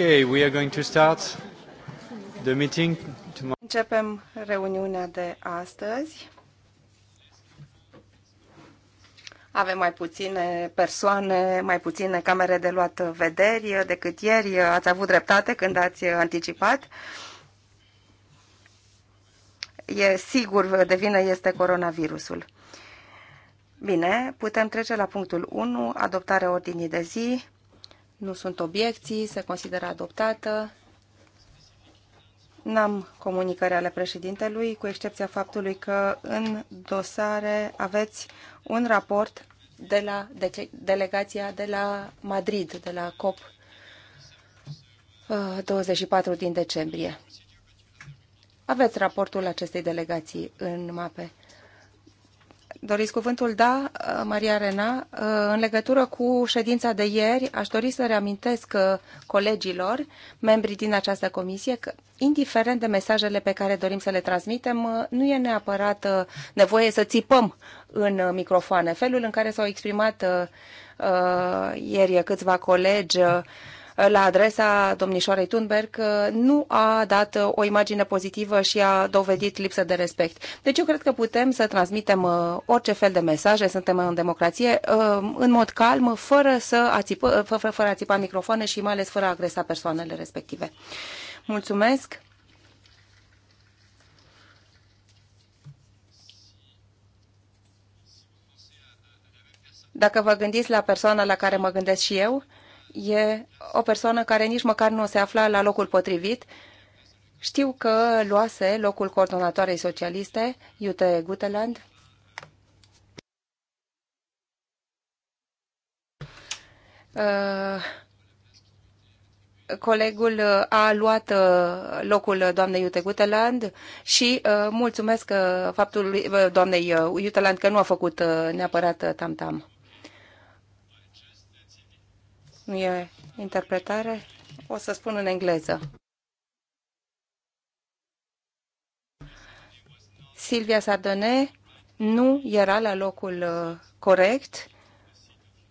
Okay, we are going to start the meeting tomorrow. Începem reuniunea de astăzi. Avem mai puține persoane, mai puține camere de luat vederi decât ieri. Ați avut dreptate când ați anticipat. E sigur de vină este coronavirusul. Bine, putem trece la punctul 1, adoptarea ordinii de zi. Nu sunt obiecții, se consideră adoptată. N-am comunicări ale președintelui, cu excepția faptului că în dosare aveți un raport de la de, delegația de la Madrid, de la COP 24 uh, din decembrie. Aveți raportul acestei delegații în mape. Doriți cuvântul? Da, uh, Maria Rena. Uh, în legătură cu ședința de ieri, aș dori să reamintesc uh, colegilor, membrii din această comisie, că indiferent de mesajele pe care dorim să le transmitem, nu e neapărat nevoie să țipăm în microfoane. Felul în care s-au exprimat ieri câțiva colegi la adresa domnișoarei Thunberg uh, nu a dat uh, o imagine pozitivă și a dovedit lipsă de respect. Deci eu cred că putem să transmitem uh, orice fel de mesaje, suntem în democrație, în mod calm, fără să ațipă, fără, fără a țipa microfoane și mai ales fără a agresa persoanele respective. Mulțumesc! Dacă vă gândiți la persoana la care mă gândesc și eu, e o persoană care nici măcar nu se afla la locul potrivit. Știu că luase locul coordonatoarei socialiste, Iute Guteland. Uh, colegul a luat uh, locul doamnei Iute Guteland și uh, mulțumesc uh, faptul doamnei Guteland că nu a făcut neapărat tam-tam. Nu e interpretare. O să spun în engleză. Silvia Sardone nu era la locul uh, corect,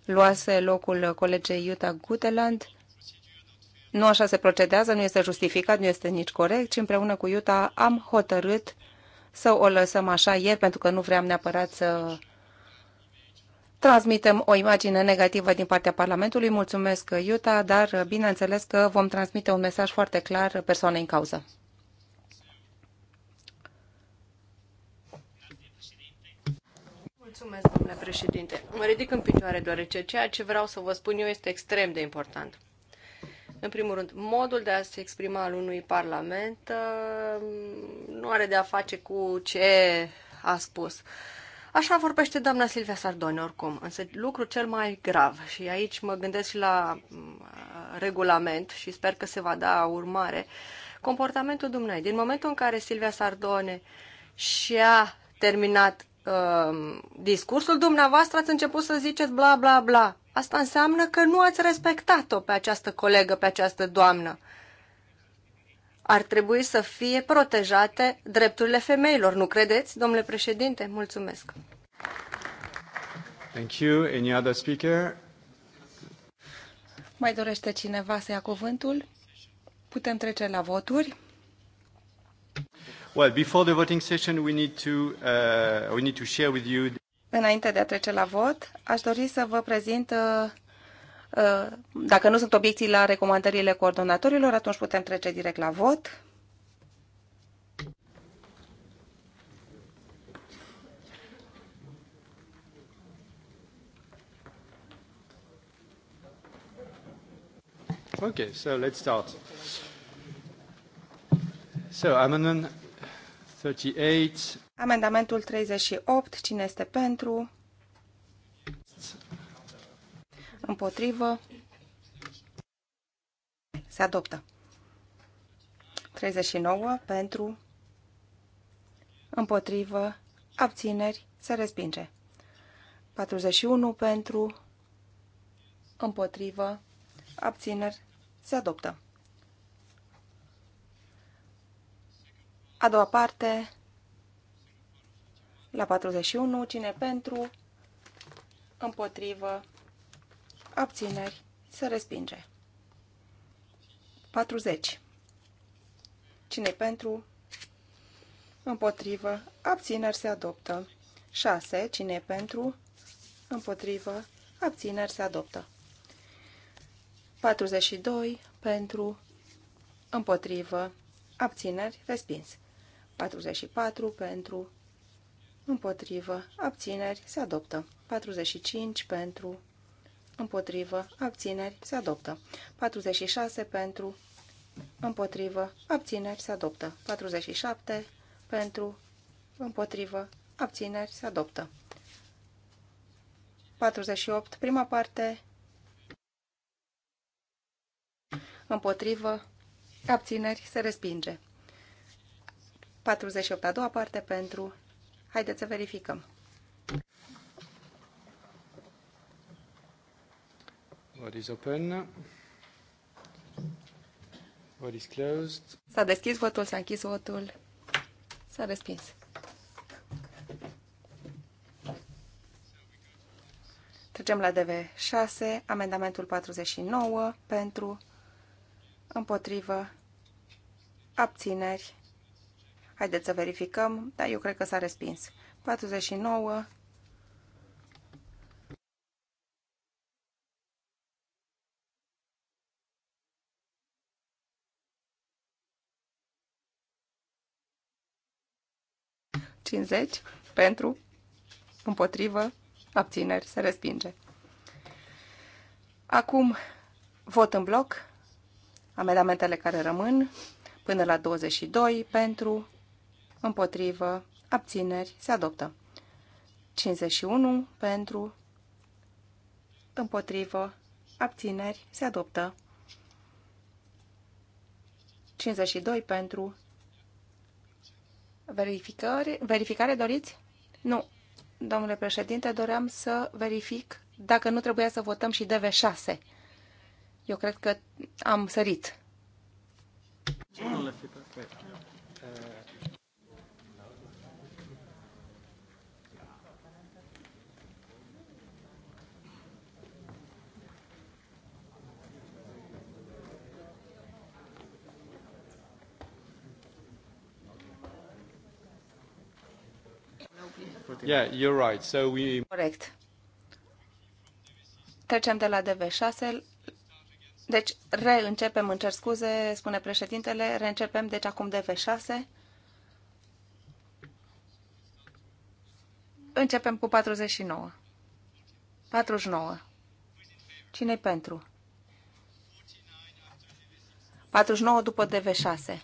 luase locul colegei Iuta Guteland. Nu așa se procedează, nu este justificat, nu este nici corect, ci împreună cu Iuta am hotărât să o lăsăm așa ieri, pentru că nu vreau neapărat să transmitem o imagine negativă din partea Parlamentului. Mulțumesc, Iuta, dar uh, bineînțeles că vom transmite un mesaj foarte clar persoanei în cauză. Mulțumesc, domnule președinte. Mă ridic în picioare, deoarece ceea ce vreau să vă spun eu este extrem de important. În primul rând, modul de a se exprima al unui parlament uh, nu are de a face cu ce a spus. Uh, Așa vorbește doamna Silvia Sardone oricum, însă lucru cel mai grav și aici mă gândesc și la mm, regulament și sper că se va da urmare, comportamentul dumnei. Din momentul în care Silvia Sardone și-a terminat uh, discursul, dumneavoastră ați început să ziceți bla bla bla. Asta înseamnă că nu ați respectat-o pe această colegă, pe această doamnă. Uh, ar trebui să fie protejate drepturile femeilor. Nu credeți, domnule președinte? Mulțumesc. Thank you. Any other speaker? Mai dorește cineva să ia cuvântul? Putem trece la voturi. Well, before the voting session, we need to uh, we need to share with you. Înainte de a trece la vot, aș dori să vă prezint uh, Uh, dacă nu sunt obiecții la recomandările coordonatorilor, atunci putem trece direct la vot. Okay, so let's start. So, amendment 38. Amendamentul 38, cine este pentru? Împotrivă. Se adoptă. 39 pentru. Împotrivă. Abțineri. Se respinge. 41 pentru. Împotrivă. Abțineri. Se adoptă. A doua parte. La 41. Cine pentru? Împotrivă abțineri, se respinge. 40. Cine pentru, împotrivă, abțineri, se adoptă. 6. Cine pentru, împotrivă, abțineri, se adoptă. 42. Pentru, împotrivă, abțineri, respins. 44. Pentru, împotrivă, abțineri, se adoptă. 45. Pentru, împotrivă, abțineri, se adoptă. 46 pentru, împotrivă, abțineri, se adoptă. 47 pentru, împotrivă, abțineri, se adoptă. 48, prima parte, împotrivă, abțineri, se respinge. 48, a doua parte pentru, haideți să verificăm. What is open? What is closed? S-a deschis votul, s-a închis votul, s-a respins. Trecem la DV6, amendamentul 49 pentru, împotrivă, abțineri. Haideți să verificăm, dar eu cred că s-a respins. 49, 50 pentru, împotrivă, abțineri, se respinge. Acum vot în bloc amendamentele care rămân până la 22 pentru, împotrivă, abțineri, se adoptă. 51 pentru, împotrivă, abțineri, se adoptă. 52 pentru, Verificare, verificare doriți? Nu. Domnule președinte, doream să verific dacă nu trebuia să votăm și DV6. Eu cred că am sărit. Martin. Yeah, you're right. So we... Corect. Trecem de la DV6 deci, reîncepem, în cer scuze, spune președintele, reîncepem, deci acum DV6. Începem cu 49. 49. cine pentru? 49 după DV6.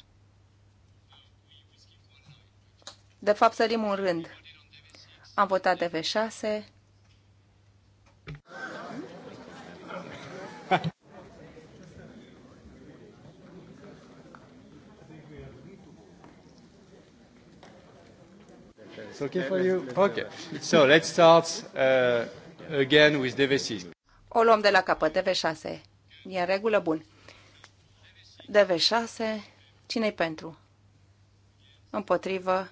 De fapt, sărim un rând. Am votat DV6. It's okay for you? Okay. So let's start uh, again with DV6. O luăm de la capăt, DV6. E în regulă? Bun. DV6, cine-i pentru? Împotrivă,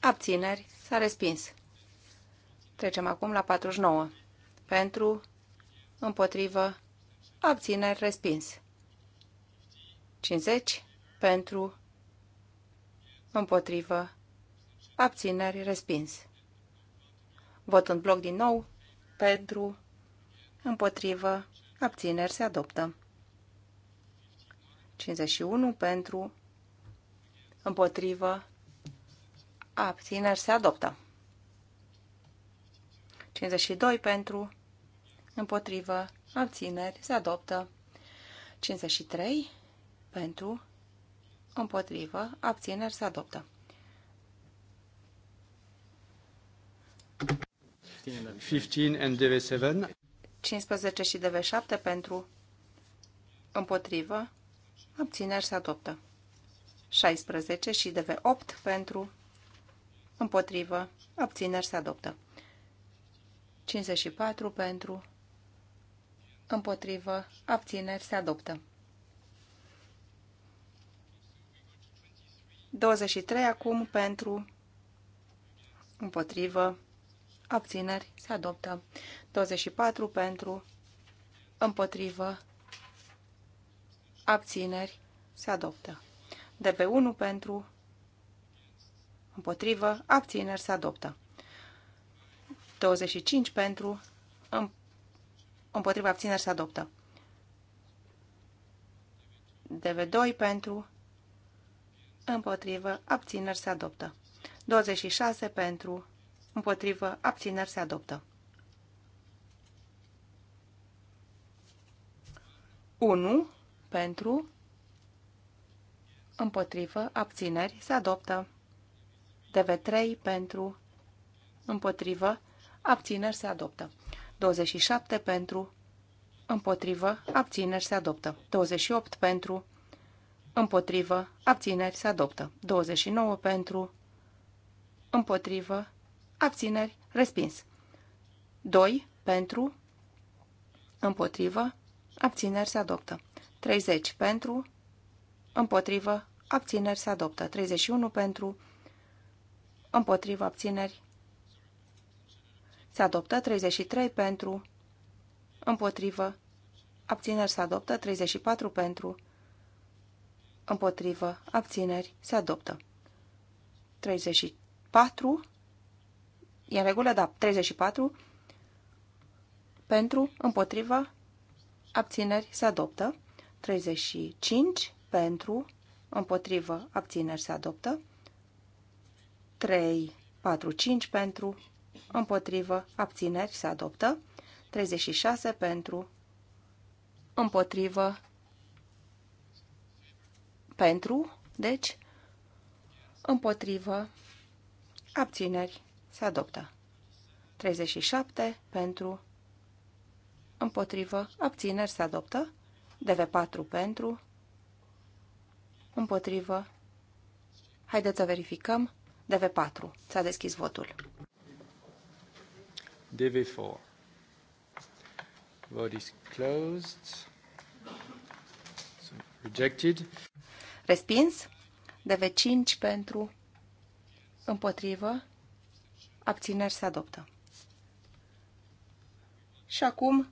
abțineri, s-a respins. Trecem acum la 49. Pentru, împotrivă, abțineri, respins. 50. Pentru, împotrivă, abțineri, respins. Vot în bloc din nou, pentru, împotrivă, abțineri, se adoptă. 51 pentru, împotrivă, abțineri se adoptă. 52 pentru, împotrivă, abțineri, se adoptă. 53 pentru, împotrivă, abțineri, se adoptă. and 15 și DV7 pentru, împotrivă, abțineri, se adoptă. 16 și DV8 pentru, împotrivă, abțineri, se adoptă. 54 pentru, împotrivă, abțineri, se adoptă. 23 acum pentru, împotrivă, abțineri, se adoptă. 24 pentru, împotrivă, abțineri, se adoptă. DB1 pentru, împotrivă, abțineri, se adoptă. 25 pentru, împotriva abțineri se adoptă. DV2 pentru, împotrivă, abțineri se adoptă. 26 pentru, împotrivă, abțineri se adoptă. 1 pentru, împotrivă, abțineri se adoptă. DV3 pentru, împotrivă, abțineri se adoptă. 27 pentru, împotrivă, abțineri se adoptă. 28 pentru, împotrivă, abțineri se adoptă. 29 pentru, împotrivă, abțineri, respins. 2 pentru, împotrivă, abțineri se adoptă. 30 pentru, împotrivă, abțineri se adoptă. 31 pentru, împotrivă, abțineri, se adoptă 33 pentru. Împotrivă. Abțineri se adoptă 34 pentru. Împotrivă. Abțineri se adoptă. 34. E în regulă, da. 34. Pentru. Împotrivă. Abțineri se adoptă. 35. Pentru. Împotrivă. Abțineri se adoptă. 3, 4, 5 pentru, împotrivă, abțineri, se adoptă. 36 pentru, împotrivă, pentru, deci, împotrivă, abțineri, se adoptă. 37 pentru, împotrivă, abțineri, se adoptă. DV4 pentru, împotrivă. Haideți să verificăm. DV4. S-a deschis votul. DV4. Vote is closed. So rejected. Respins. DV5 pentru împotrivă. Abțineri se adoptă. Și acum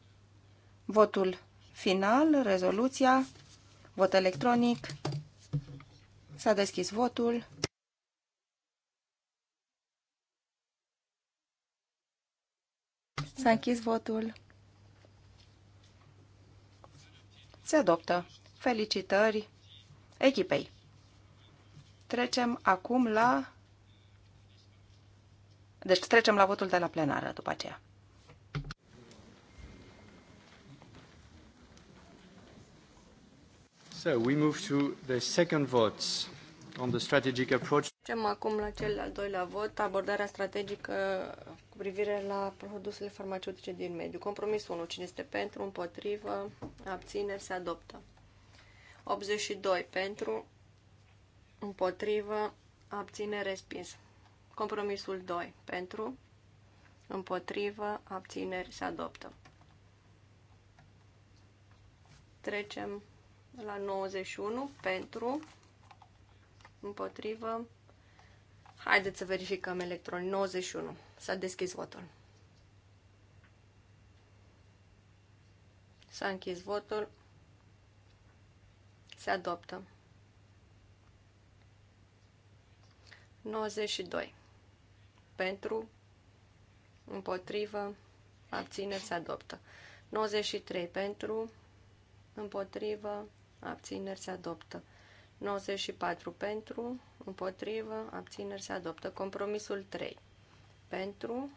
votul final, rezoluția, vot electronic. S-a deschis votul. S-a închis votul. Se adoptă. Felicitări echipei. Trecem acum la... Deci trecem la votul de la plenară după aceea. So we move to the second votes on the strategic approach. Trecem acum la cel al doilea vot, abordarea strategică cu privire la produsele farmaceutice din mediu. Compromisul 1. Cine este pentru, împotrivă, abțineri, se adoptă. 82 pentru, împotrivă, abțineri, respins. Compromisul 2 pentru, împotrivă, abțineri, se adoptă. Trecem la 91 pentru, împotrivă. Haideți să verificăm electronii. 91. S-a deschis votul. S-a închis votul. Se adoptă. 92. Pentru, împotrivă, abțineri se adoptă. 93. Pentru, împotrivă, abțineri se adoptă. 94 pentru, împotrivă, abțineri se adoptă. Compromisul 3 pentru,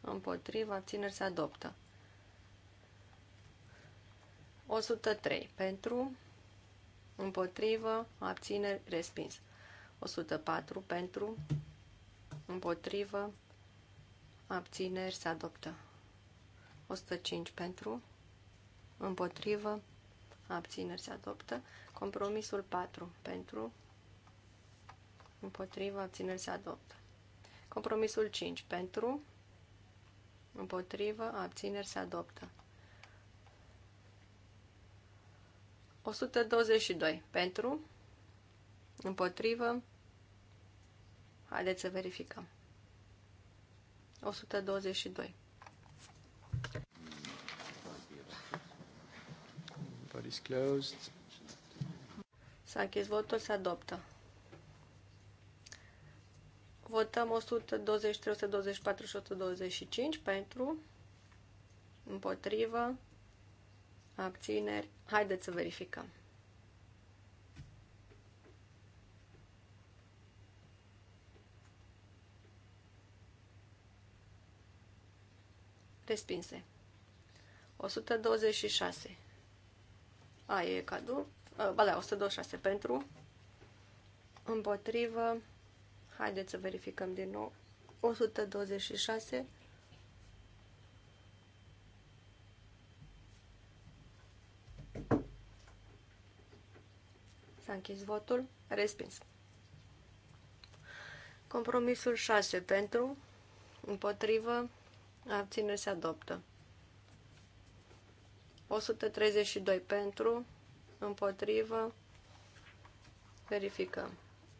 împotrivă, abțineri se adoptă. 103 pentru, împotrivă, abțineri, respins. 104 pentru, împotrivă, abțineri, se adoptă. 105 pentru, împotrivă, abțineri se adoptă. Compromisul 4 pentru, împotriva, abțineri se adoptă. Compromisul 5 pentru, împotriva, abțineri se adoptă. 122 pentru, împotrivă, haideți să verificăm. 122. is closed. S-a închis votul, se adoptă. Votăm 123, 124 și 125 pentru, împotrivă, abțineri. Haideți să verificăm. Respinse. 126. A, e cadou. Ba da, 126 pentru. Împotrivă. Haideți să verificăm din nou. 126. S-a închis votul. Respins. Compromisul 6 pentru, împotrivă, abține se adoptă. 132 pentru, împotrivă, verificăm.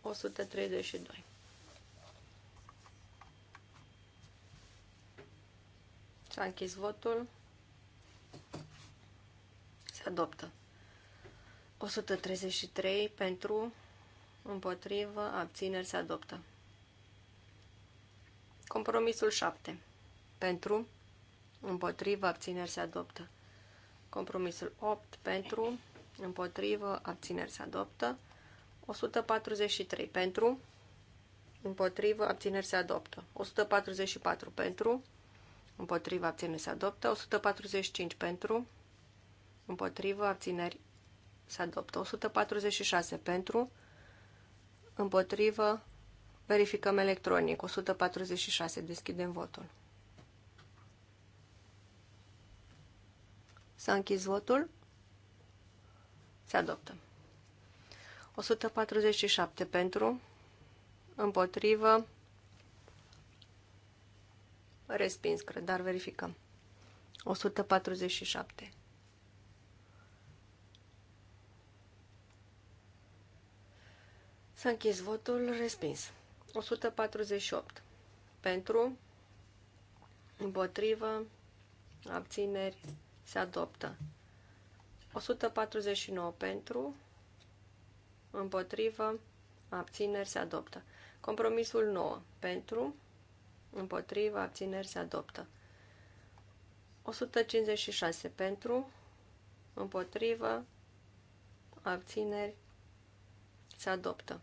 132. S-a închis votul. Se adoptă. 133 pentru, împotrivă, abțineri se adoptă. Compromisul 7. Pentru, împotrivă, abțineri se adoptă. Compromisul 8 pentru, împotrivă, abțineri se adoptă. 143 pentru, împotrivă, abțineri se adoptă. 144 pentru, împotrivă, abțineri se adoptă. 145 pentru, împotrivă, abțineri se adoptă. 146 pentru, împotrivă, verificăm electronic. 146, deschidem votul. S-a închis votul. Se adoptă. 147 pentru, împotrivă, respins, cred, dar verificăm. 147. S-a închis votul, respins. 148. Pentru, împotrivă, abțineri, se adoptă. 149 pentru, împotrivă, abțineri, se adoptă. Compromisul 9 pentru, împotrivă, abțineri, se adoptă. 156 pentru, împotrivă, abțineri, se adoptă.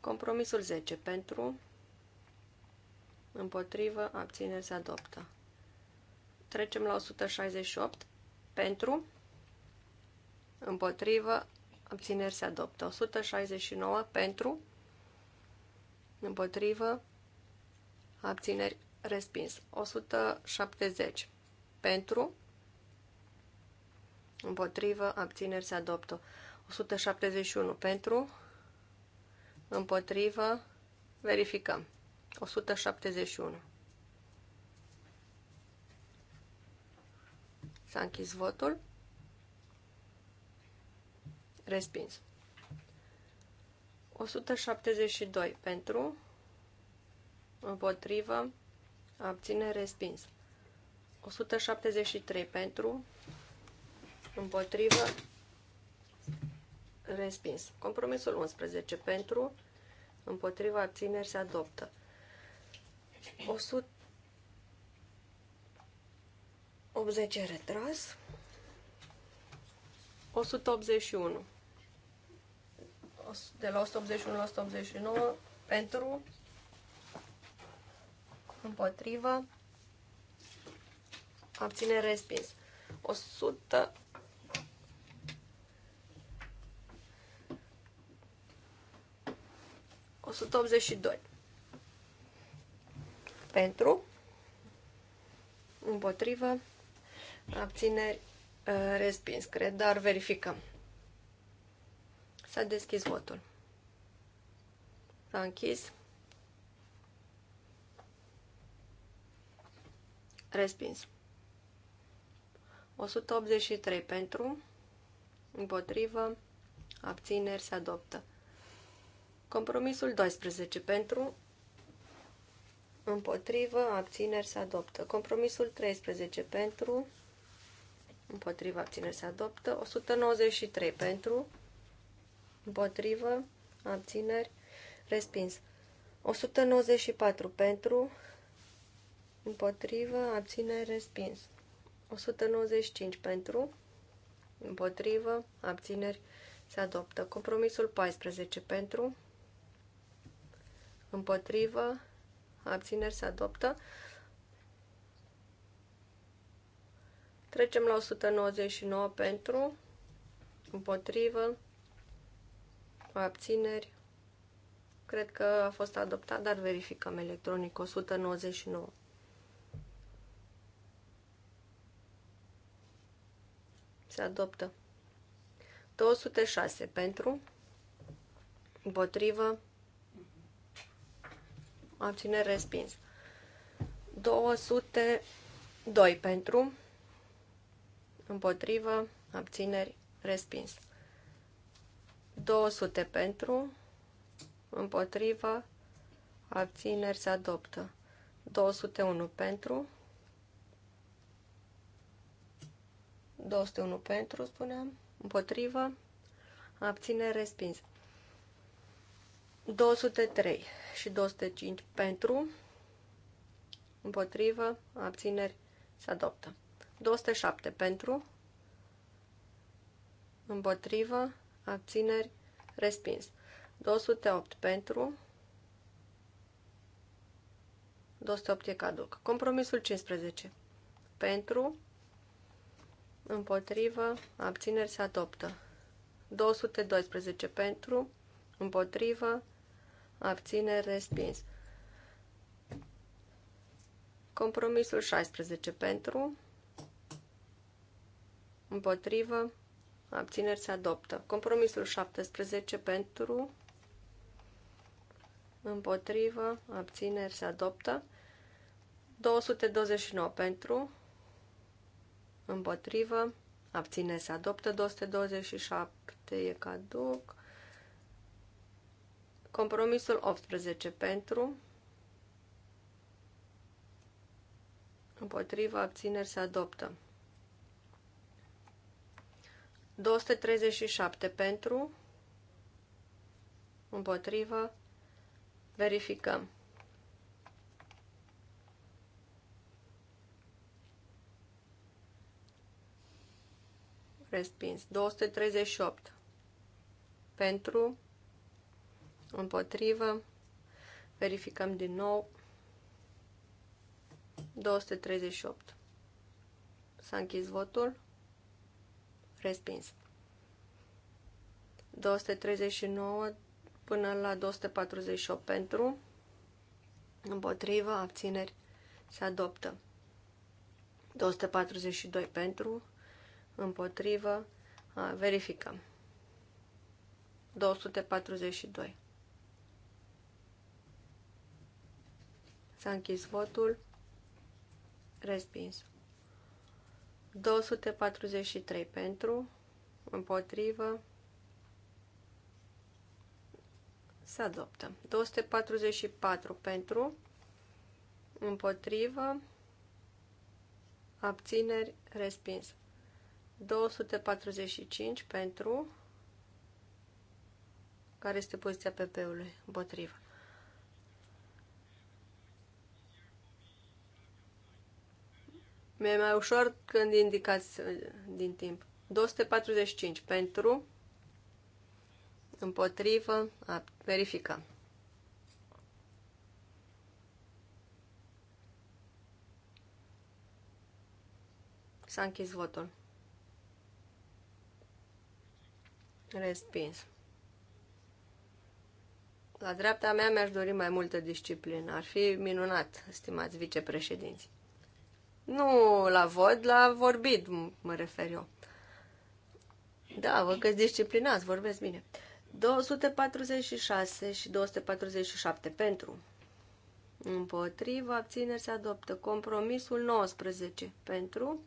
Compromisul 10 pentru, împotrivă, abțineri, se adoptă. Trecem la 168. Pentru, împotrivă, abțineri se adoptă. 169 pentru, împotrivă, abțineri respins. 170 pentru, împotrivă, abțineri se adoptă. 171 pentru, împotrivă, verificăm. 171. S-a închis votul. Respins. 172 pentru, împotrivă, abține, respins. 173 pentru, împotrivă, respins. Compromisul 11 pentru, împotriva abțineri se adoptă. 100 80 retras. 181. De la 181 la 189 pentru împotrivă abține respins. 100 182 pentru împotrivă Abțineri uh, respins, cred, dar verificăm. S-a deschis votul. S-a închis. Respins. 183 pentru, împotrivă, abțineri se adoptă. Compromisul 12 pentru, împotrivă, abțineri se adoptă. Compromisul 13 pentru, împotrivă, abține se adoptă. 193 pentru, împotrivă, abțineri, respins. 194 pentru, împotrivă, abțineri, respins. 195 pentru, împotrivă, abțineri, se adoptă. Compromisul 14 pentru, împotrivă, abțineri, se adoptă. Trecem la 199 pentru, împotrivă, abțineri. Cred că a fost adoptat, dar verificăm electronic 199. Se adoptă. 206 pentru, împotrivă, abțineri respins. 202 pentru, împotrivă, abțineri, respins. 200 pentru, împotrivă, abțineri, se adoptă. 201 pentru, 201 pentru, spuneam, împotrivă, abțineri, respins. 203 și 205 pentru, împotrivă, abțineri, se adoptă. 207 pentru, împotrivă, abțineri, respins. 208 pentru, 208 e caduc. Compromisul 15 pentru, împotrivă, abțineri se adoptă. 212 pentru, împotrivă, abțineri, respins. Compromisul 16 pentru, împotrivă, abțineri se adoptă. Compromisul 17 pentru, împotrivă, abțineri se adoptă. 229 pentru, împotrivă, abțineri se adoptă. 227 e caduc. Compromisul 18 pentru, împotrivă, abțineri se adoptă. 237 pentru, împotrivă, verificăm. Respins. 238 pentru, împotrivă, verificăm din nou. 238. S-a închis votul. Respins. 239 până la 248 pentru, împotrivă, abțineri, se adoptă. 242 pentru, împotrivă, verificăm. 242. S-a închis votul. Respins. 243 pentru, împotrivă, se adoptă. 244 pentru, împotrivă, abțineri, respins. 245 pentru, care este poziția PP-ului, împotrivă. Mi-e mai ușor când indicați uh, din timp. 245 pentru, împotrivă, a, verificăm. S-a închis votul. Respins. La dreapta mea mi-aș dori mai multă disciplină. Ar fi minunat, stimați vicepreședinți. Nu la vod, la vorbit mă refer eu. Da, vă că disciplinați, vorbesc bine. 246 și 247 pentru. Împotriva, abțineri se adoptă. Compromisul 19 pentru.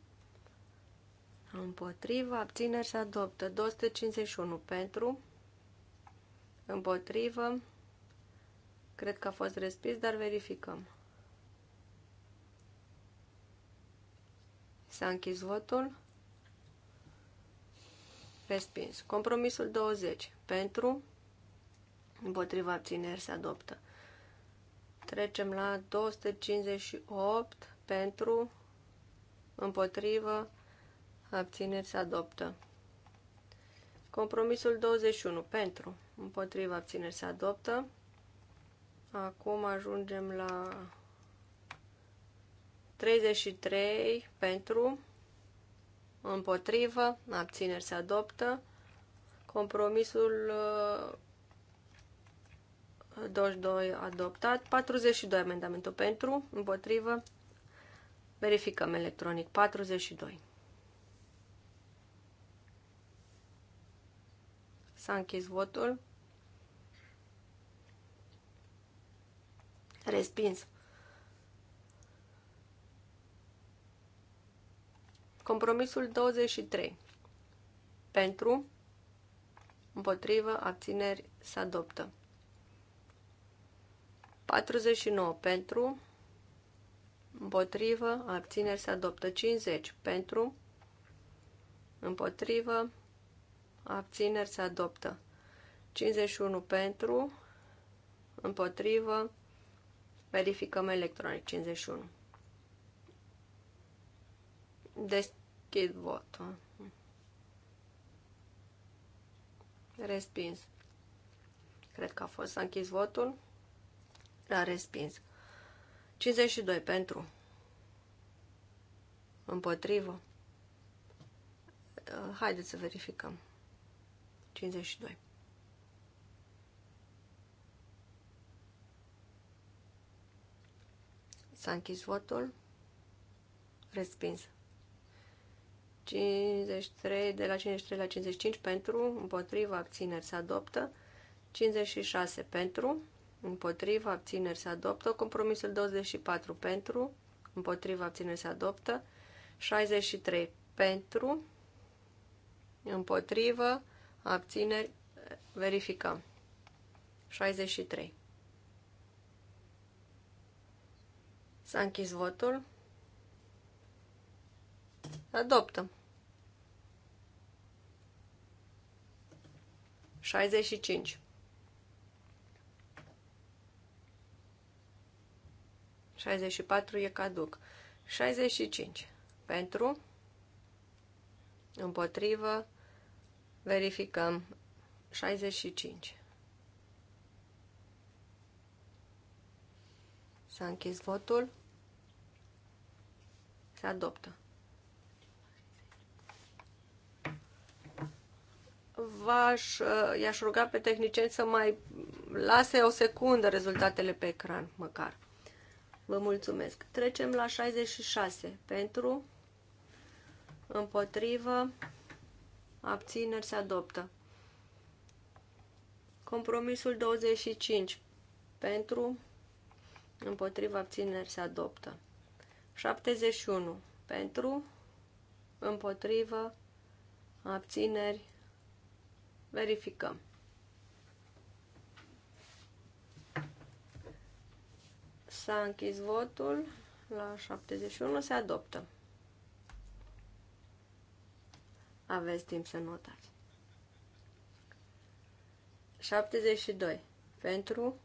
Împotriva, abțineri se adoptă. 251 pentru. Împotrivă. Cred că a fost respins, dar verificăm. S-a închis votul. Respins. Compromisul 20. Pentru. Împotriva abțineri se adoptă. Trecem la 258. Pentru. Împotrivă. Abțineri se adoptă. Compromisul 21. Pentru. Împotriva abțineri se adoptă. Acum ajungem la 33 pentru, împotrivă, abțineri se adoptă. Compromisul 22 uh, adoptat, 42 amendamentul pentru, împotrivă, verificăm electronic, 42. S-a închis votul. Respins. Compromisul 23. Pentru, împotrivă, abțineri, se adoptă. 49. Pentru, împotrivă, abțineri, se adoptă. 50. Pentru, împotrivă, abțineri, se adoptă. 51 pentru, împotrivă, verificăm electronic 51. Deci Deschid votul. Respins. Cred că a fost. să închis votul. L-a da, respins. 52 pentru. Împotrivă. Uh, haideți să verificăm. 52. S-a închis votul. Respins. 53, de la 53 la 55 pentru, împotriva abțineri se adoptă, 56 pentru, împotriva abțineri se adoptă, compromisul 24 pentru, împotriva abțineri se adoptă, 63 pentru, împotrivă, abțineri, verificăm. 63. S-a închis votul adoptăm 65. 64 e caduc. 65. Pentru, împotrivă, verificăm. 65. S-a închis votul. Se adoptă. v-aș, uh, i-aș ruga pe tehnicieni să mai lase o secundă rezultatele pe ecran, măcar. Vă mulțumesc. Trecem la 66. Pentru, împotrivă, abțineri se adoptă. Compromisul 25. Pentru, împotrivă, abțineri se adoptă. 71. Pentru, împotrivă, abțineri Verificăm. S-a închis votul la 71, se adoptă. Aveți timp să notați. 72. Pentru,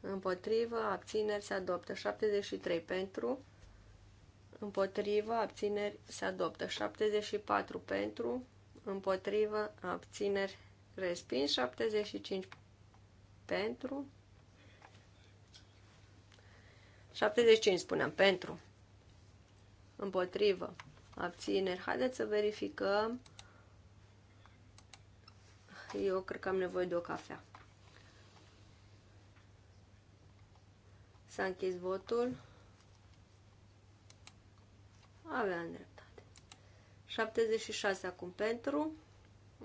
împotrivă, abțineri, se adoptă. 73. Pentru, împotrivă, abțineri, se adoptă. 74. Pentru, împotrivă, abțineri, respins, 75 pentru, 75 spuneam, pentru, împotrivă, abțineri. Haideți să verificăm. Eu cred că am nevoie de o cafea. S-a închis votul. Avea drept. 76 acum pentru,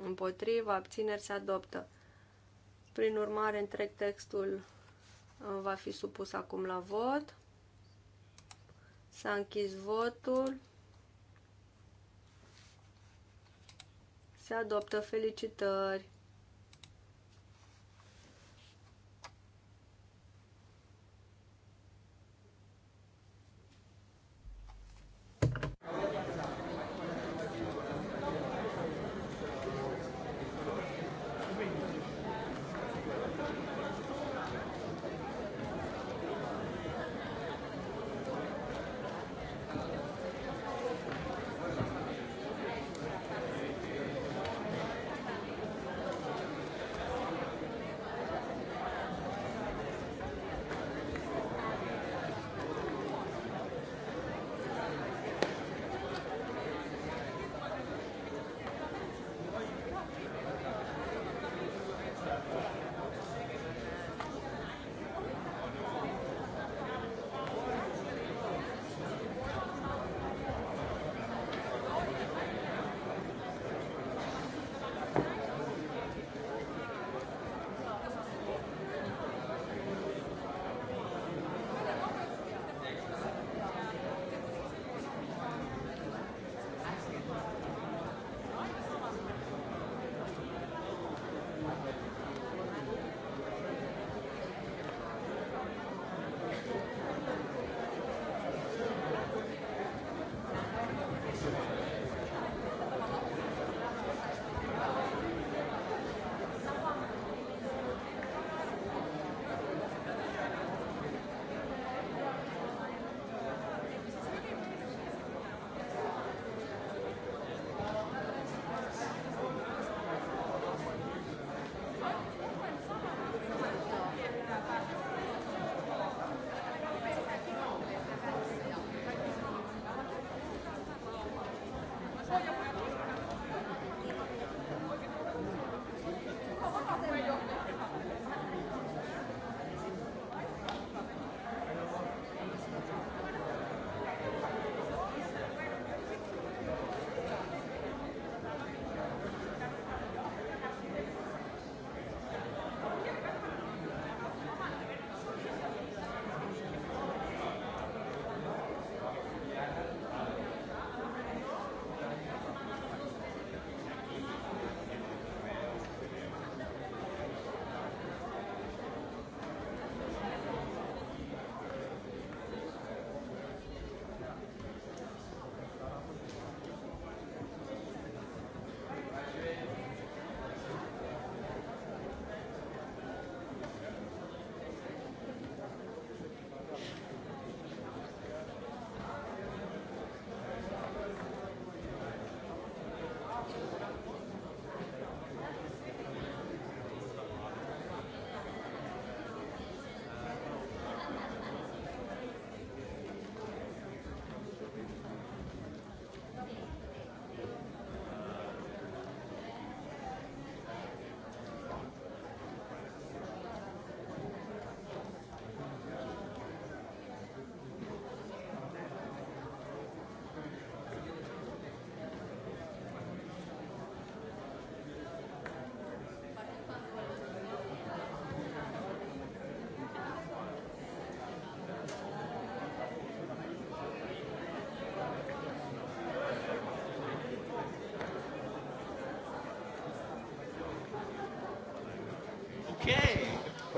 împotriva, abțineri se adoptă. Prin urmare, întreg textul uh, va fi supus acum la vot. S-a închis votul. Se adoptă felicitări.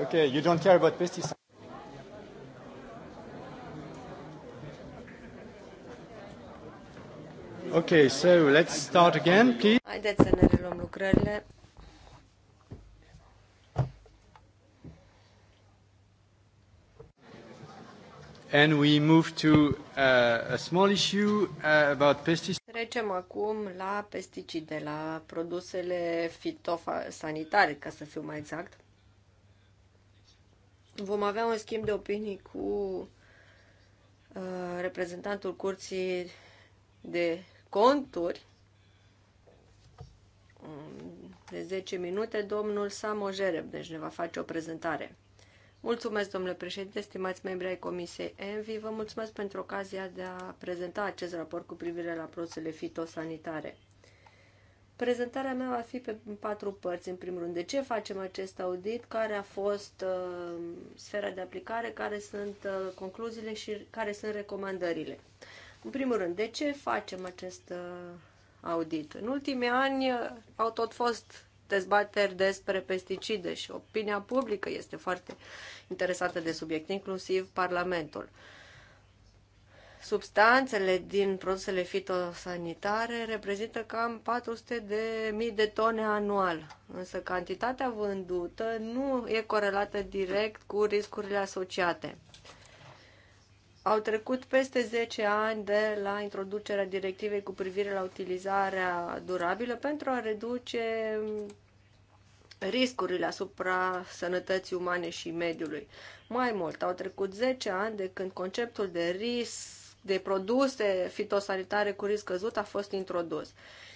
Okay, you don't care about pesticides. Okay, so let's start again, please. Haideți să ne reluăm lucrările. And we move to uh, a small issue uh, about pesticides. Trecem acum la pesticide, la produsele fitosanitare, ca să fiu mai exact. Vom avea un schimb de opinii cu uh, reprezentantul curții de conturi mm, de 10 minute, domnul Samo Jereb, deci ne va face o prezentare. Mulțumesc, domnule președinte, stimați membri ai Comisiei ENVI, vă mulțumesc pentru ocazia de a prezenta acest raport cu privire la produsele fitosanitare. Prezentarea mea va fi pe patru părți, în primul rând. De ce facem acest audit? Care a fost uh, sfera de aplicare? Care sunt uh, concluziile și care sunt recomandările? În primul rând, de ce facem acest uh, audit? În ultimii ani uh, au tot fost dezbateri despre pesticide și opinia publică este foarte interesată de subiect, inclusiv Parlamentul. Uh, substanțele din produsele fitosanitare reprezintă cam 400 de mii de tone anual, însă cantitatea vândută nu e corelată direct cu riscurile asociate. Au trecut peste 10 ani de la introducerea directivei cu privire la utilizarea durabilă pentru a reduce riscurile asupra sănătății umane și mediului. Mai mult, au trecut 10 ani de când conceptul de risc de produse fitosanitare cu risc căzut a fost introdus.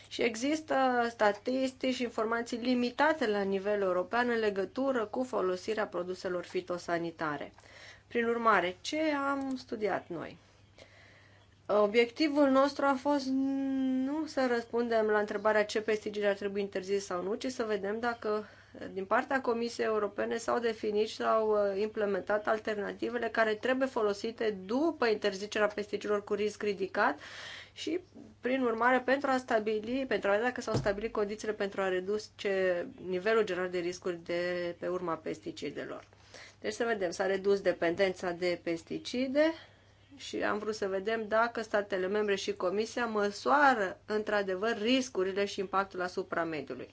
Și există statistici și informații limitate la nivel european în legătură cu folosirea produselor fitosanitare. Prin urmare, ce am studiat noi? Obiectivul nostru a fost nu să răspundem la întrebarea ce pesticide ar trebui interzis sau nu, ci să vedem dacă din partea Comisiei Europene s-au definit și s-au uh, implementat alternativele care trebuie folosite după interzicerea pesticidelor cu risc ridicat și, prin urmare, pentru a stabili, pentru a vedea dacă s-au stabilit condițiile pentru a reduce nivelul general de riscuri de pe urma pesticidelor. Deci să vedem, s-a redus dependența de pesticide și am vrut să vedem dacă statele membre și Comisia măsoară într-adevăr riscurile și impactul asupra mediului.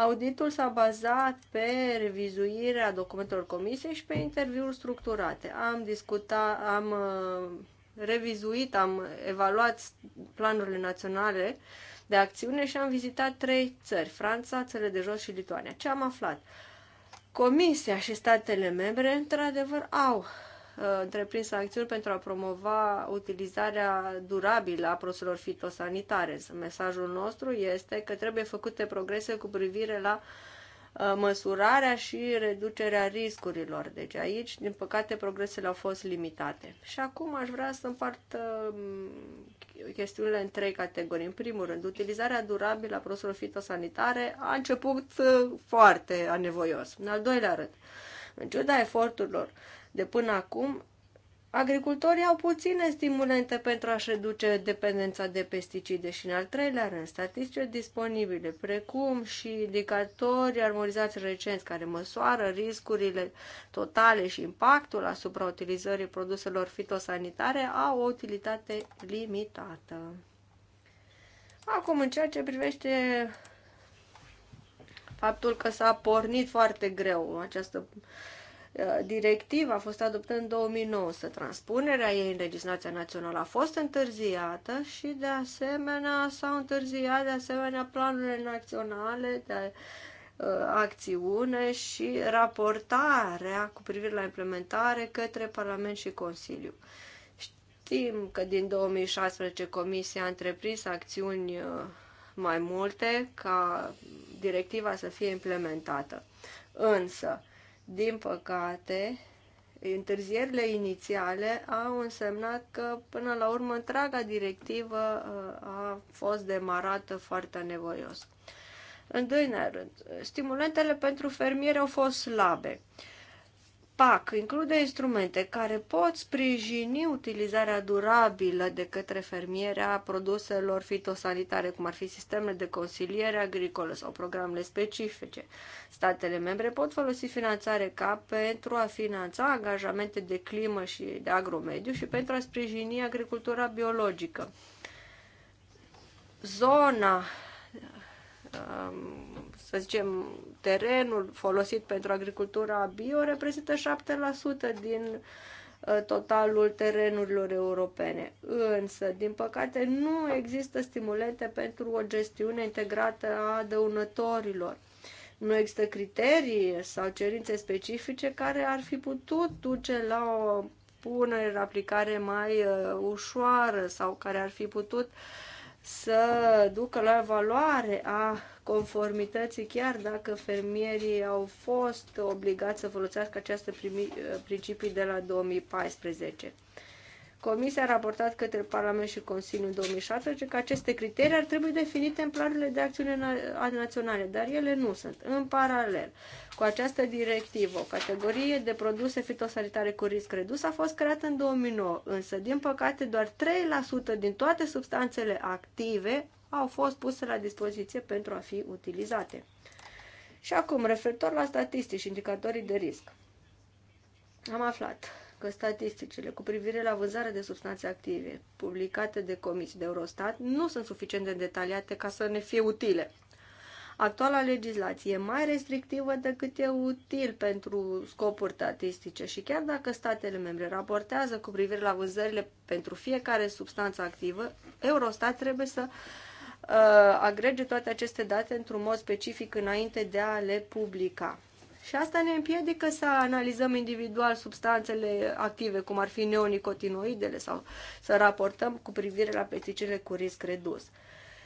Auditul s-a bazat pe revizuirea documentelor comisiei și pe interviuri structurate. Am discutat, am uh, revizuit, am evaluat planurile naționale de acțiune și am vizitat trei țări, Franța, țările de jos și Lituania. Ce am aflat? Comisia și statele membre, într-adevăr, au Uh, întreprins acțiuni pentru a promova utilizarea durabilă a produselor fitosanitare. Mesajul nostru este că trebuie făcute progrese cu privire la uh, măsurarea și reducerea riscurilor. Deci aici, din păcate, progresele au fost limitate. Și acum aș vrea să împart uh, chestiunile în trei categorii. În primul rând, utilizarea durabilă a produselor fitosanitare a început foarte anevoios. În al doilea rând, în ciuda eforturilor de până acum, agricultorii au puține stimulente pentru a-și reduce dependența de pesticide și, în al treilea rând, statisticile disponibile, precum și indicatori armonizați recenți care măsoară riscurile totale și impactul asupra utilizării produselor fitosanitare, au o utilitate limitată. Acum, în ceea ce privește faptul că s-a pornit foarte greu această Uh, directiva a fost adoptată în 2009, transpunerea ei în legislația națională a fost întârziată și de asemenea s-au întârziat de asemenea planurile naționale de uh, acțiune și raportarea cu privire la implementare către Parlament și Consiliu. Știm că din 2016 Comisia a întreprins acțiuni uh, mai multe ca directiva să fie implementată. Însă, din păcate, întârzierile inițiale au însemnat că până la urmă întreaga directivă uh, a fost demarată foarte nevoios. În doilea rând, stimulentele pentru fermieri au fost slabe. Uh, PAC include instrumente care pot sprijini utilizarea durabilă de către fermiere a produselor fitosanitare, cum ar fi sistemele de consiliere agricolă sau programele specifice. Statele membre pot folosi finanțare ca pentru a finanța angajamente de climă și de agromediu și pentru a sprijini agricultura biologică. Zona um, să zicem, terenul folosit pentru agricultura bio reprezintă 7% din uh, totalul terenurilor europene. Însă, din păcate, nu există stimulente pentru o gestiune integrată a dăunătorilor. Nu există criterii sau cerințe specifice care ar fi putut duce la o punere în aplicare mai uh, ușoară sau care ar fi putut să ducă la evaluare a conformității, chiar dacă fermierii au fost obligați să folosească aceste principii de la 2014. Comisia a raportat către Parlament și Consiliul în 2016 că aceste criterii ar trebui definite în planurile de acțiune naționale, dar ele nu sunt. În paralel, cu această directivă, o categorie de produse fitosanitare cu risc redus a fost creată în 2009, însă, din păcate, doar 3% din toate substanțele active au fost puse la dispoziție pentru a fi utilizate. Și acum, referitor la statistici și indicatorii de risc. Am aflat că statisticile cu privire la vânzarea de substanțe active publicate de comisii de Eurostat nu sunt suficient de detaliate ca să ne fie utile. Actuala legislație e mai restrictivă decât e util pentru scopuri statistice și chiar dacă statele membre raportează cu privire la vânzările pentru fiecare substanță activă, Eurostat trebuie să uh, Uh, agrege toate aceste date într-un mod specific înainte de a le publica. Și asta ne împiedică să analizăm individual substanțele active, cum ar fi neonicotinoidele, sau să raportăm cu privire la pesticide cu risc redus.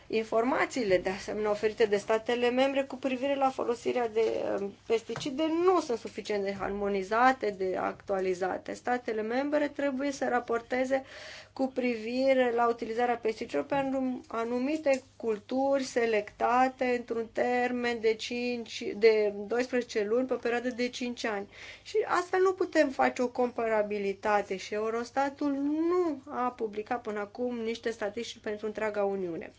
Informațiile, de asemenea, oferite de statele membre cu privire la folosirea de uh, pesticide nu sunt suficient de harmonizate, de actualizate. Statele membre trebuie să raporteze cu privire la utilizarea pesticidelor pe anumite culturi selectate într-un termen de, 5, de 12 luni pe o perioadă de 5 ani. Și astfel nu putem face o comparabilitate și Eurostatul nu a publicat până acum niște statistici pentru întreaga Uniune.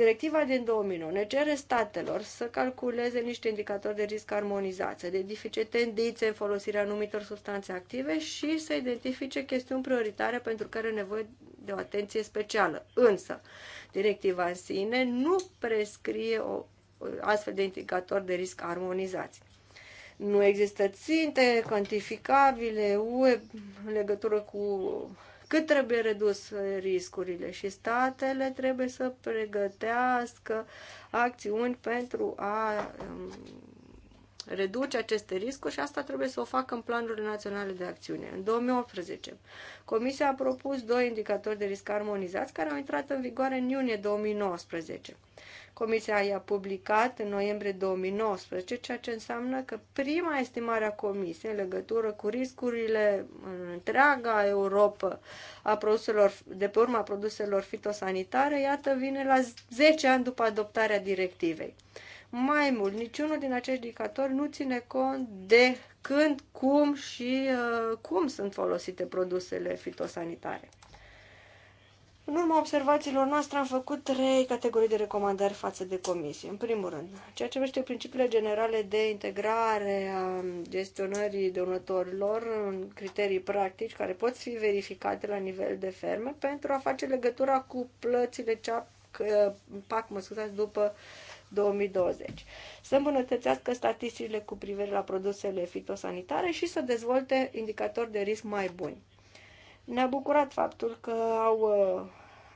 Directiva din 2009 ne cere statelor să calculeze niște indicatori de risc armonizați, să identifice tendințe în folosirea anumitor substanțe active și să identifice chestiuni prioritare pentru care nevoie de o atenție specială. Însă, directiva în sine nu prescrie o astfel de indicatori de risc armonizați. Nu există ținte cantificabile UE în legătură cu cât trebuie redus riscurile și statele trebuie să pregătească acțiuni pentru a um, reduce aceste riscuri și asta trebuie să o facă în planurile naționale de acțiune. În 2018, Comisia a propus doi indicatori de risc armonizați care au intrat în vigoare în iunie 2019. Comisia i-a publicat în noiembrie 2019, ceea ce înseamnă că prima estimare a Comisiei în legătură cu riscurile în întreaga Europa a produselor, de pe urma produselor fitosanitare, iată, vine la 10 ani după adoptarea directivei. Mai mult, niciunul din acești indicatori nu ține cont de când, cum și uh, cum sunt folosite produsele fitosanitare. În urma observațiilor noastre am făcut trei categorii de recomandări față de comisie. În primul rând, ceea ce vește principiile generale de integrare a gestionării donatorilor în criterii practici care pot fi verificate la nivel de fermă pentru a face legătura cu plățile cea PAC, mă scuzați, după uh, 2020, să îmbunătățească statisticile cu privire la produsele fitosanitare și să dezvolte indicatori de risc mai buni. Ne-a bucurat faptul că au uh,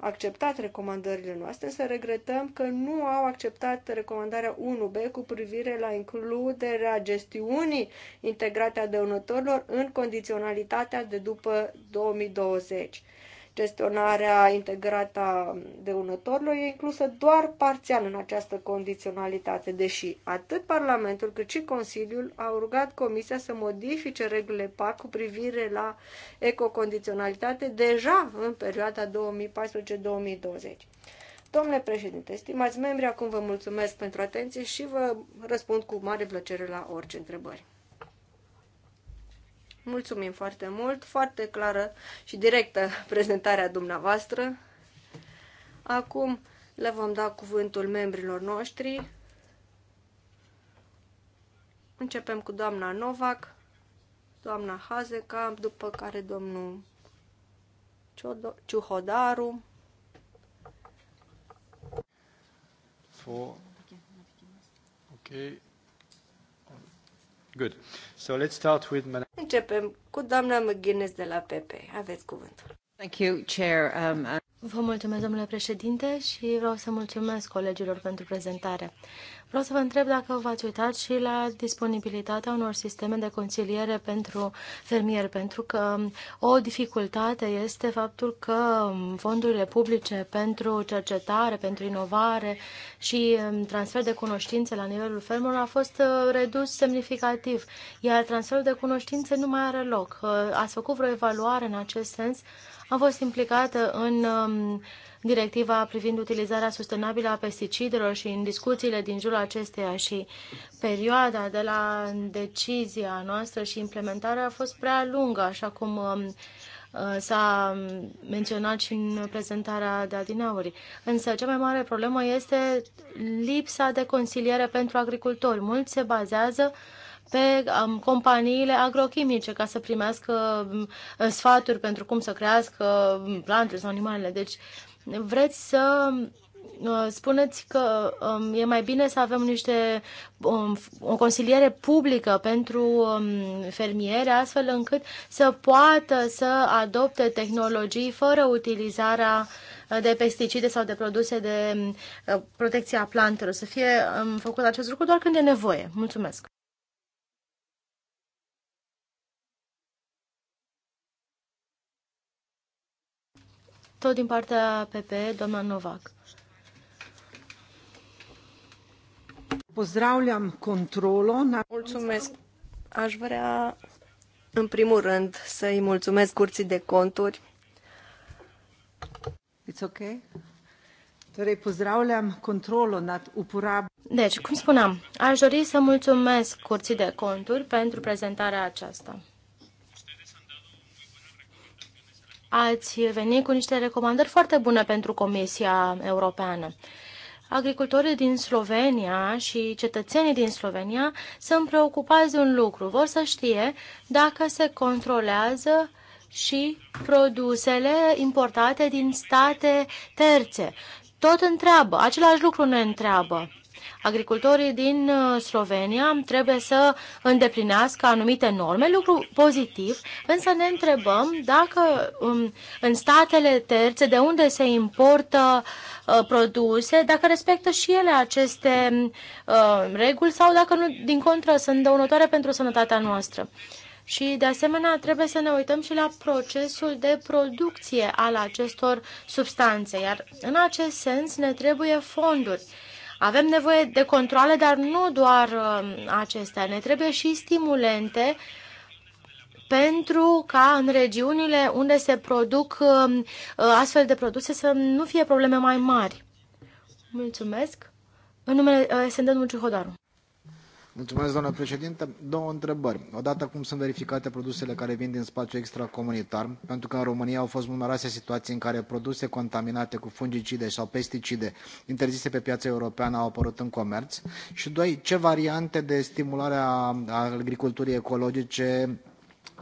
acceptat recomandările noastre, să regretăm că nu au acceptat recomandarea 1B cu privire la includerea gestiunii integrate a dăunătorilor în condiționalitatea de după 2020 gestionarea integrată a dăunătorilor e inclusă doar parțial în această condiționalitate, deși atât Parlamentul cât și Consiliul au rugat Comisia să modifice regulile PAC cu privire la ecocondiționalitate deja în perioada 2014-2020. Domnule președinte, stimați membri, acum vă mulțumesc pentru atenție și vă răspund cu mare plăcere la orice întrebări. Mulțumim foarte mult, foarte clară și directă prezentarea dumneavoastră. Acum le vom da cuvântul membrilor noștri. Începem cu doamna Novak, doamna Hazekamp, după care domnul Ciuhodaru. For... Okay. Good. So let's start with... Începem cu doamna McGuinness de la PP. Aveți cuvântul. Thank you, Chair. Um, uh, Vă mulțumesc, domnule președinte, și vreau să mulțumesc colegilor pentru prezentare. Vreau să vă întreb dacă v-ați uitat și la disponibilitatea unor sisteme de conciliere pentru fermieri, pentru că um, o dificultate este faptul că um, fondurile publice pentru cercetare, pentru inovare și um, transfer de cunoștințe la nivelul fermelor a fost uh, redus semnificativ, iar transferul de cunoștințe nu mai are loc. Uh, ați făcut vreo evaluare în acest sens? Am fost implicată în directiva privind utilizarea sustenabilă a pesticidelor și în discuțiile din jurul acesteia și perioada de la decizia noastră și implementarea a fost prea lungă, așa cum um, uh, s-a menționat și în prezentarea de adinauri. Însă cea mai mare problemă este lipsa de consiliere pentru agricultori. Mulți se bazează pe um, companiile agrochimice ca să primească um, sfaturi pentru cum să crească plantele sau animalele. Deci Vreți să uh, spuneți că um, e mai bine să avem niște um, o consiliere publică pentru um, fermiere astfel încât să poată să adopte tehnologii fără utilizarea de pesticide sau de produse de uh, protecție a plantelor, să fie um, făcut acest lucru doar când e nevoie. Mulțumesc! Tot din partea PP, doamna Novak. Pozdravljam controlo. Mulțumesc. Aș vrea, în primul rând, să-i mulțumesc curții de conturi. It's ok. Torej, pozdravljam controlo nad Deci, cum spuneam, aș dori să mulțumesc Curții de Conturi pentru prezentarea aceasta. ați venit cu niște recomandări foarte bune pentru Comisia Europeană. Agricultorii din Slovenia și cetățenii din Slovenia sunt preocupați de un lucru. Vor să știe dacă se controlează și produsele importate din state terțe. Tot întreabă, același lucru ne întreabă. Agricultorii din uh, Slovenia trebuie să îndeplinească anumite norme, lucru pozitiv, însă ne întrebăm dacă um, în statele terțe de unde se importă uh, produse, dacă respectă și ele aceste uh, reguli sau dacă nu, din contră, sunt dăunătoare pentru sănătatea noastră. Și, de asemenea, trebuie să ne uităm și la procesul de producție al acestor substanțe, iar în acest sens ne trebuie fonduri. Avem nevoie de controle, dar nu doar uh, acestea. Ne trebuie și stimulente pentru ca în regiunile unde se produc uh, uh, astfel de produse să nu fie probleme mai mari. Mulțumesc. În numele SND Dulciu Hodaru. Mulțumesc, doamnă președintă. Două întrebări. Odată, cum sunt verificate produsele care vin din spațiu extracomunitar? Pentru că în România au fost numeroase situații în care produse contaminate cu fungicide sau pesticide interzise pe piața europeană au apărut în comerț. Și doi, ce variante de stimulare a agriculturii ecologice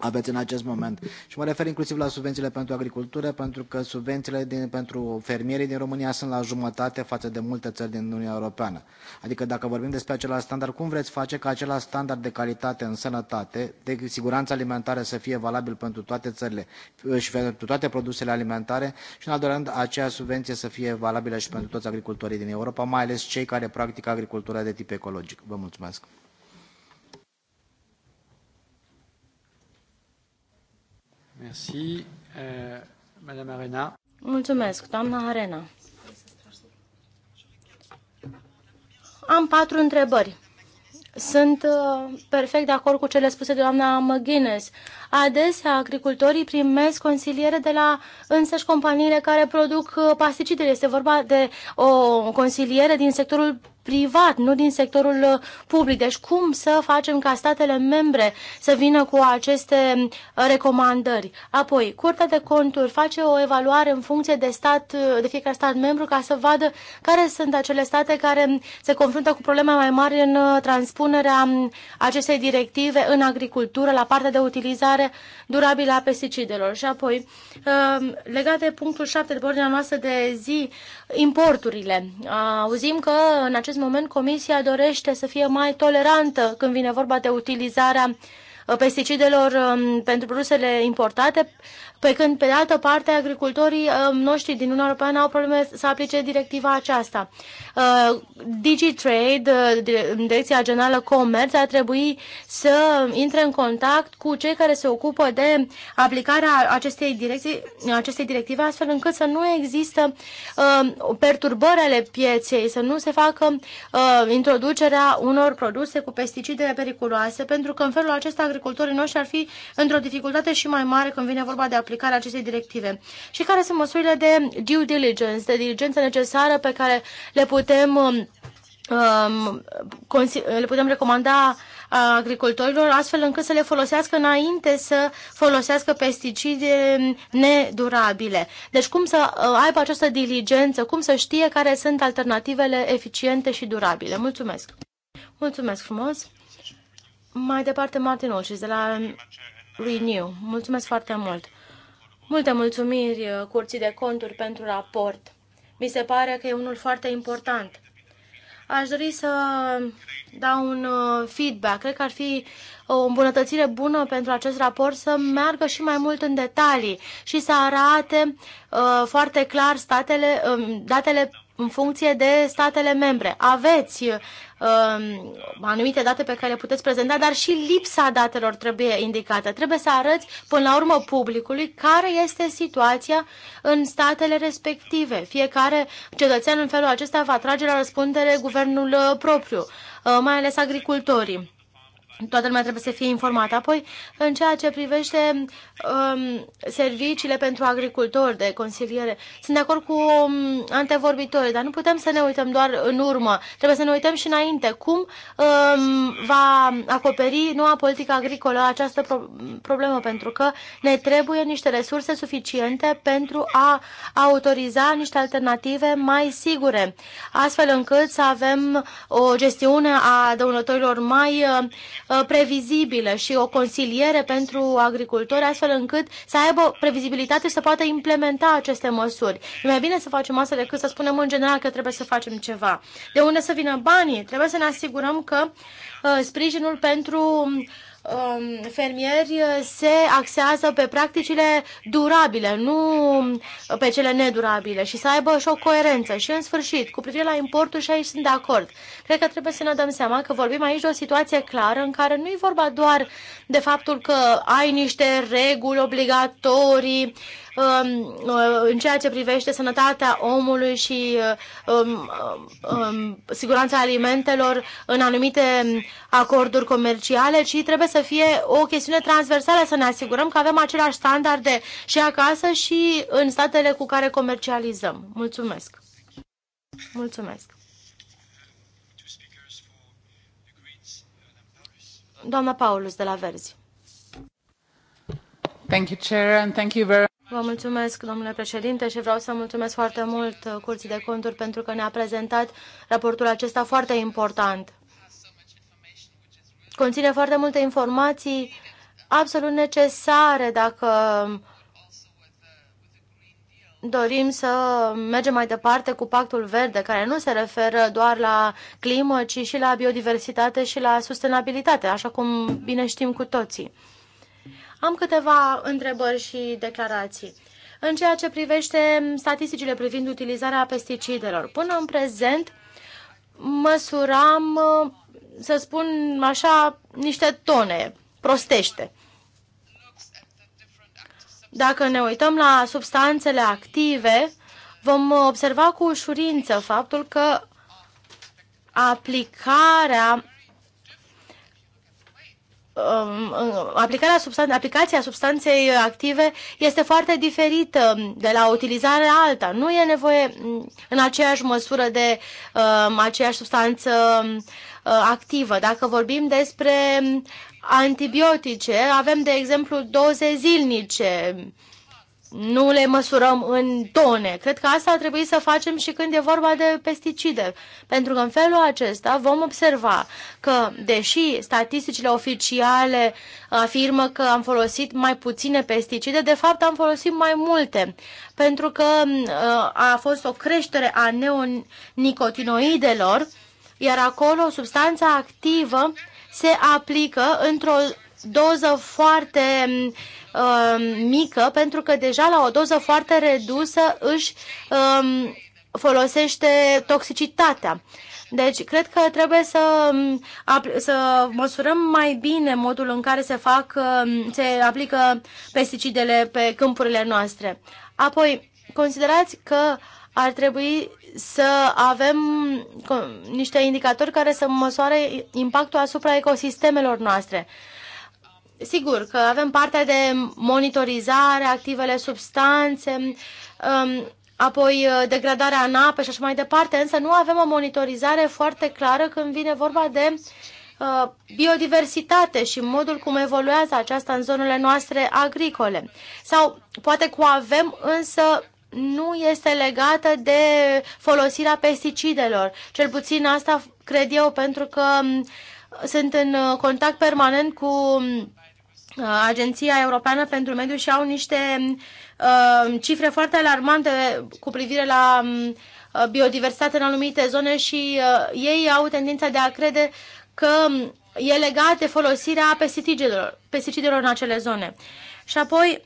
aveți în acest moment. Și mă refer inclusiv la subvențiile pentru agricultură, pentru că subvențiile din, pentru fermierii din România sunt la jumătate față de multe țări din Uniunea Europeană. Adică dacă vorbim despre același standard, cum vreți face ca același standard de calitate în sănătate, de siguranță alimentară să fie valabil pentru toate țările și pentru toate produsele alimentare și, în al doilea rând, acea subvenție să fie valabilă și pentru toți agricultorii din Europa, mai ales cei care practică agricultura de tip ecologic. Vă mulțumesc! Merci. Euh, Madame Arena. Mulțumesc, doamna Arena. Am patru întrebări. Sunt uh, perfect de acord cu cele spuse de doamna McGuinness. Adesea, agricultorii primesc consiliere de la însăși companiile care produc uh, pesticidele. Este vorba de o consiliere din sectorul privat, nu din sectorul uh, public. Deci cum să facem ca statele membre să vină cu aceste uh, recomandări? Apoi, Curtea de Conturi face o evaluare în funcție de stat, uh, de fiecare stat membru ca să vadă care sunt acele state care mm, se confruntă cu probleme mai mari în transpunerea mm, acestei directive în agricultură, la partea de utilizare durabilă a pesticidelor. Și apoi, um, legat de punctul 7 de ordinea noastră de zi, importurile. Auzim că în acest moment Comisia dorește să fie mai tolerantă când vine vorba de utilizarea uh, Uh, pesticidelor um, pentru produsele importate, pe când, pe de altă parte, agricultorii um, noștri din Uniunea Europeană au probleme să aplice directiva aceasta. Uh, DigiTrade, uh, Direcția Generală Comerț, ar trebui să intre în contact cu cei care se ocupă de aplicarea acestei, direcții, acestei directive, astfel încât să nu există um, perturbări ale pieței, să nu se facă introducerea unor produse cu pesticide periculoase, pentru că în felul acesta agricultorii noștri ar fi într-o dificultate și mai mare când vine vorba de aplicarea acestei directive. Și care sunt măsurile de due diligence, de diligență necesară pe care le putem, um, um le putem recomanda agricultorilor, astfel încât să le folosească înainte să folosească pesticide nedurabile. Deci cum să uh, aibă această diligență, cum să știe care sunt alternativele eficiente și durabile. Mulțumesc! Mulțumesc frumos! Mai departe, Martin și de la Renew. Mulțumesc foarte mult! Multe mulțumiri uh, Curții de Conturi pentru raport. Mi se pare că e unul foarte important. Aș dori să dau un uh, feedback. Cred că ar fi o îmbunătățire bună pentru acest raport să meargă și mai mult în detalii și să arate uh, foarte clar statele, uh, datele în funcție de statele membre. Aveți uh, um, anumite date pe care le puteți prezenta, dar și lipsa datelor trebuie indicată. Trebuie să arăți până la urmă publicului care este situația în statele respective. Fiecare cetățean în felul acesta va trage la răspundere guvernul uh, propriu, uh, mai ales agricultorii toată lumea trebuie să fie informată. Apoi, în ceea ce privește um, serviciile pentru agricultori de consiliere, sunt de acord cu um, antevorbitorii, dar nu putem să ne uităm doar în urmă, trebuie să ne uităm și înainte. Cum um, va acoperi noua politică agricolă această pro- problemă? Pentru că ne trebuie niște resurse suficiente pentru a autoriza niște alternative mai sigure, astfel încât să avem o gestiune a dăunătorilor mai uh, Uh, previzibilă și o consiliere pentru agricultori, astfel încât să aibă previzibilitate și să poată implementa aceste măsuri. E mai bine să facem asta decât să spunem în general că trebuie să facem ceva. De unde să vină banii? Trebuie să ne asigurăm că uh, sprijinul pentru Um, fermieri uh, se axează pe practicile durabile, nu pe cele nedurabile și să aibă și o coerență. Și în sfârșit, cu privire la importul și aici sunt de acord. Cred că trebuie să ne dăm seama că vorbim aici de o situație clară în care nu e vorba doar de faptul că ai niște reguli obligatorii, Um, uh, în ceea ce privește sănătatea omului și uh, um, uh, um, siguranța alimentelor în anumite acorduri comerciale, ci trebuie să fie o chestiune transversală, să ne asigurăm că avem aceleași standarde și acasă și în statele cu care comercializăm. Mulțumesc! Mulțumesc! Doamna Paulus de la Verzi. Thank you, Chair, and thank you very Vă mulțumesc, domnule președinte, și vreau să mulțumesc foarte mult uh, Curții de Conturi pentru că ne-a prezentat raportul acesta foarte important. Conține foarte multe informații absolut necesare dacă dorim să mergem mai departe cu pactul verde, care nu se referă doar la climă, ci și la biodiversitate și la sustenabilitate, așa cum bine știm cu toții. Am câteva întrebări și declarații. În ceea ce privește statisticile privind utilizarea pesticidelor, până în prezent măsuram, să spun așa, niște tone, prostește. Dacă ne uităm la substanțele active, vom observa cu ușurință faptul că aplicarea Um, aplicarea substan- aplicația substanței active este foarte diferită de la utilizarea alta. Nu e nevoie mm, în aceeași măsură de um, aceeași substanță um, uh, activă. Dacă vorbim despre antibiotice, avem, de exemplu, doze zilnice nu le măsurăm în tone. Cred că asta ar trebui să facem și când e vorba de pesticide, pentru că în felul acesta vom observa că, deși statisticile oficiale afirmă că am folosit mai puține pesticide, de fapt am folosit mai multe, pentru că a fost o creștere a neonicotinoidelor, iar acolo substanța activă se aplică într-o doză foarte Um, mică, pentru că deja la o doză foarte redusă își um, folosește toxicitatea. Deci, cred că trebuie să, um, să măsurăm mai bine modul în care se fac, um, se aplică pesticidele pe câmpurile noastre. Apoi, considerați că ar trebui să avem niște indicatori care să măsoare impactul asupra ecosistemelor noastre. Sigur că avem partea de monitorizare, activele substanțe, um, apoi uh, degradarea în apă și așa mai departe, însă nu avem o monitorizare foarte clară când vine vorba de uh, biodiversitate și modul cum evoluează aceasta în zonele noastre agricole. Sau poate cu avem, însă nu este legată de folosirea pesticidelor. Cel puțin asta cred eu pentru că um, sunt în uh, contact permanent cu um, Uh, Agenția Europeană pentru Mediu și au niște uh, cifre foarte alarmante cu privire la um, uh, biodiversitate în anumite zone și uh, ei au tendința de a crede că um, e legat de folosirea pesticidelor, pesticidelor în acele zone. Și apoi,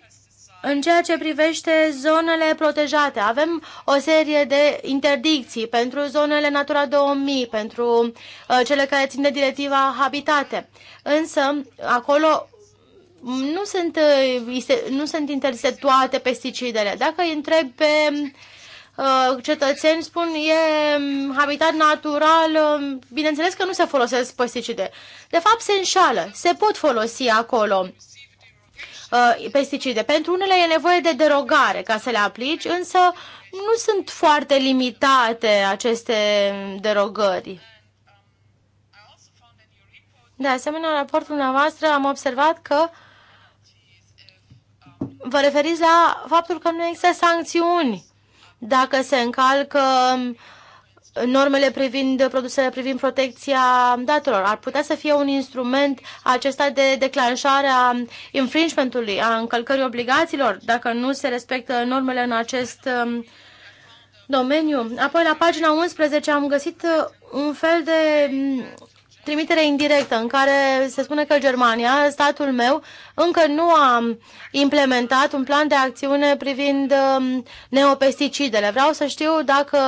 în ceea ce privește zonele protejate, avem o serie de interdicții pentru zonele Natura 2000, pentru uh, cele care țin de directiva Habitate. Însă, acolo nu sunt, uh, nu sunt interzise toate pesticidele. Dacă îi întreb pe uh, cetățeni spun e mm, habitat natural, mm, bineînțeles că nu se folosesc pesticide. De fapt, se înșală. Se pot folosi acolo uh, pesticide. Pentru unele e nevoie de derogare ca să le aplici, însă nu sunt foarte limitate aceste derogări. De asemenea, în raportul dumneavoastră am observat că uh, vă referiți la faptul că nu există sancțiuni dacă se încalcă normele privind produsele privind protecția datelor. Ar putea să fie un instrument acesta de declanșare a infringementului, a încălcării obligațiilor, dacă nu se respectă normele în acest um, domeniu. Apoi, la pagina 11 am găsit uh, un fel de trimitere indirectă în care se spune că Germania, statul meu, încă nu a implementat un plan de acțiune privind um, neopesticidele. Vreau să știu dacă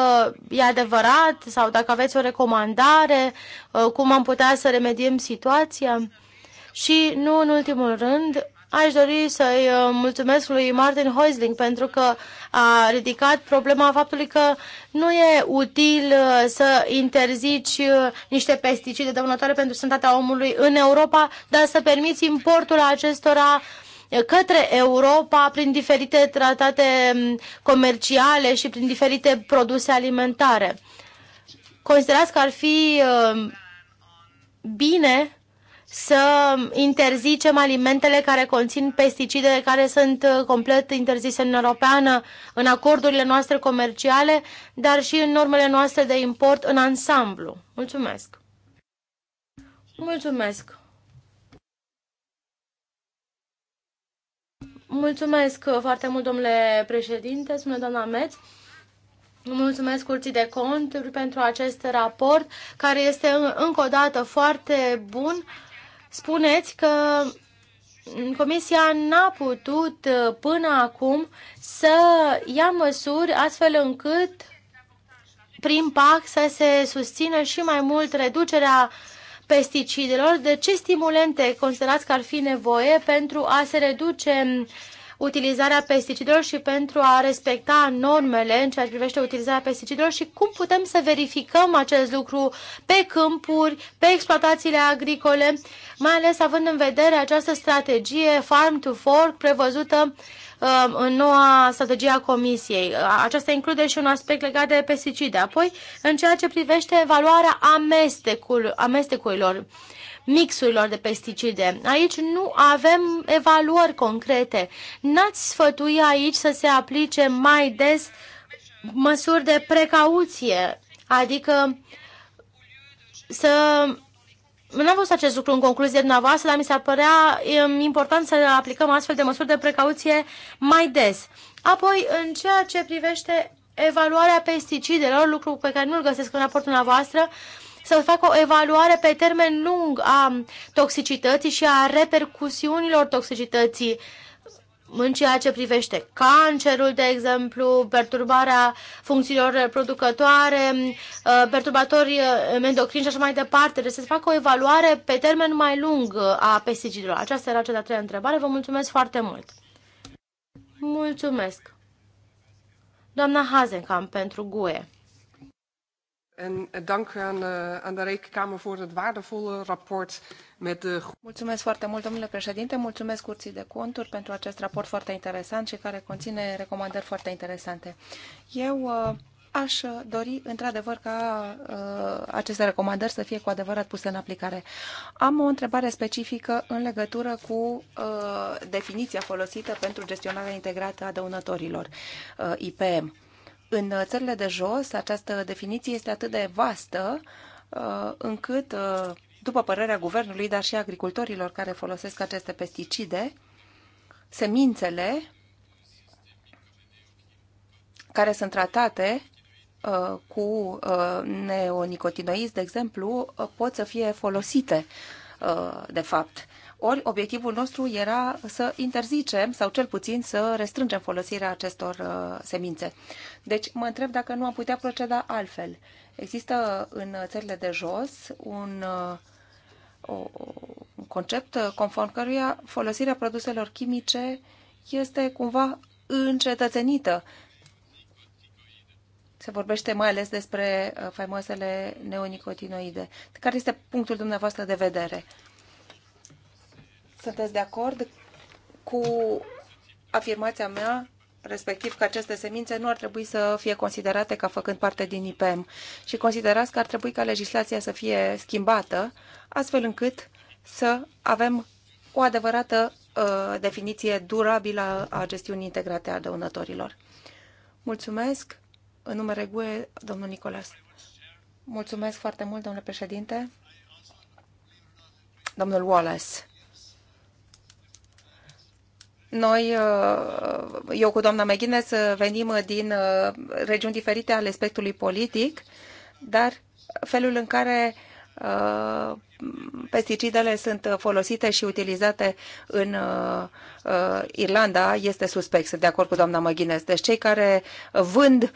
e adevărat sau dacă aveți o recomandare, uh, cum am putea să remediem situația. Și nu în ultimul rând, Aș dori să-i uh, mulțumesc lui Martin Heusling pentru că a ridicat problema faptului că nu e util uh, să interzici uh, niște pesticide dăunătoare pentru sănătatea omului în Europa, dar să permiți importul acestora către Europa prin diferite tratate um, comerciale și prin diferite produse alimentare. Considerați că ar fi bine să interzicem alimentele care conțin pesticide care sunt uh, complet interzise în Europeană, în acordurile noastre comerciale, dar și în normele noastre de import în ansamblu. Mulțumesc! Mulțumesc! Mulțumesc foarte mult, domnule președinte, spune doamna Meț. Mulțumesc Curții de Conturi pentru acest raport, care este încă o dată foarte bun spuneți că Comisia n-a putut uh, până acum să ia măsuri astfel încât prin PAC să se susțină și mai mult reducerea pesticidelor. De ce stimulente considerați că ar fi nevoie pentru a se reduce utilizarea pesticidelor și pentru a respecta normele în ceea ce privește utilizarea pesticidelor și cum putem să verificăm acest lucru pe câmpuri, pe exploatațiile agricole, mai ales având în vedere această strategie Farm to Fork prevăzută um, în noua strategie a Comisiei. Aceasta include și un aspect legat de pesticide. Apoi, în ceea ce privește evaluarea amestecul, amestecurilor, mixurilor de pesticide. Aici nu avem evaluări concrete. N-ați sfătui aici să se aplice mai des măsuri de precauție, adică să nu am văzut acest lucru în concluzie dumneavoastră, dar mi s-ar părea um, important să aplicăm astfel de măsuri de precauție mai des. Apoi, în ceea ce privește evaluarea pesticidelor, lucru pe care nu-l găsesc în raportul dumneavoastră, uh, să facă o evaluare pe termen lung a toxicității și a repercusiunilor toxicității în ceea ce privește cancerul, de exemplu, perturbarea funcțiilor reproducătoare, uh, perturbatori uh, endocrini și așa mai departe. Deci să se facă o evaluare pe termen mai lung uh, a pesticidelor. Aceasta era cea de-a treia întrebare. Vă mulțumesc foarte mult! Mulțumesc! Doamna Hazenkamp pentru GUE. En eh, dank aan, eh, aan de Rekenkamer voor het waardevolle rapport met de... Mulțumesc foarte mult, domnule președinte. Mulțumesc Curții de Conturi pentru acest raport foarte interesant și care conține recomandări foarte interesante. Eu eh, aș dori, într-adevăr, ca aceste recomandări să fie cu adevărat puse în aplicare. Am o întrebare specifică în legătură cu definiția folosită pentru gestionarea integrată a dăunătorilor, IPM. În țările de jos, această definiție este atât de vastă uh, încât, uh, după părerea guvernului, dar și agricultorilor care folosesc aceste pesticide, semințele care sunt tratate uh, cu neonicotinoizi, de exemplu, pot să fie folosite, de fapt. Ori obiectivul nostru era să interzicem sau cel puțin să restrângem folosirea acestor uh, semințe. Deci mă întreb dacă nu am putea proceda altfel. Există în țările de jos un uh, un concept conform căruia folosirea produselor chimice este cumva încetățenită. Se vorbește mai ales despre uh, faimoasele neonicotinoide. Care este punctul dumneavoastră de vedere? Sunteți de acord cu afirmația mea, respectiv că aceste semințe nu ar trebui să fie considerate ca făcând parte din IPM și considerați că ar trebui ca legislația să fie schimbată, astfel încât să avem o adevărată uh, definiție durabilă a gestiunii integrate a dăunătorilor. Mulțumesc. În numere GUE, domnul Nicolas. Mulțumesc foarte mult, domnule președinte. Domnul Wallace. Noi, uh, eu cu doamna McGuinness, uh, venim uh, din regiuni diferite ale spectrului politic, dar felul în care pesticidele sunt folosite și utilizate în Irlanda este suspect, sunt de acord cu doamna Măghines. Deci cei care vând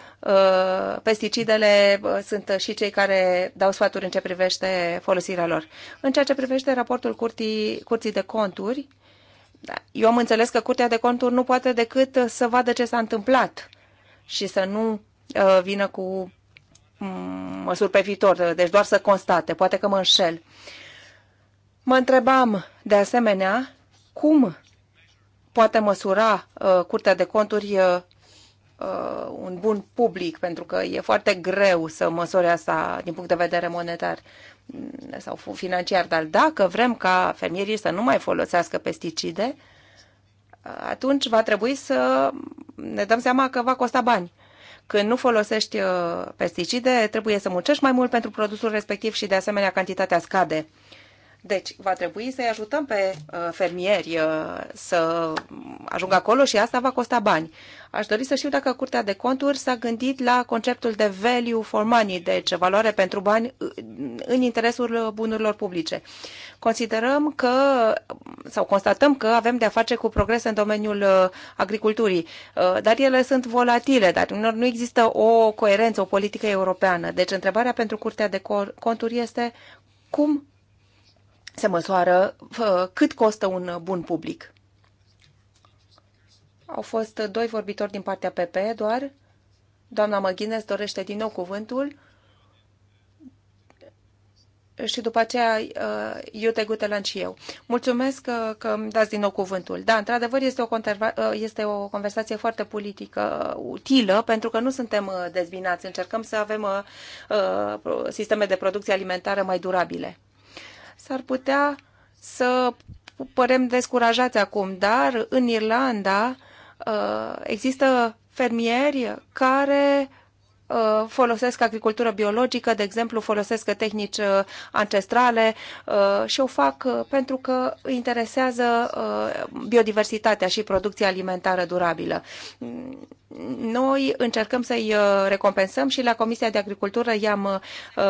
pesticidele sunt și cei care dau sfaturi în ce privește folosirea lor. În ceea ce privește raportul Curții, curții de Conturi, da. Eu am înțeles că Curtea de Conturi nu poate decât uh, să vadă ce s-a întâmplat și să nu uh, vină cu mm, măsuri pe viitor, uh, deci doar să constate, poate că mă înșel. Mă întrebam, de asemenea, cum poate măsura uh, Curtea de Conturi uh, un bun public, pentru că e foarte greu să măsori asta din punct de vedere monetar sau financiar, dar dacă vrem ca fermierii să nu mai folosească pesticide, atunci va trebui să ne dăm seama că va costa bani. Când nu folosești uh, pesticide, trebuie să muncești mai mult pentru produsul respectiv și de asemenea cantitatea scade deci, va trebui să-i ajutăm pe uh, fermieri uh, să ajungă acolo și asta va costa bani. Aș dori să știu dacă Curtea de Conturi s-a gândit la conceptul de value for money, deci valoare pentru bani uh, în interesul bunurilor publice. Considerăm că, sau constatăm că avem de-a face cu progrese în domeniul agriculturii, dar ele sunt volatile, dar unor nu există o coerență, o politică europeană. Deci întrebarea pentru Curtea de Conturi este cum se măsoară cât costă un bun public. Au fost doi vorbitori din partea PP doar. Doamna Măghines dorește din nou cuvântul. Și după aceea eu uh, te gutelan și eu. Mulțumesc că, uh, că îmi dați din nou cuvântul. Da, într-adevăr este o, uh, este o conversație foarte politică utilă pentru că nu suntem dezbinați. Încercăm să avem uh, sisteme de producție alimentară mai durabile s-ar putea să părem descurajați acum, dar în Irlanda uh, există fermieri care uh, folosesc agricultură biologică, de exemplu, folosesc tehnici uh, ancestrale și o fac pentru că îi interesează biodiversitatea și producția alimentară durabilă noi încercăm să-i uh, recompensăm și la Comisia de Agricultură i-am uh,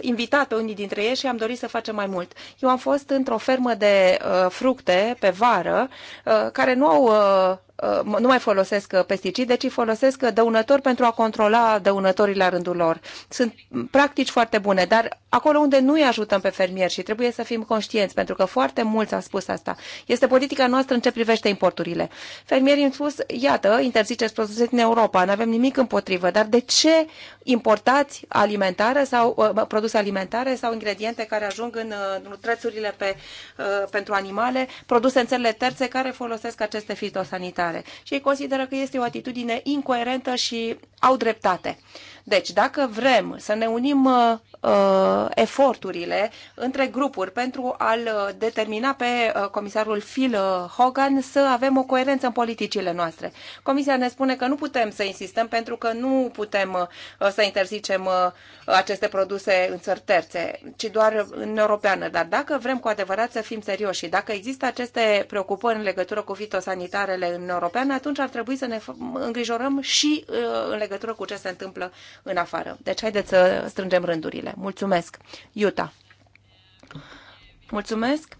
invitat pe unii dintre ei și am dorit să facem mai mult. Eu am fost într-o fermă de uh, fructe pe vară uh, care nu au uh, uh, nu mai folosesc pesticide, ci folosesc dăunători pentru a controla dăunătorii la rândul lor. Sunt practici foarte bune, dar acolo unde nu îi ajutăm pe fermieri și trebuie să fim conștienți, pentru că foarte mulți au spus asta, este politica noastră în ce privește importurile. Fermierii au spus, iată, interziceți produse în Europa. Nu avem nimic împotrivă, dar de ce importați alimentare sau uh, produse alimentare sau ingrediente care ajung în uh, nutrețurile pe, uh, pentru animale, produse în țările terțe care folosesc aceste fitosanitare? Și ei consideră că este o atitudine incoerentă și au dreptate. Deci, dacă vrem să ne unim uh, uh eforturile între grupuri pentru a-l uh, determina pe uh, comisarul Phil uh, Hogan să avem o coerență în politicile noastre. Comisia ne spune că nu putem să insistăm pentru că nu putem uh, să interzicem uh, aceste produse în țări terțe, ci doar în europeană. Dar dacă vrem cu adevărat să fim serioși și dacă există aceste preocupări în legătură cu fitosanitarele în europeană, atunci ar trebui să ne îngrijorăm și uh, în legătură cu ce se întâmplă în afară. Deci haideți să strângem rândurile. Mulțumesc! Iuta! Mulțumesc!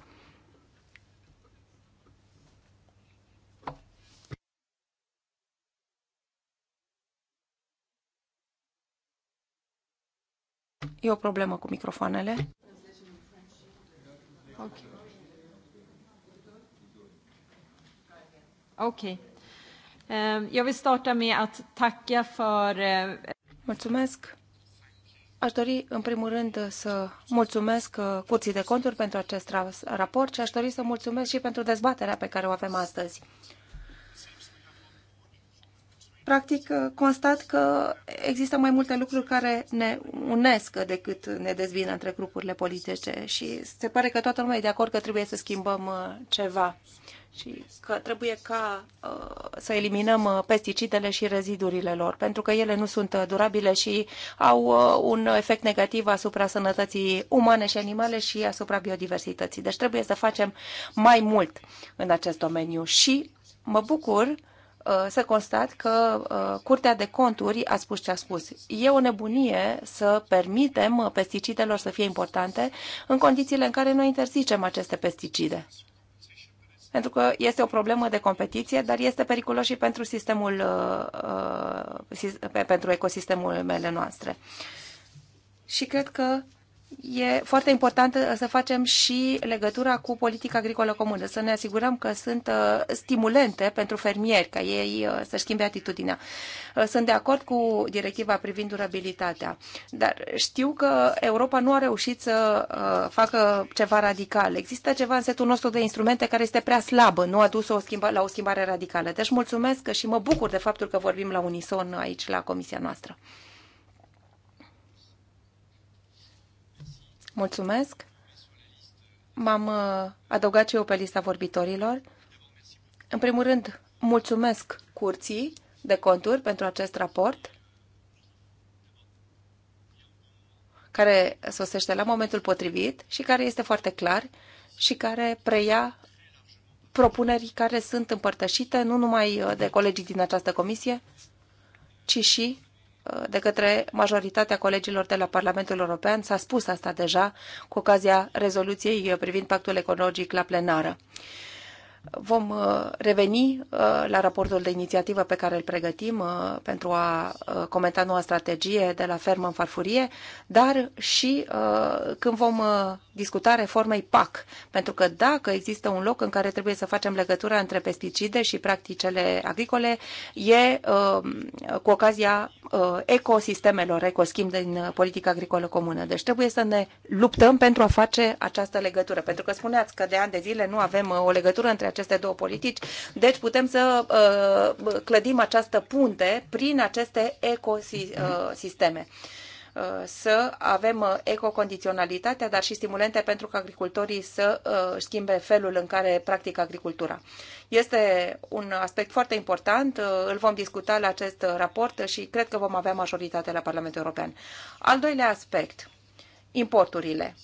E o problemă cu microfoanele. Ok. Ok. eu ehm, vă starta mi att tacka for... Eh, mulțumesc. Aș dori, în primul rând, să mulțumesc eh, Curții de Conturi pentru acest raport și aș dori să mulțumesc și pentru dezbaterea pe care o avem astăzi practic uh, constat că există mai multe lucruri care ne unesc decât ne dezbină între grupurile politice și se pare că toată lumea e de acord că trebuie să schimbăm uh, ceva și că trebuie ca uh, să eliminăm pesticidele și rezidurile lor, pentru că ele nu sunt durabile și au un efect negativ asupra sănătății umane și animale și asupra biodiversității. Deci trebuie să facem mai mult în acest domeniu și mă bucur Uh, să constat că uh, Curtea de Conturi a spus ce a spus. E o nebunie să permitem uh, pesticidelor să fie importante în condițiile în care noi interzicem aceste pesticide. Pentru că este o problemă de competiție, dar este periculos și pentru, sistemul, pentru ecosistemul mele noastre. Și cred că e foarte important uh, să facem și legătura cu politica agricolă comună, să ne asigurăm că sunt uh, stimulente pentru fermieri, ca ei uh, să schimbe atitudinea. Sunt de acord cu directiva privind durabilitatea, dar știu că Europa nu a reușit să facă ceva radical. Există ceva în setul nostru de instrumente care este prea slab, nu a dus o schimba, la o schimbare radicală. Deci mulțumesc și mă bucur de faptul că vorbim la unison aici, la comisia noastră. Mulțumesc. M-am uh, adăugat și eu pe lista vorbitorilor. În primul rând, mulțumesc curții de conturi pentru acest raport, care sosește la momentul potrivit și care este foarte clar și care preia propuneri care sunt împărtășite nu numai uh, de colegii din această comisie, ci și de către majoritatea colegilor de la Parlamentul European. S-a spus asta deja cu ocazia rezoluției privind pactul ecologic la plenară. Vom uh, reveni uh, la raportul de inițiativă pe care îl pregătim uh, pentru a comenta noua strategie de la fermă în farfurie, dar și când vom discuta reformei PAC, pentru că dacă există un loc în care trebuie să facem legătura între pesticide și practicele agricole, e cu ocazia ecosistemelor, ecoschimb din politica agricolă comună. Deci trebuie să ne luptăm pentru a face această legătură, pentru că spuneați că de ani de zile nu avem o legătură între aceste două politici. Deci putem să uh, clădim această punte prin aceste ecosisteme uh, să avem uh, ecocondiționalitatea, dar și stimulente pentru că agricultorii să schimbe felul în care practică agricultura. Este un aspect foarte important, îl vom discuta la acest raport și cred că vom avea majoritate la Parlamentul European. Al doilea aspect, importurile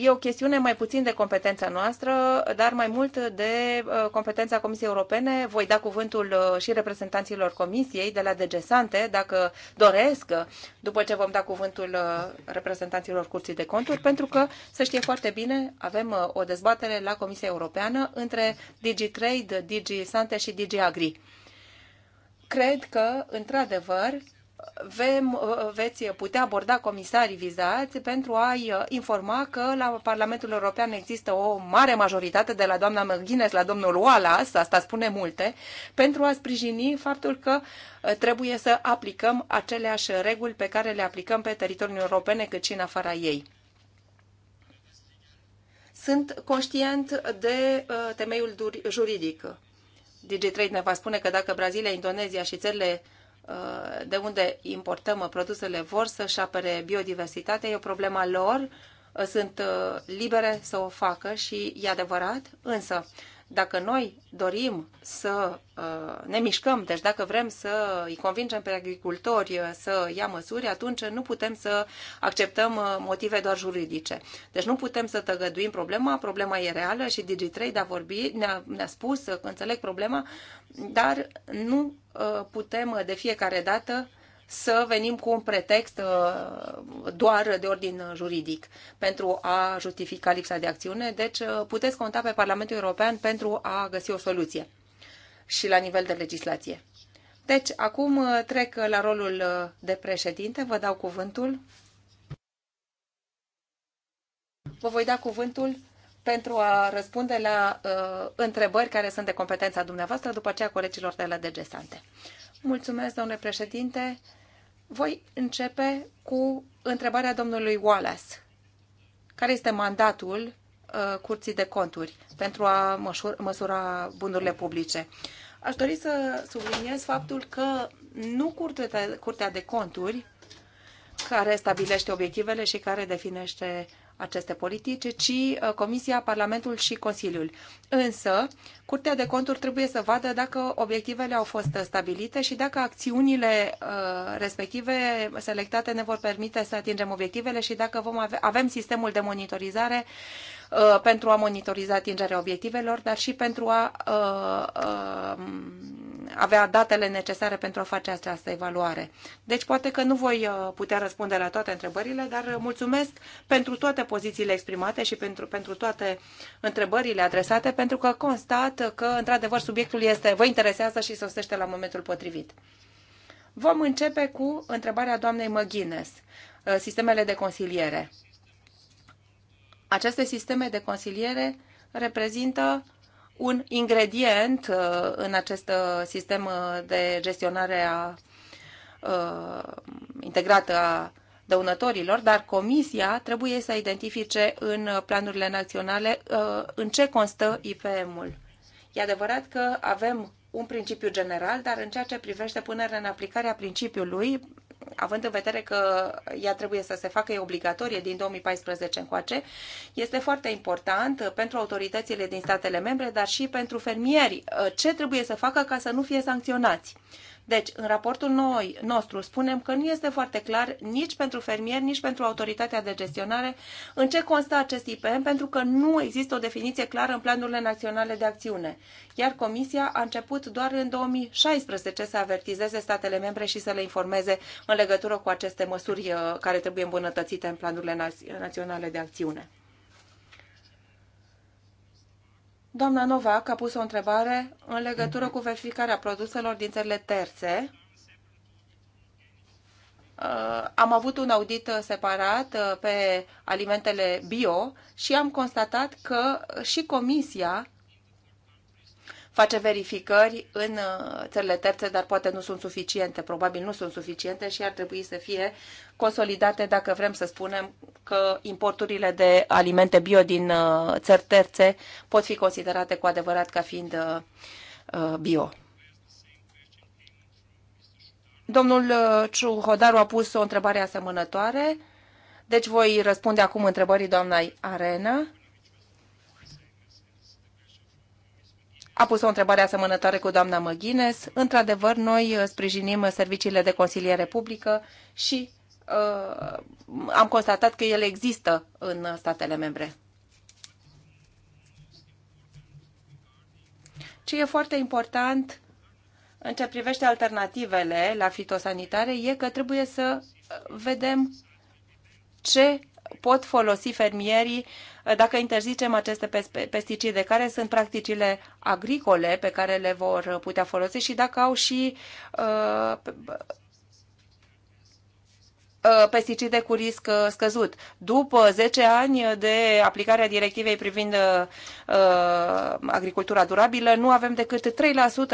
e o chestiune mai puțin de competența noastră, dar mai mult de uh, competența Comisiei Europene. Voi da cuvântul uh, și reprezentanților Comisiei de la Degesante, dacă doresc, uh, după ce vom da cuvântul reprezentanților Curții de Conturi, pentru că, să știe foarte bine, avem o dezbatere la Comisia Europeană între DigiTrade, DigiSante și DigiAgri. Cred că, într-adevăr, vem, uh, veți putea aborda comisarii vizați pentru a-i uh, informa că la Parlamentul European există o mare majoritate de la doamna McGuinness la domnul Wallace, asta spune multe, pentru a sprijini faptul că uh, trebuie să aplicăm aceleași reguli pe care le aplicăm pe teritoriul europene cât și în afara ei. Sunt conștient de temeiul juridic. Trade ne va spune că dacă Brazilia, Indonezia și țările Uh, de unde importăm uh, produsele vor să-și apere biodiversitatea, e o problema lor, uh, sunt libere să o facă și e adevărat, însă dacă noi dorim să uh, ne mișcăm, deci dacă vrem să îi convingem pe agricultori uh, să ia măsuri, atunci nu putem să acceptăm uh, motive doar juridice. Deci nu putem să tăgăduim problema, problema e reală și Digi3 a vorbit, ne-a, ne-a spus că înțeleg problema, dar nu putem de fiecare dată uh, să venim cu un pretext uh, doar de ordin juridic pentru a justifica lipsa de acțiune, deci uh, puteți conta pe Parlamentul European pentru a găsi o soluție și la nivel de legislație. Deci, acum uh, trec la rolul de președinte, vă dau cuvântul. Vă voi da cuvântul pentru a răspunde la uh, întrebări care sunt de competența dumneavoastră, după aceea colegilor de la DG Sante. Mulțumesc, domnule președinte. Voi începe cu întrebarea domnului Wallace. Care este mandatul uh, Curții de Conturi pentru a măsura, măsura bunurile publice? Aș dori să subliniez faptul că nu Curtea de, Curtea de Conturi, care stabilește obiectivele și care definește aceste politici, ci uh, Comisia, Parlamentul și Consiliul. Însă, Curtea de Conturi trebuie să vadă dacă obiectivele au fost stabilite și dacă acțiunile uh, respective selectate ne vor permite să atingem obiectivele și dacă vom avea, avem sistemul de monitorizare Uh, pentru a monitoriza atingerea obiectivelor, dar și pentru a uh, um, avea datele necesare pentru a face această evaluare. Deci poate că nu voi uh, putea răspunde la toate întrebările, dar mulțumesc pentru toate pozițiile exprimate și pentru, pentru toate întrebările adresate, pentru că constat că, într-adevăr, subiectul este, vă interesează și sosește la momentul potrivit. Vom începe cu întrebarea doamnei Măghines, sistemele de consiliere. Aceste sisteme de consiliere reprezintă un ingredient uh, în acest uh, sistem uh, de gestionare a, integrată a dăunătorilor, dar comisia trebuie să identifice în planurile naționale în ce constă IPM-ul. E adevărat că avem un principiu general, dar în ceea ce privește punerea în aplicare a principiului, având în vedere că ea trebuie să se facă, e obligatorie din 2014 încoace, este foarte important pentru autoritățile din statele membre, dar și pentru fermieri. Uh, ce trebuie să facă ca să nu fie sancționați? Deci, în raportul noi, nostru spunem că nu este foarte clar nici pentru fermieri, nici pentru autoritatea de gestionare în ce constă acest IPM, pentru că nu există o definiție clară în planurile naționale de acțiune. Iar Comisia a început doar în 2016 să avertizeze statele membre și să le informeze în legătură cu aceste măsuri uh, care trebuie îmbunătățite în planurile naționale de acțiune. Doamna Novak a pus o întrebare în legătură cu verificarea produselor din țările terțe. Uh, am avut un audit uh, separat uh, pe alimentele bio și am constatat că și Comisia face verificări în uh, țările terțe, dar poate nu sunt suficiente, probabil nu sunt suficiente și ar trebui să fie consolidate dacă vrem să spunem că importurile de alimente bio din uh, țări terțe pot fi considerate cu adevărat ca fiind uh, bio. Domnul Hodaru a pus o întrebare asemănătoare, deci voi răspunde acum întrebării doamnei Arena. a pus o întrebare asemănătoare cu doamna Măghines. Într-adevăr, noi uh, sprijinim serviciile de consiliere publică și uh, am constatat că ele există în statele membre. Ce e foarte important în ce privește alternativele la fitosanitare e că trebuie să vedem ce pot folosi fermierii uh, dacă interzicem aceste pesticide, care sunt practicile agricole pe care le vor putea folosi și dacă au și uh, Uh, pesticide cu risc uh, scăzut. După 10 ani de aplicarea directivei privind uh, uh agricultura durabilă, nu avem decât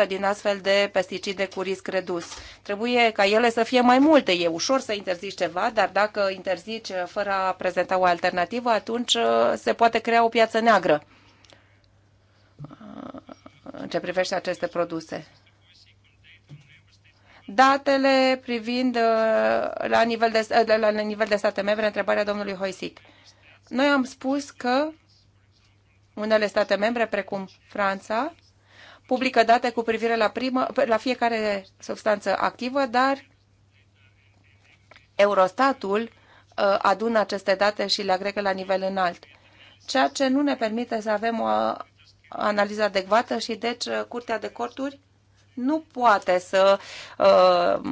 3% din astfel de pesticide cu risc redus. Trebuie ca ele să fie mai multe. E ușor să interzici ceva, dar dacă interzici fără a prezenta o alternativă, atunci se poate crea o piață neagră în ce privește aceste produse datele privind uh, la nivel de, uh, la nivel de state membre, întrebarea domnului Hoisic. Noi am spus că unele state membre, precum Franța, publică date cu privire la, primă, la fiecare substanță activă, dar Eurostatul uh, adună aceste date și le agregă la nivel înalt, ceea ce nu ne permite să avem o analiză adecvată și deci Curtea de Corturi nu poate să uh,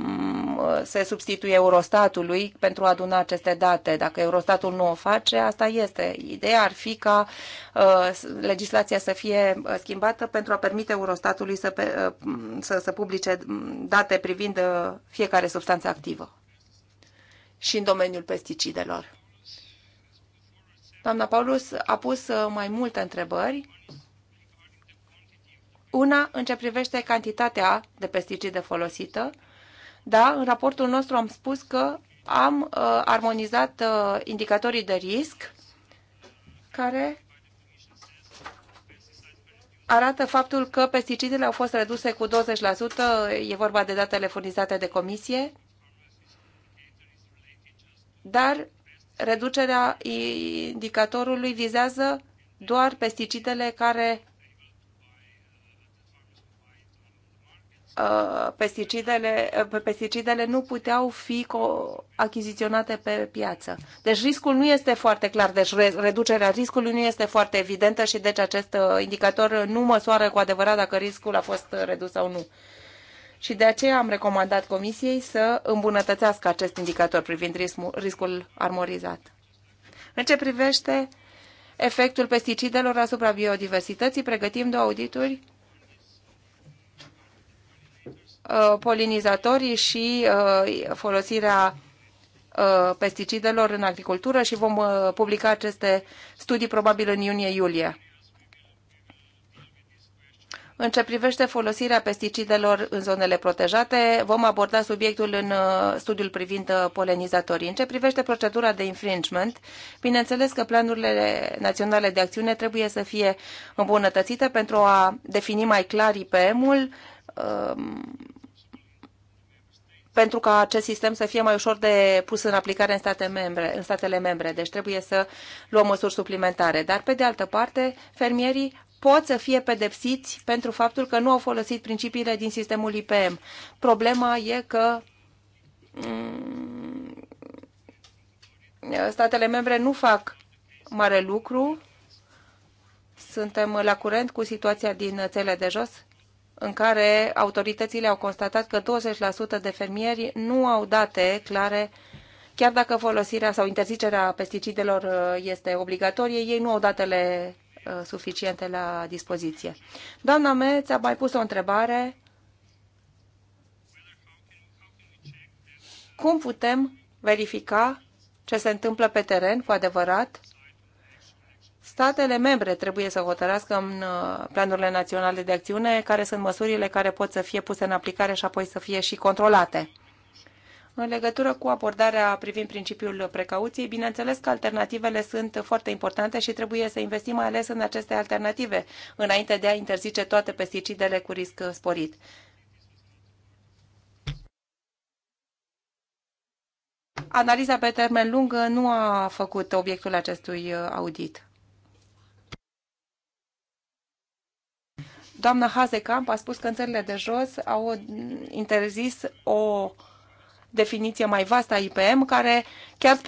se substituie Eurostatului pentru a aduna aceste date. Dacă Eurostatul nu o face, asta este. Ideea ar fi ca uh, legislația să fie schimbată pentru a permite Eurostatului să, pe, uh, să, să publice date privind uh, fiecare substanță activă și în domeniul pesticidelor. Doamna Paulus a pus uh, mai multe întrebări una în ce privește cantitatea de pesticide folosită. Da, în raportul nostru am spus că am uh, armonizat uh, indicatorii de risc care arată faptul că pesticidele au fost reduse cu 20%, e vorba de datele furnizate de comisie, dar reducerea indicatorului vizează doar pesticidele care Uh, pesticidele, uh, pesticidele nu puteau fi achiziționate pe piață. Deci riscul nu este foarte clar, deci reducerea riscului nu este foarte evidentă și deci acest uh, indicator nu măsoară cu adevărat dacă riscul a fost redus sau nu. Și de aceea am recomandat Comisiei să îmbunătățească acest indicator privind riscul, riscul armorizat. În ce privește efectul pesticidelor asupra biodiversității, pregătim două audituri Uh, polinizatorii și uh, folosirea uh, pesticidelor în agricultură și vom publica aceste studii probabil în iunie-iulie. În ce privește folosirea pesticidelor în zonele protejate, vom aborda subiectul în studiul privind polenizatorii. În ce privește procedura de infringement, bineînțeles că planurile naționale de acțiune trebuie să fie îmbunătățite pentru a defini mai clar IPM-ul um, pentru ca acest sistem să fie mai ușor de pus în aplicare în, state membre, în statele membre. Deci trebuie să luăm măsuri suplimentare. Dar, pe de altă parte, fermierii pot să fie pedepsiți pentru faptul că nu au folosit principiile din sistemul IPM. Problema e că mm, statele membre nu fac mare lucru. Suntem la curent cu situația din țele de jos în care autoritățile au constatat că 20% de fermieri nu au date clare chiar dacă folosirea sau interzicerea pesticidelor uh, este obligatorie, ei nu au datele uh, suficiente la dispoziție. Doamna Meț a mai pus o întrebare. Cum putem verifica ce se întâmplă pe teren cu adevărat statele membre trebuie să hotărească în uh, planurile naționale de acțiune care sunt măsurile care pot să fie puse în aplicare și apoi să fie și controlate. În legătură cu abordarea privind principiul precauției, bineînțeles că alternativele sunt foarte importante și trebuie să investim mai ales în aceste alternative, înainte de a interzice toate pesticidele cu risc sporit. Analiza pe termen lung nu a făcut obiectul acestui uh, audit. Doamna Hazekamp a spus că în țările de jos au interzis o definiție mai vastă a IPM, care chiar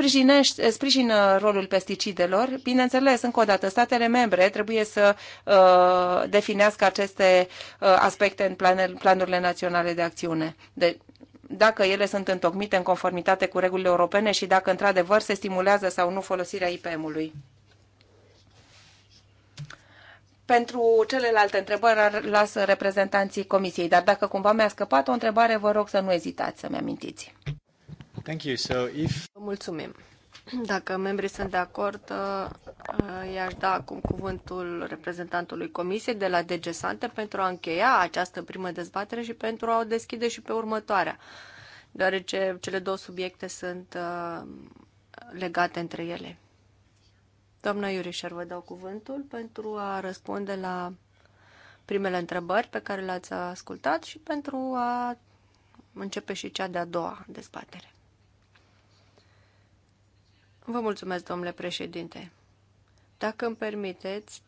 sprijină rolul pesticidelor. Bineînțeles, încă o dată, statele membre trebuie să uh, definească aceste uh, aspecte în planel, planurile naționale de acțiune. De, dacă ele sunt întocmite în conformitate cu regulile europene și dacă într-adevăr se stimulează sau nu folosirea IPM-ului. Pentru celelalte întrebări las reprezentanții comisiei, dar dacă cumva mi-a scăpat o întrebare, vă rog să nu ezitați să-mi amintiți. Thank you. So if... Mulțumim. Dacă membrii sunt de acord, uh, i-aș da acum cuvântul reprezentantului Comisiei de la DG Sante pentru a încheia această primă dezbatere și pentru a o deschide și pe următoarea, deoarece cele două subiecte sunt uh, legate între ele. Doamna Iurișar, vă dau cuvântul pentru a răspunde la primele întrebări pe care le-ați ascultat și pentru a începe și cea de-a doua dezbatere. Vă mulțumesc, domnule președinte. Dacă îmi permiteți,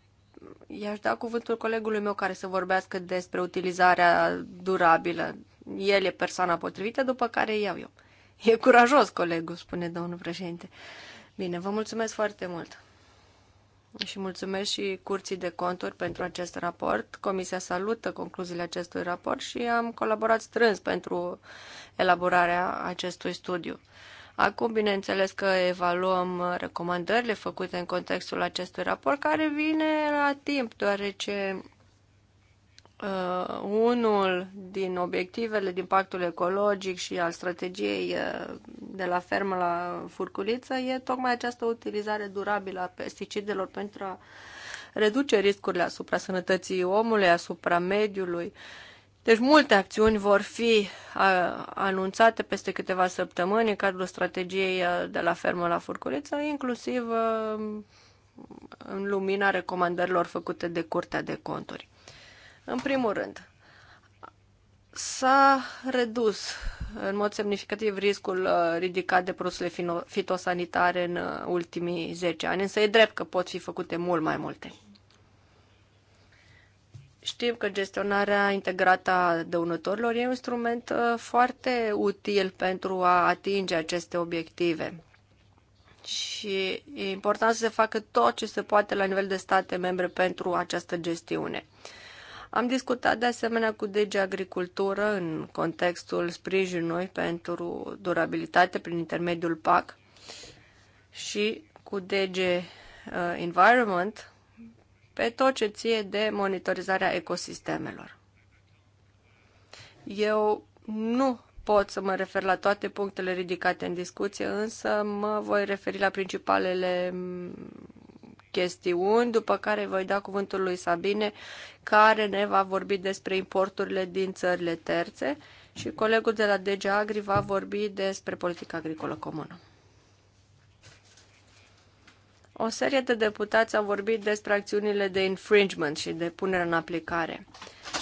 i-aș da cuvântul colegului meu care să vorbească despre utilizarea durabilă. El e persoana potrivită, după care iau eu. E curajos, colegul, spune domnul președinte. Bine, vă mulțumesc foarte mult și mulțumesc și Curții de Conturi pentru acest raport. Comisia salută concluziile acestui raport și am colaborat strâns pentru elaborarea acestui studiu. Acum, bineînțeles că evaluăm recomandările făcute în contextul acestui raport, care vine la timp, deoarece Uh, unul din obiectivele din pactul ecologic și al strategiei uh, de la fermă la furculiță e tocmai această utilizare durabilă a pesticidelor pentru a reduce riscurile asupra sănătății omului, asupra mediului. Deci multe acțiuni vor fi uh, anunțate peste câteva săptămâni în cadrul strategiei uh, de la fermă la furculiță, inclusiv uh, în lumina recomandărilor făcute de Curtea de Conturi. În primul rând, s-a redus în mod semnificativ riscul uh, ridicat de produsele fitosanitare în uh, ultimii 10 ani, însă e drept că pot fi făcute mult mai multe. Știm că gestionarea integrată a dăunătorilor e un instrument uh, foarte util pentru a atinge aceste obiective. Și e important să se facă tot ce se poate la nivel de state membre pentru această gestiune. Am discutat de asemenea cu DG Agricultură în contextul sprijinului pentru durabilitate prin intermediul PAC și cu DG uh, Environment pe tot ce ție de monitorizarea ecosistemelor. Eu nu pot să mă refer la toate punctele ridicate în discuție, însă mă voi referi la principalele chestiuni, după care voi da cuvântul lui Sabine, care ne va vorbi despre importurile din țările terțe și colegul de la DG Agri va vorbi despre politica agricolă comună. O serie de deputați au vorbit despre acțiunile de infringement și de punere în aplicare.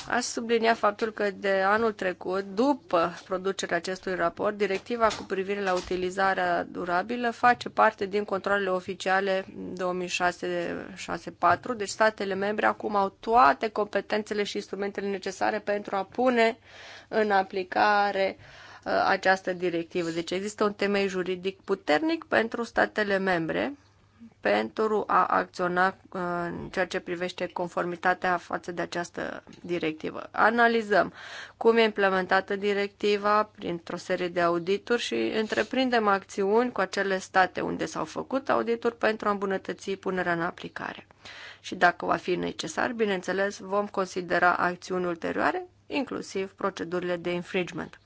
Aș sublinia faptul că de anul trecut, după producerea acestui raport, directiva cu privire la utilizarea durabilă face parte din controlele oficiale 2664, deci statele membre acum au toate competențele și instrumentele necesare pentru a pune în aplicare uh, această directivă. Deci există un temei juridic puternic pentru statele membre pentru a acționa uh, în ceea ce privește conformitatea față de această directivă. Analizăm cum e implementată directiva printr-o serie de audituri și întreprindem acțiuni cu acele state unde s-au făcut audituri pentru a îmbunătăți punerea în aplicare. Și dacă va fi necesar, bineînțeles, vom considera acțiuni ulterioare, inclusiv procedurile de infringement.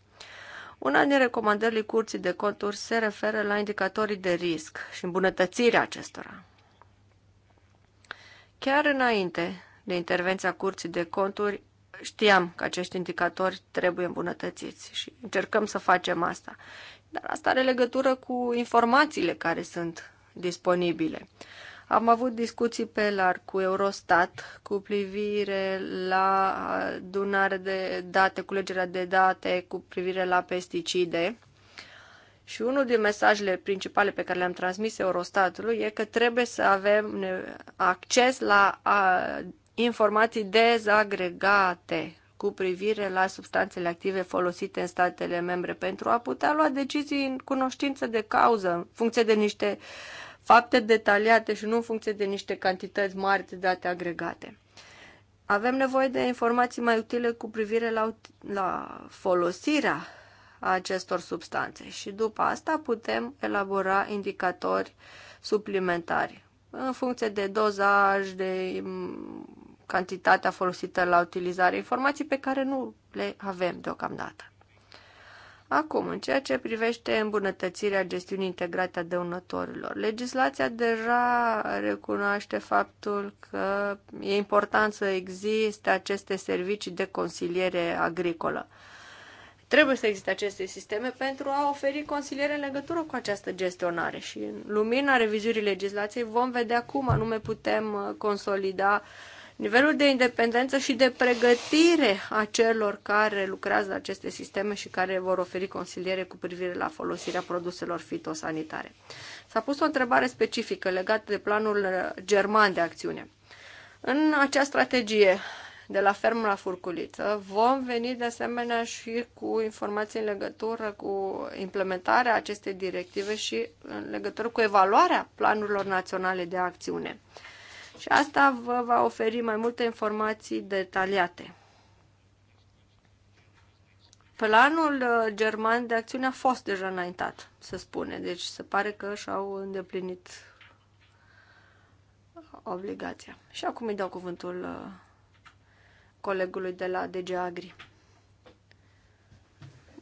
Una din recomandările Curții de Conturi se referă la indicatorii de risc și îmbunătățirea acestora. Chiar înainte de intervenția Curții de Conturi, știam că acești indicatori trebuie îmbunătățiți și încercăm să facem asta. Dar asta are legătură cu informațiile care sunt disponibile. Am avut discuții pe LAR cu Eurostat cu privire la adunare de date, culegerea de date cu privire la pesticide. Și unul din mesajele principale pe care le-am transmis Eurostatului e că trebuie să avem acces la informații dezagregate cu privire la substanțele active folosite în statele membre pentru a putea lua decizii în cunoștință de cauză, în funcție de niște uh, fapte detaliate și nu în funcție de niște cantități mari de date agregate. Avem nevoie de informații mai utile cu privire la, la folosirea acestor substanțe și după asta putem elabora indicatori suplimentari în funcție de dozaj, de mm, cantitatea folosită la utilizare, informații pe care nu le avem deocamdată. Acum, în ceea ce privește îmbunătățirea gestiunii integrate a dăunătorilor, legislația deja recunoaște faptul că e important să existe aceste servicii de consiliere agricolă. Trebuie să existe aceste sisteme pentru a oferi consiliere în legătură cu această gestionare și în lumina revizuirii legislației vom vedea cum anume putem consolida uh, nivelul de independență și de pregătire a celor care lucrează la aceste sisteme și care vor oferi consiliere cu privire la folosirea produselor fitosanitare. S-a pus o întrebare specifică legată de planul german de acțiune. În acea strategie, de la fermă la furculiță, vom veni de asemenea și cu informații în legătură cu implementarea acestei directive și în legătură cu evaluarea planurilor naționale de acțiune și asta vă va oferi mai multe informații detaliate. Planul uh, german de acțiune a fost deja înaintat, se spune, deci se pare că și-au îndeplinit obligația. Și acum îi dau cuvântul uh, colegului de la DG Agri.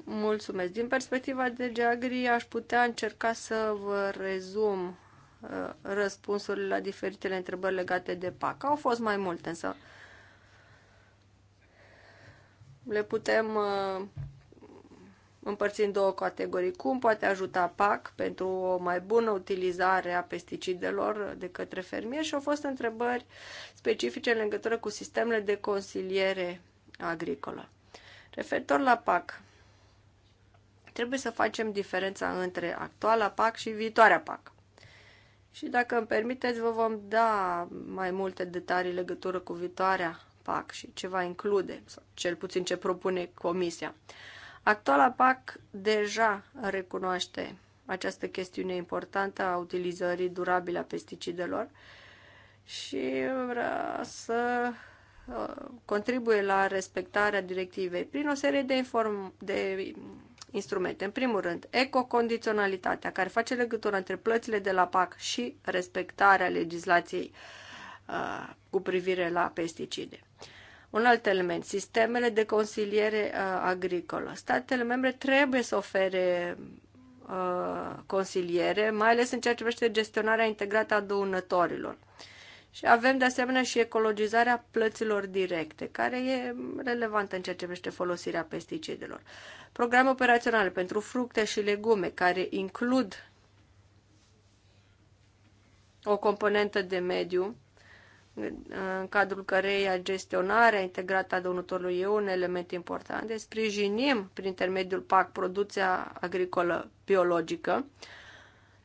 Mulțumesc. Din perspectiva DG Agri aș putea încerca să vă rezum Uh, răspunsurile la diferitele întrebări legate de PAC. Au fost mai multe, însă le putem uh, împărți în două categorii. Cum poate ajuta PAC pentru o mai bună utilizare a pesticidelor de către fermieri și au fost întrebări specifice în legătură cu sistemele de consiliere agricolă. Referitor la PAC, trebuie să facem diferența între actuala PAC și viitoarea PAC. Și dacă îmi permiteți, vă vom da mai multe detalii legătură cu viitoarea PAC și ce va include, sau cel puțin ce propune Comisia. Actuala PAC deja recunoaște această chestiune importantă a utilizării durabile a pesticidelor și vrea să uh, contribuie la respectarea directivei prin o serie de, inform- de instrumente. În primul rând, ecocondiționalitatea, care face legătură între plățile de la PAC și respectarea legislației uh, cu privire la pesticide. Un alt element, sistemele de consiliere uh, agricolă. Statele membre trebuie să ofere uh, consiliere, mai ales în ceea ce privește gestionarea integrată a dăunătorilor. Și avem de asemenea și ecologizarea plăților directe, care e relevantă în ceea ce privește folosirea pesticidelor programe operaționale pentru fructe și legume care includ o componentă de mediu în cadrul căreia gestionarea integrată a donatorului e un element important. Deci sprijinim prin intermediul PAC producția agricolă biologică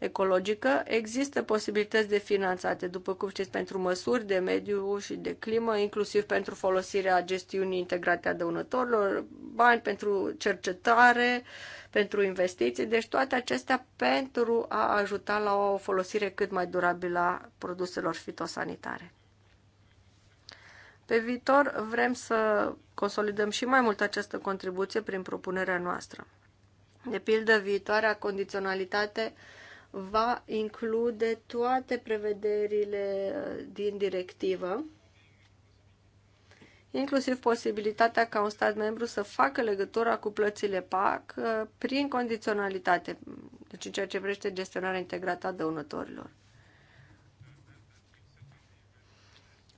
ecologică, există posibilități de finanțate, după cum știți, pentru măsuri de mediu și de climă, inclusiv pentru folosirea gestiunii integrate a dăunătorilor, bani pentru cercetare, pentru investiții, deci toate acestea pentru a ajuta la o folosire cât mai durabilă a produselor fitosanitare. Pe viitor vrem să consolidăm și mai mult această contribuție prin propunerea noastră. De pildă, viitoarea condiționalitate uh, va include toate prevederile uh, din directivă, inclusiv posibilitatea ca un stat membru să facă legătura cu plățile PAC uh, prin condiționalitate, deci în ceea ce vrește gestionarea integrată a dăunătorilor.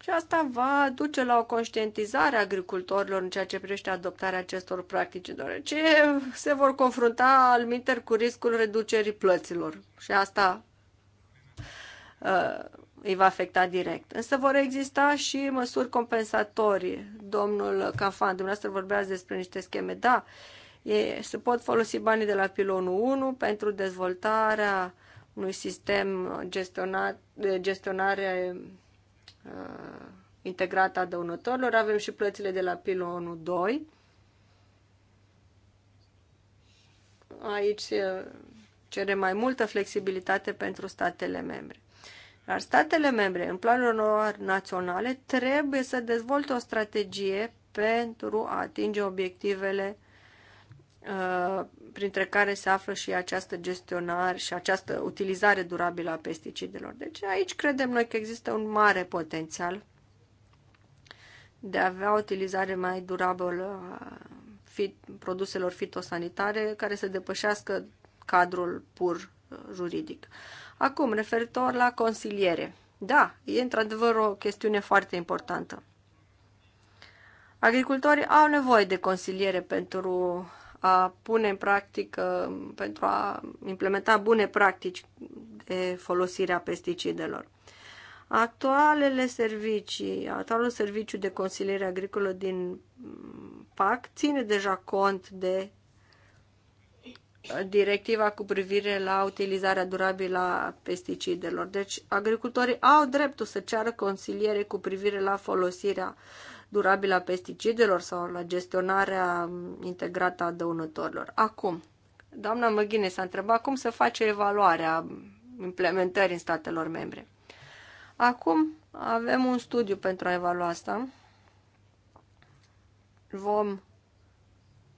Și asta va duce la o conștientizare a agricultorilor în ceea ce privește adoptarea acestor practici, deoarece se vor confrunta alminter cu riscul reducerii plăților. Și asta uh, îi va afecta direct. Însă vor exista și măsuri compensatorii. Domnul Cafan, dumneavoastră vorbeați despre niște scheme. Da, e, se pot folosi banii de la pilonul 1 pentru dezvoltarea unui sistem gestionat, de gestionare uh, integrată a dăunătorilor, avem și plățile de la pilonul 2. Aici uh, cere mai multă flexibilitate pentru statele membre. Dar statele membre, în planul lor naționale, trebuie să dezvolte o strategie pentru a atinge obiectivele Uh, printre care se află și această gestionare și această utilizare durabilă a pesticidelor. Deci aici credem noi că există un mare potențial de a avea o utilizare mai durabilă a fit, produselor fitosanitare care să depășească cadrul pur uh, juridic. Acum, referitor la consiliere. Da, e într-adevăr o chestiune foarte importantă. Agricultorii au nevoie de consiliere pentru a pune în practică, pentru a implementa bune practici de folosire a pesticidelor. Actualele servicii, actualul serviciu de consiliere agricolă din PAC ține deja cont de directiva cu privire la utilizarea durabilă a pesticidelor. Deci agricultorii au dreptul să ceară consiliere cu privire la folosirea uh, durabilă a pesticidelor sau la gestionarea integrată a dăunătorilor. Acum, doamna Măghine s-a întrebat cum se face evaluarea implementării în statelor membre. Acum avem un studiu pentru a evalua asta. Vom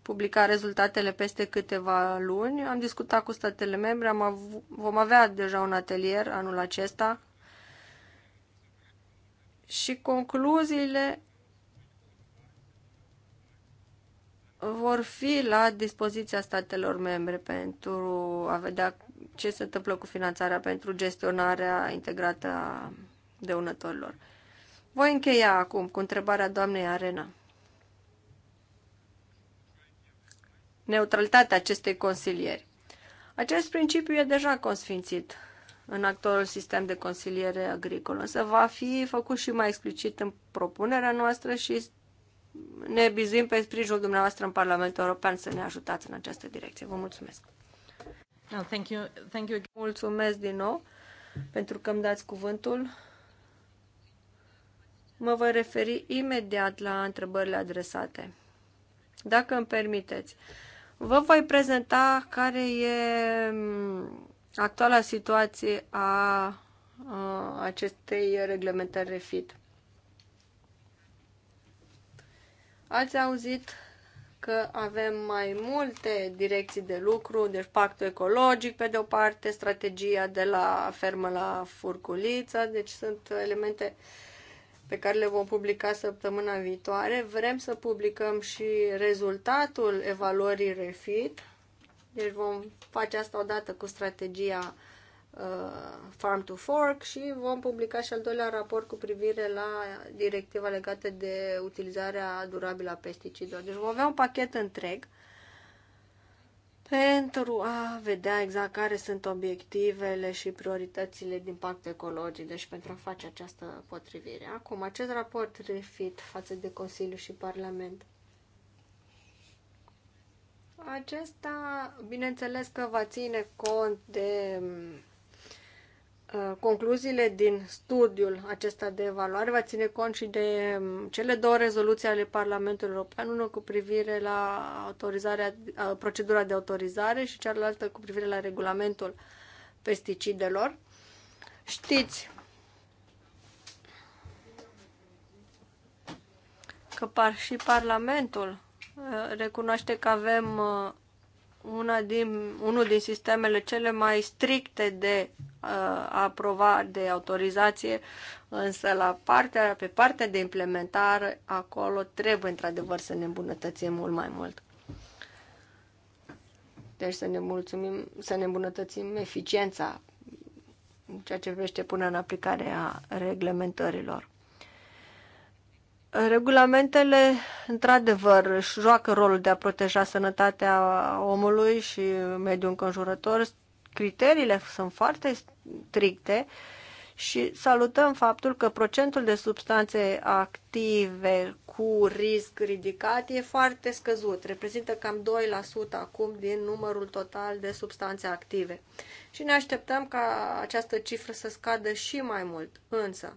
publica rezultatele peste câteva luni. Am discutat cu statele membre, am av- vom avea deja un atelier anul acesta și concluziile vor fi la dispoziția statelor membre pentru a vedea ce se întâmplă cu finanțarea pentru gestionarea integrată a dăunătorilor. Voi încheia acum cu întrebarea doamnei Arena. Neutralitatea acestei consilieri. Acest principiu e deja consfințit în actualul sistem de consiliere agricolă, însă va fi făcut și mai explicit în propunerea noastră și ne bizuim pe sprijinul dumneavoastră în Parlamentul European să ne ajutați în această direcție. Vă mulțumesc! No, thank you. Thank you. Mulțumesc din nou pentru că îmi dați cuvântul. Mă voi referi imediat la întrebările adresate. Dacă îmi permiteți, vă voi prezenta care e actuala situație a acestei reglementări refit. Ați auzit că avem mai multe direcții de lucru, deci pactul ecologic pe de o parte, strategia de la fermă la furculiță, deci sunt elemente pe care le vom publica săptămâna viitoare. Vrem să publicăm și rezultatul evaluării refit, deci vom face asta odată cu strategia Uh, Farm to Fork și vom publica și al doilea raport cu privire la directiva legată de utilizarea durabilă a pesticidelor. Deci vom avea un pachet întreg pentru a vedea exact care sunt obiectivele și prioritățile din pact ecologic, deci pentru a face această potrivire. Acum, acest raport refit față de Consiliu și Parlament. Acesta, bineînțeles că va ține cont de Uh, concluziile din studiul acesta de evaluare va ține cont și de um, cele două rezoluții ale Parlamentului European, una cu privire la autorizarea, uh, procedura de autorizare și cealaltă cu privire la regulamentul pesticidelor. Știți că par și Parlamentul uh, recunoaște că avem una din, unul din sistemele cele mai stricte de uh, aprobare, de autorizație, însă la partea, pe partea de implementare, acolo trebuie într-adevăr să ne îmbunătățim mult mai mult. Deci să ne, mulțumim, să ne îmbunătățim eficiența în ceea ce privește până în aplicare a reglementărilor. Regulamentele, într-adevăr, își joacă rolul de a proteja sănătatea omului și mediul înconjurător. Criteriile sunt foarte stricte și salutăm faptul că procentul de substanțe active cu risc ridicat e foarte scăzut, reprezintă cam 2% acum din numărul total de substanțe active. Și ne așteptăm ca această cifră să scadă și mai mult, însă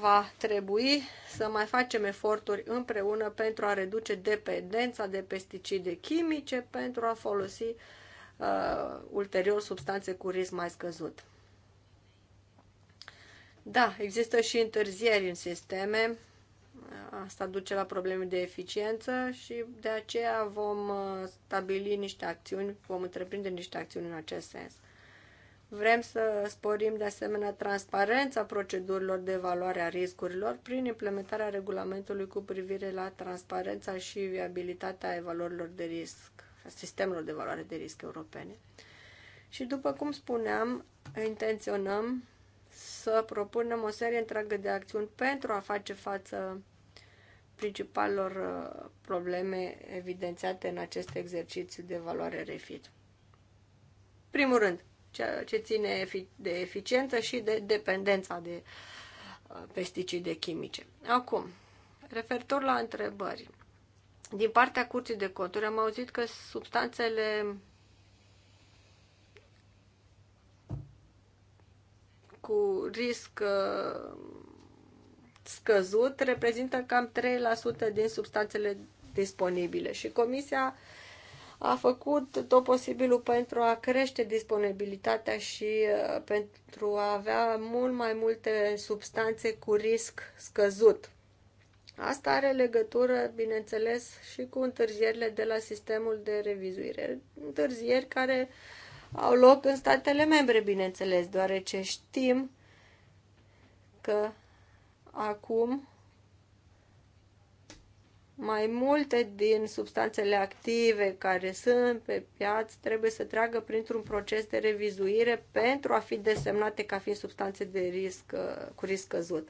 va trebui să mai facem eforturi împreună pentru a reduce dependența de pesticide chimice, pentru a folosi uh, ulterior substanțe cu risc mai scăzut. Da, există și întârzieri în sisteme. Asta duce la probleme de eficiență și de aceea vom uh, stabili niște acțiuni, vom întreprinde niște acțiuni în acest sens. Vrem să sporim de asemenea transparența procedurilor de evaluare a riscurilor prin implementarea regulamentului cu privire la transparența și viabilitatea evaluărilor de risc, a sistemelor de evaluare de risc europene. Și după cum spuneam, intenționăm să propunem o serie întreagă de acțiuni pentru a face față principalelor uh, probleme evidențiate în acest exercițiu de evaluare refit. Primul rând, ceea ce ține de eficiență și de dependența de uh, pesticide chimice. Acum, referitor la întrebări, din partea curții de conturi am auzit că substanțele cu risc uh, scăzut reprezintă cam 3% din substanțele disponibile și comisia uh, a făcut tot posibilul pentru a crește disponibilitatea și uh, pentru a avea mult mai multe substanțe cu risc scăzut. Asta are legătură, bineînțeles, și cu întârzierile de la sistemul de revizuire. Întârzieri care au loc în statele membre, bineînțeles, deoarece știm că acum mai multe din substanțele active care sunt pe piață trebuie să treacă printr-un proces de revizuire pentru a fi desemnate ca fiind substanțe de risc, uh, cu risc scăzut.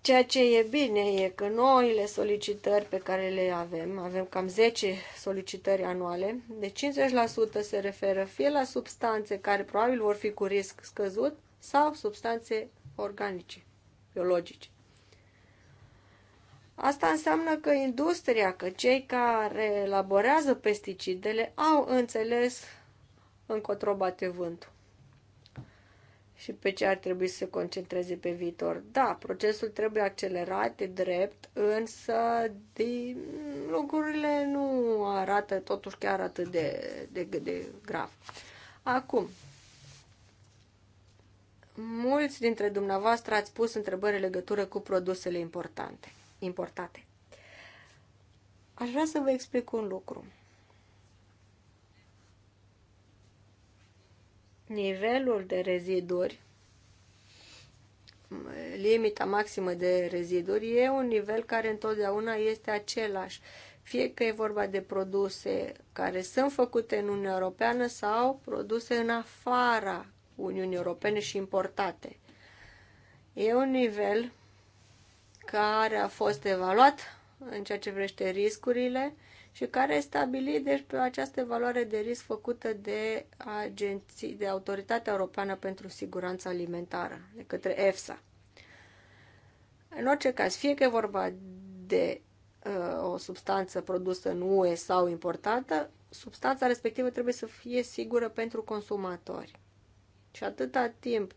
Ceea ce e bine e că noile solicitări pe care le avem, avem cam 10 solicitări anuale, de 50% se referă fie la substanțe care probabil vor fi cu risc scăzut sau substanțe organice, biologice. Asta înseamnă că industria, că cei care elaborează pesticidele au înțeles încotro bate vântul și pe ce ar trebui să se concentreze pe viitor. Da, procesul trebuie accelerat, e drept, însă de, lucrurile nu arată totuși chiar atât de, de, de grav. Acum, mulți dintre dumneavoastră ați pus întrebări în legătură cu produsele importante importate. Aș vrea să vă explic un lucru. Nivelul de reziduri, limita maximă de reziduri, e un nivel care întotdeauna este același. Fie că e vorba de produse care sunt făcute în Uniunea Europeană sau produse în afara Uniunii Europene și importate. E un nivel care a fost evaluat în ceea ce vrește riscurile și care a stabilit deci, pe această evaluare de risc făcută de, agenții, de Autoritatea Europeană pentru Siguranța Alimentară, de către EFSA. În orice caz, fie că e vorba de uh, o substanță produsă în UE sau importată, substanța respectivă trebuie să fie sigură pentru consumatori. Și atâta timp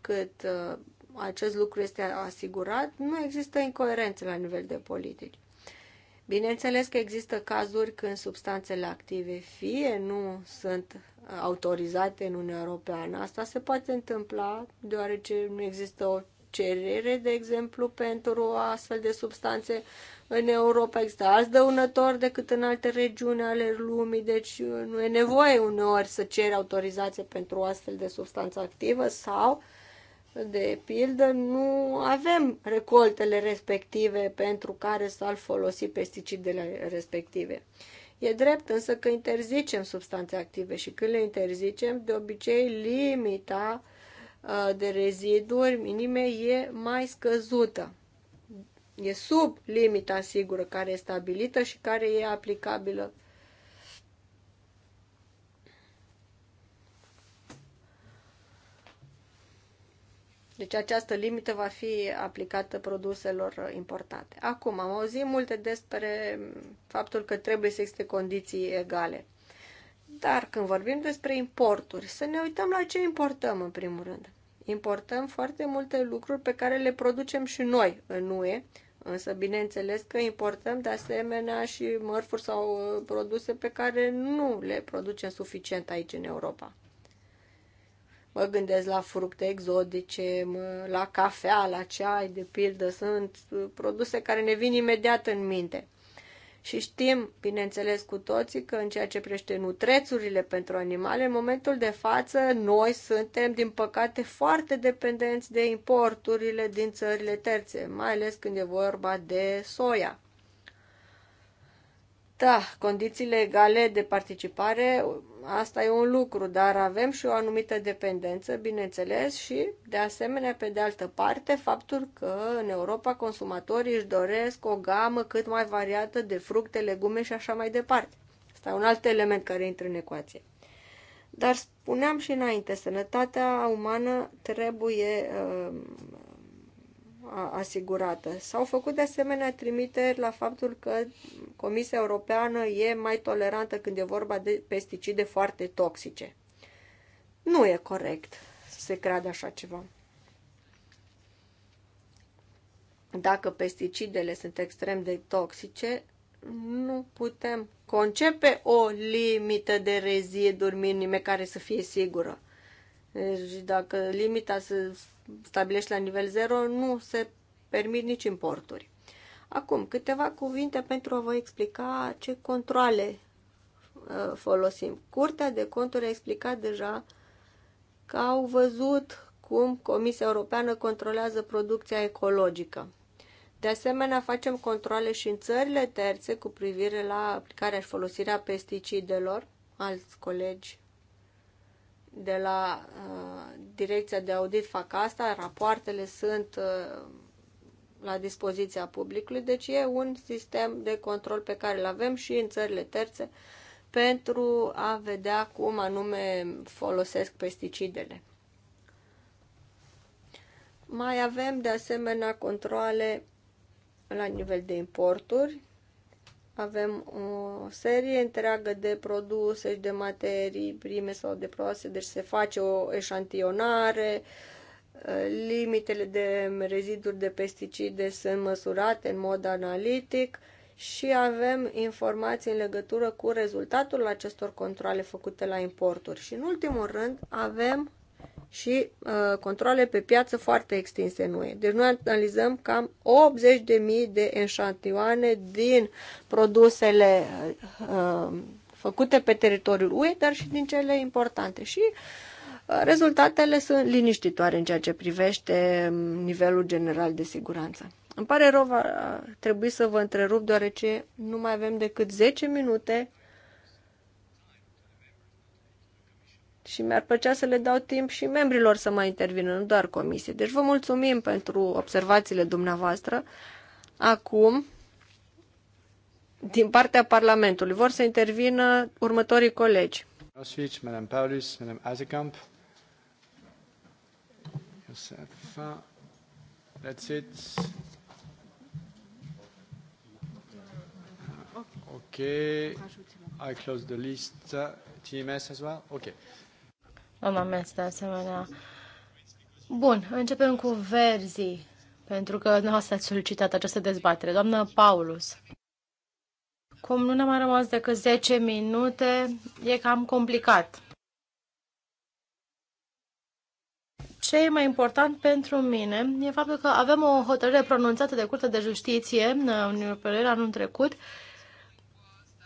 cât uh, acest lucru este asigurat, nu există incoerențe la nivel de politici. Bineînțeles că există cazuri când substanțele active fie nu sunt autorizate în Uniunea Europeană. Asta se poate întâmpla deoarece nu există o cerere, de exemplu, pentru astfel de substanțe în Europa. Există alți dăunători decât în alte regiuni ale lumii, deci uh, nu e nevoie uneori să ceri autorizație pentru o astfel de substanță activă sau uh, de pildă, nu avem recoltele respective pentru care s-ar folosi pesticidele respective. E drept însă că interzicem substanțe active și când le interzicem, de obicei limita ă, de reziduri minime e mai scăzută. E sub limita sigură care e stabilită și care e aplicabilă Deci această limită va fi aplicată produselor importate. Acum, am auzit multe despre faptul că trebuie să existe condiții egale. Dar când vorbim despre importuri, să ne uităm la ce importăm în primul rând. Importăm foarte multe lucruri pe care le producem și noi în UE, însă bineînțeles că importăm de asemenea și mărfuri sau uh, produse pe care nu le producem suficient aici în Europa. Mă gândesc la fructe exotice, la cafea, la ceai, de pildă. Sunt uh, produse care ne vin imediat în minte. Și știm, bineînțeles cu toții, că în ceea ce prește nutrețurile pentru animale, în momentul de față, noi suntem, din păcate, foarte dependenți de importurile din țările terțe, mai ales când e vorba de soia. Da, condițiile egale de participare Asta e un lucru, dar avem și o anumită dependență, bineînțeles, și, de asemenea, pe de altă parte, faptul că în Europa consumatorii își doresc o gamă cât mai variată de fructe, legume și așa mai departe. Asta e un alt element care intră în ecuație. Dar spuneam și înainte, sănătatea umană trebuie uh, asigurată. S-au făcut de asemenea trimiteri la faptul că Comisia Europeană e mai tolerantă când e vorba de pesticide foarte toxice. Nu e corect să se creadă așa ceva. Dacă pesticidele sunt extrem de toxice, nu putem concepe o limită de reziduri minime care să fie sigură. Deci dacă limita se stabilește la nivel 0, nu se permit nici importuri. Acum, câteva cuvinte pentru a vă explica ce controle folosim. Curtea de conturi a explicat deja că au văzut cum Comisia Europeană controlează producția ecologică. De asemenea, facem controle și în țările terțe cu privire la aplicarea și folosirea pesticidelor. Alți colegi de la uh, Direcția de Audit fac asta, rapoartele sunt uh, la dispoziția publicului, deci e un sistem de control pe care îl avem și în țările terțe pentru a vedea cum anume folosesc pesticidele. Mai avem de asemenea controle la nivel de importuri, avem o serie întreagă de produse și de materii prime sau de proase, deci se face o eșantionare, limitele de reziduri de pesticide sunt măsurate în mod analitic și avem informații în legătură cu rezultatul acestor controle făcute la importuri. Și în ultimul rând avem și uh, controle pe piață foarte extinse în UE. Deci noi analizăm cam 80.000 de enșantioane din produsele uh, uh, făcute pe teritoriul UE, dar și din cele importante. Și uh, rezultatele sunt liniștitoare în ceea ce privește um, nivelul general de siguranță. Îmi pare rău, va uh, trebui să vă întrerup deoarece nu mai avem decât 10 minute Și mi-ar plăcea să le dau timp și membrilor să mai intervină, nu doar comisie. Deci vă mulțumim pentru observațiile dumneavoastră. Acum, din partea Parlamentului, vor să intervină următorii colegi. Oswich, Madame Paulus, Madame Azekamp. That's it. Ah, okay. I close the list. Uh, TMS as well? Okay doamna Metz, de asemenea. Bun, începem cu verzii, pentru că nu ați solicitat această dezbatere. Doamna Paulus, cum nu ne-a mai rămas decât 10 minute, e cam complicat. ce e mai important pentru mine e faptul că avem o hotărâre pronunțată de Curtea de Justiție în Uniunea Europeană anul trecut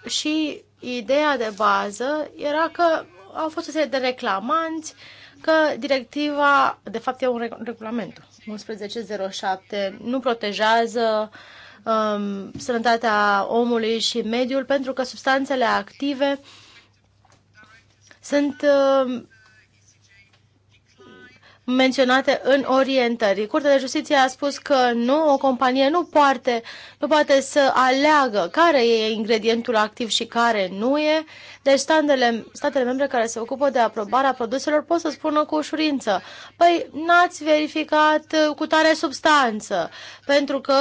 și ideea de bază era că au fost o serie de reclamanți că directiva, de fapt e un regulament, 1107, nu protejează um, sănătatea omului și mediul pentru că substanțele active sunt uh, menționate în orientări. Curtea de Justiție a spus că nu, o companie nu poate, nu poate să aleagă care e ingredientul activ și care nu e, deci statele, statele membre care se ocupă de aprobarea produselor pot să spună cu ușurință, păi n-ați verificat uh, cu tare substanță, pentru că,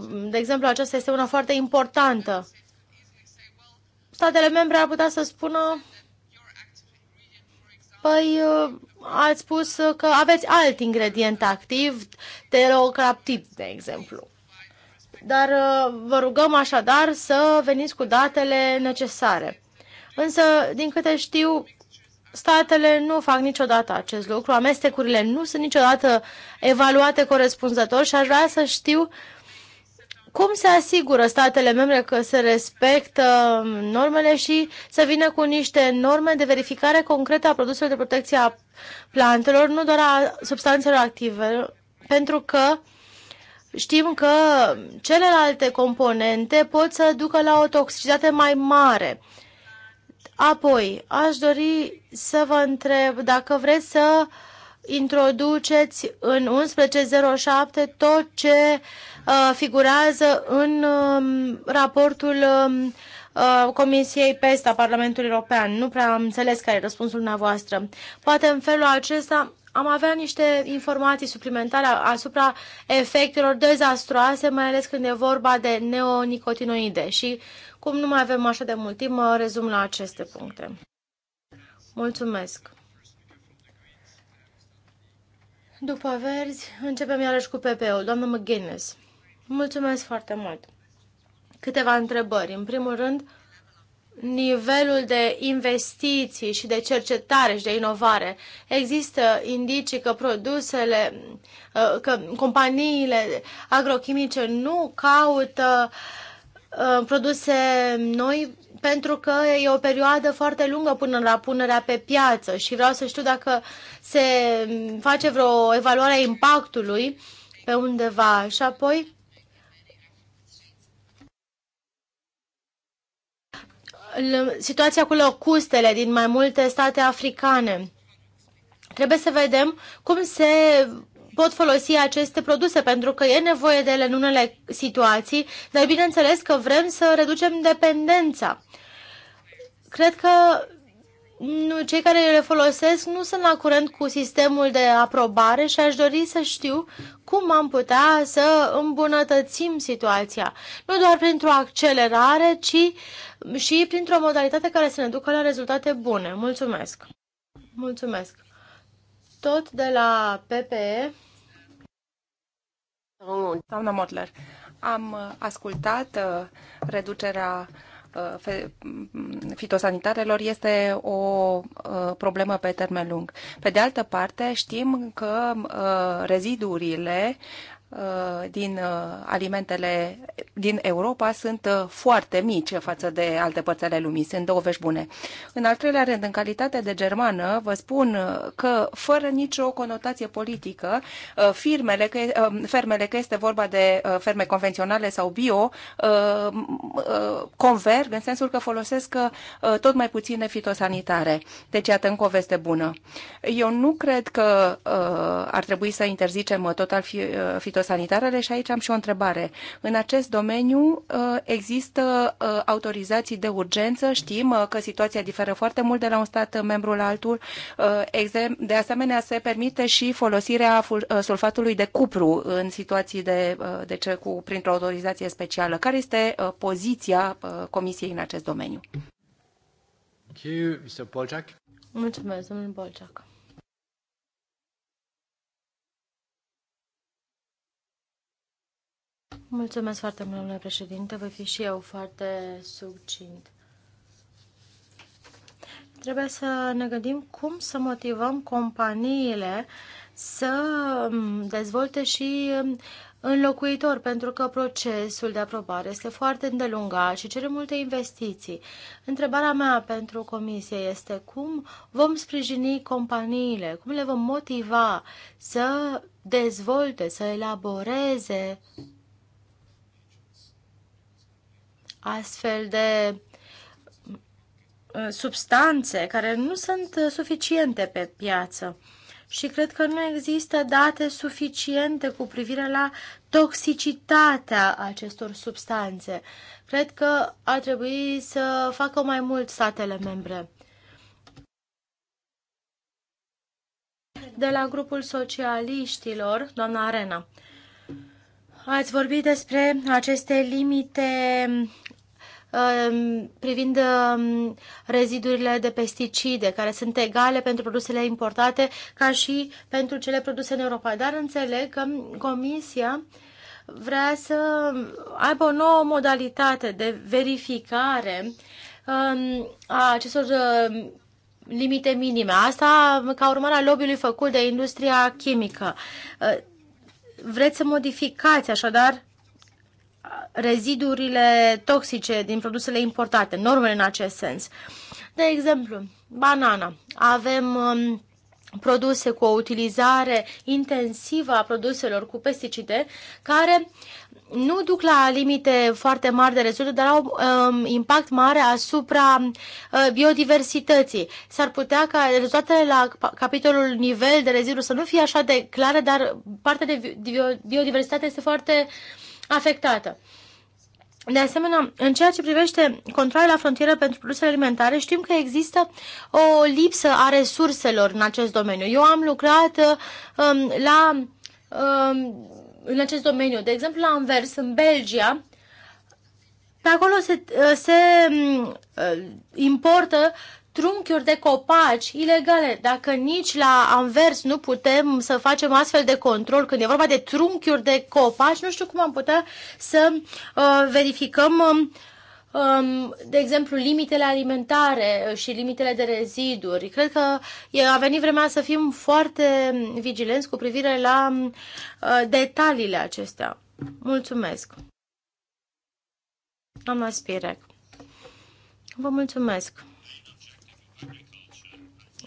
mm, de exemplu, aceasta este una foarte importantă. Statele membre ar putea să spună, Păi uh, ați spus că aveți alt ingredient activ, telocraptid, de exemplu. Dar uh, vă rugăm așadar să veniți cu datele necesare. Însă, din câte știu, statele nu fac niciodată acest lucru, amestecurile nu sunt niciodată evaluate corespunzător și aș vrea să știu uh, cum se asigură statele membre că se respectă normele și să vină cu niște norme de verificare concretă a produselor de protecție a plantelor, nu doar a substanțelor active, pentru că știm că celelalte componente pot să ducă la o toxicitate mai mare. Apoi, aș dori să vă întreb dacă vreți să uh, introduceți în 1107 tot ce uh, figurează în um, raportul um, uh, Comisiei PESTA, a Parlamentului European. Nu prea am înțeles care e răspunsul dumneavoastră. Poate în felul acesta am avea niște informații suplimentare asupra efectelor dezastroase, mai ales când e vorba de neonicotinoide. Și cum nu mai avem așa de mult timp, mă rezum la aceste puncte. Mulțumesc! După verzi, începem iarăși cu PP-ul, doamna McGuinness. Mulțumesc foarte mult. Câteva întrebări. În primul rând, nivelul de investiții și de cercetare și de inovare. Există indicii că produsele, uh, că companiile agrochimice nu caută uh, produse noi pentru că e o perioadă foarte lungă până la punerea pe piață și vreau să știu dacă se face vreo evaluare a impactului pe undeva și apoi situația cu locustele din mai multe state africane. Trebuie să vedem cum se pot folosi aceste produse, pentru că e nevoie de ele în unele situații, dar bineînțeles că vrem să reducem dependența. Cred că nu, cei care le folosesc nu sunt la curent cu sistemul de aprobare și aș dori să știu cum am putea să îmbunătățim situația. Nu doar printr-o accelerare, ci și printr-o modalitate care să ne ducă la rezultate bune. Mulțumesc! Mulțumesc! Tot de la PPE. Doamna Motler, am uh, ascultat uh, reducerea uh, mm, fitosanitarelor este o problemă pe termen lung. Pe de altă parte, știm că reziduurile Uh, din uh, alimentele din Europa sunt uh, foarte mici față de alte părți ale lumii. Sunt două vești bune. În al treilea rând, în calitate de germană, vă spun că fără nicio conotație politică, firmele, că, fermele, că este vorba de ferme convenționale sau bio, converg în sensul că folosesc tot mai puține fitosanitare. Deci, iată, încă o veste bună. Eu nu cred că ar trebui să interzicem total fitosanitare fitosanitarele și aici am și o întrebare. În acest domeniu uh, există uh, autorizații de urgență, știm uh, că situația diferă foarte mult de la un stat membru la altul. De asemenea, se permite și folosirea sulfatului de cupru în situații de, ce cu, printr-o autorizație specială. Care este poziția Comisiei în acest domeniu? Mulțumesc, domnul Bolceac. Mulțumesc foarte mult, domnule președinte. Voi fi și eu foarte succint. Trebuie să ne gândim cum să motivăm companiile să mm, dezvolte și mm, înlocuitor, pentru că procesul de aprobare este foarte îndelungat și cere multe investiții. Întrebarea mea pentru comisie este cum vom sprijini companiile, cum le vom motiva să dezvolte, să elaboreze astfel de uh, substanțe care nu sunt uh, suficiente pe piață și cred că nu există date suficiente cu privire la toxicitatea acestor substanțe. Cred că ar trebui să facă mai mult statele membre. De la grupul socialiștilor, doamna Arena, ați vorbit despre aceste limite Ehm, privind ehm, rezidurile de pesticide, care sunt egale pentru produsele importate ca și pentru cele produse în Europa. Dar înțeleg că Comisia vrea să aibă o nouă modalitate de verificare ehm, a acestor limite minime. Asta ca urmare a lobby-ului făcut de industria chimică. Vreți să modificați așadar rezidurile toxice din produsele importate, normele în acest sens. De exemplu, banana. Avem um, produse cu o utilizare intensivă a produselor cu pesticide care nu duc la limite foarte mari de rezultate, dar au um, impact mare asupra uh, biodiversității. S-ar putea ca rezultatele la capitolul nivel de rezidu să nu fie așa de clare, dar partea de biodiversitate este foarte uh, afectată. De asemenea, în ceea ce privește controlul la frontieră pentru produsele alimentare, știm că există o lipsă a resurselor în acest domeniu. Eu am lucrat um, la, um, în acest domeniu, de exemplu, la Anvers, în Belgia, pe acolo se, uh, se um, uh, importă trunchiuri de copaci ilegale. Dacă nici la anvers nu putem să facem astfel de control, când e vorba de trunchiuri de copaci, nu știu cum am putea să uh, verificăm uh, um, de exemplu, limitele alimentare și limitele de reziduri. Cred că a venit vremea să fim foarte um, vigilenți cu privire la um, uh, detaliile acestea. Mulțumesc! Doamna Spirec, vă mulțumesc!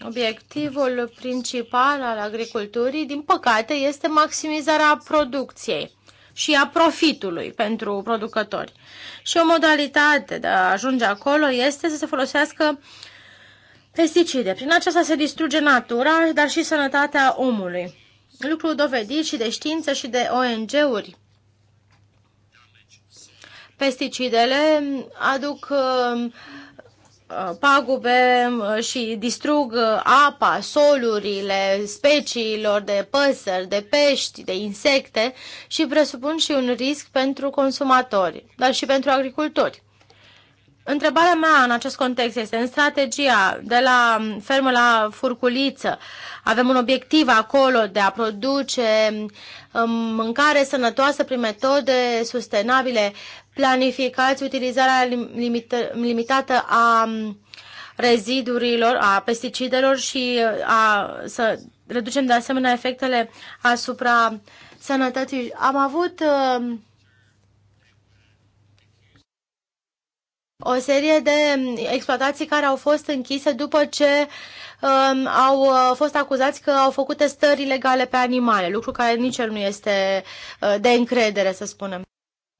Obiectivul principal al agriculturii, din păcate, este maximizarea producției și a profitului pentru producători. Și o modalitate de a ajunge acolo este să se folosească pesticide. Prin aceasta se distruge natura, dar și sănătatea omului. Lucru dovedit și de știință și de ONG-uri. Pesticidele aduc uh, Uh, pagube uh, și distrug uh, apa, solurile, speciilor de păsări, de pești, de insecte și presupun și un risc pentru consumatori, dar și pentru agricultori. Întrebarea mea în acest context este în strategia de la um, fermă la furculiță. Avem un obiectiv acolo de a produce um, mâncare sănătoasă prin metode sustenabile planificați utilizarea limită, limitată a mm, rezidurilor, a pesticidelor și uh, a, să reducem de asemenea efectele asupra sănătății. Am avut uh, o serie de mm, exploatații care au fost închise după ce um, uh, au fost acuzați că au făcut testări ilegale pe animale, lucru care nici el nu este uh, de încredere, să spunem.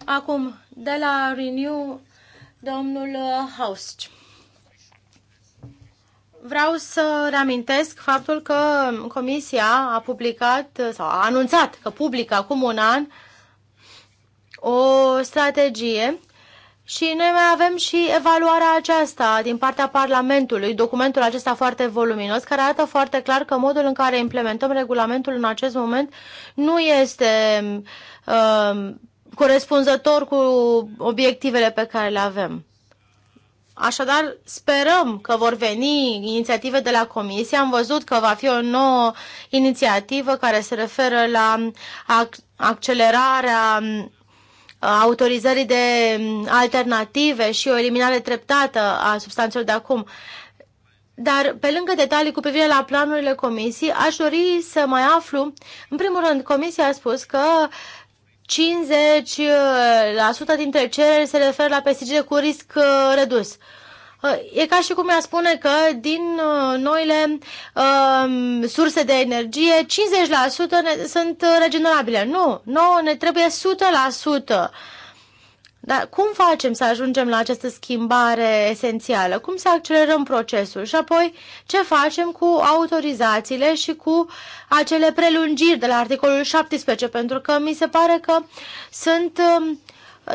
Acum, de la Renew, domnul Haust. Vreau să reamintesc faptul că Comisia a publicat sau a anunțat că publică acum un an o strategie și noi mai avem și evaluarea aceasta din partea Parlamentului, documentul acesta foarte voluminos, care arată foarte clar că modul în care implementăm regulamentul în acest moment nu este uh, corespunzător cu obiectivele pe care le avem. Așadar, sperăm că vor veni inițiative de la Comisie. Am văzut că va fi o nouă inițiativă care se referă la ac accelerarea mm, autorizării de mm, alternative și o eliminare treptată a substanțelor de acum. Dar, pe lângă detalii cu privire la planurile comisiei, aș dori să mai aflu. În primul rând, comisia a spus că 50% uh, dintre cereri se referă la pesticide cu risc uh, redus. Uh, e ca și cum ea spune că din noile um, surse de energie, 50% ne, sunt regenerabile. Nu, nouă ne trebuie 100%. Dar cum facem să ajungem la această schimbare esențială? Cum să accelerăm procesul? Și apoi ce facem cu autorizațiile și cu acele prelungiri de la articolul 17? Pentru că mi se pare că sunt uh,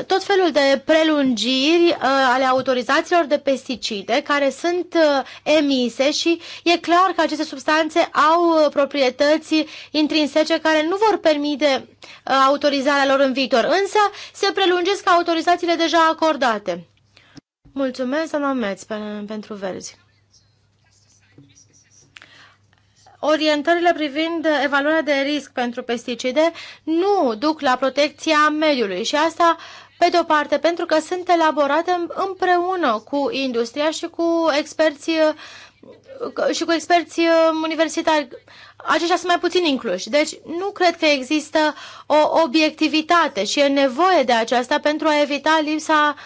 tot felul de prelungiri uh, ale autorizațiilor de pesticide care sunt uh, emise și e clar că aceste substanțe au uh, proprietăți intrinsece care nu vor permite autorizarea lor în viitor, însă se prelungesc autorizațiile deja acordate. Mulțumesc, doamna Meț, pentru verzi. orientările privind evaluarea de risc pentru pesticide nu duc la protecția mediului și asta pe de o parte, pentru că sunt elaborate împreună cu industria și cu experții și cu experți universitari. Aceștia sunt mai puțin incluși. Deci nu cred că există o obiectivitate și e nevoie de aceasta pentru a evita lipsa uh,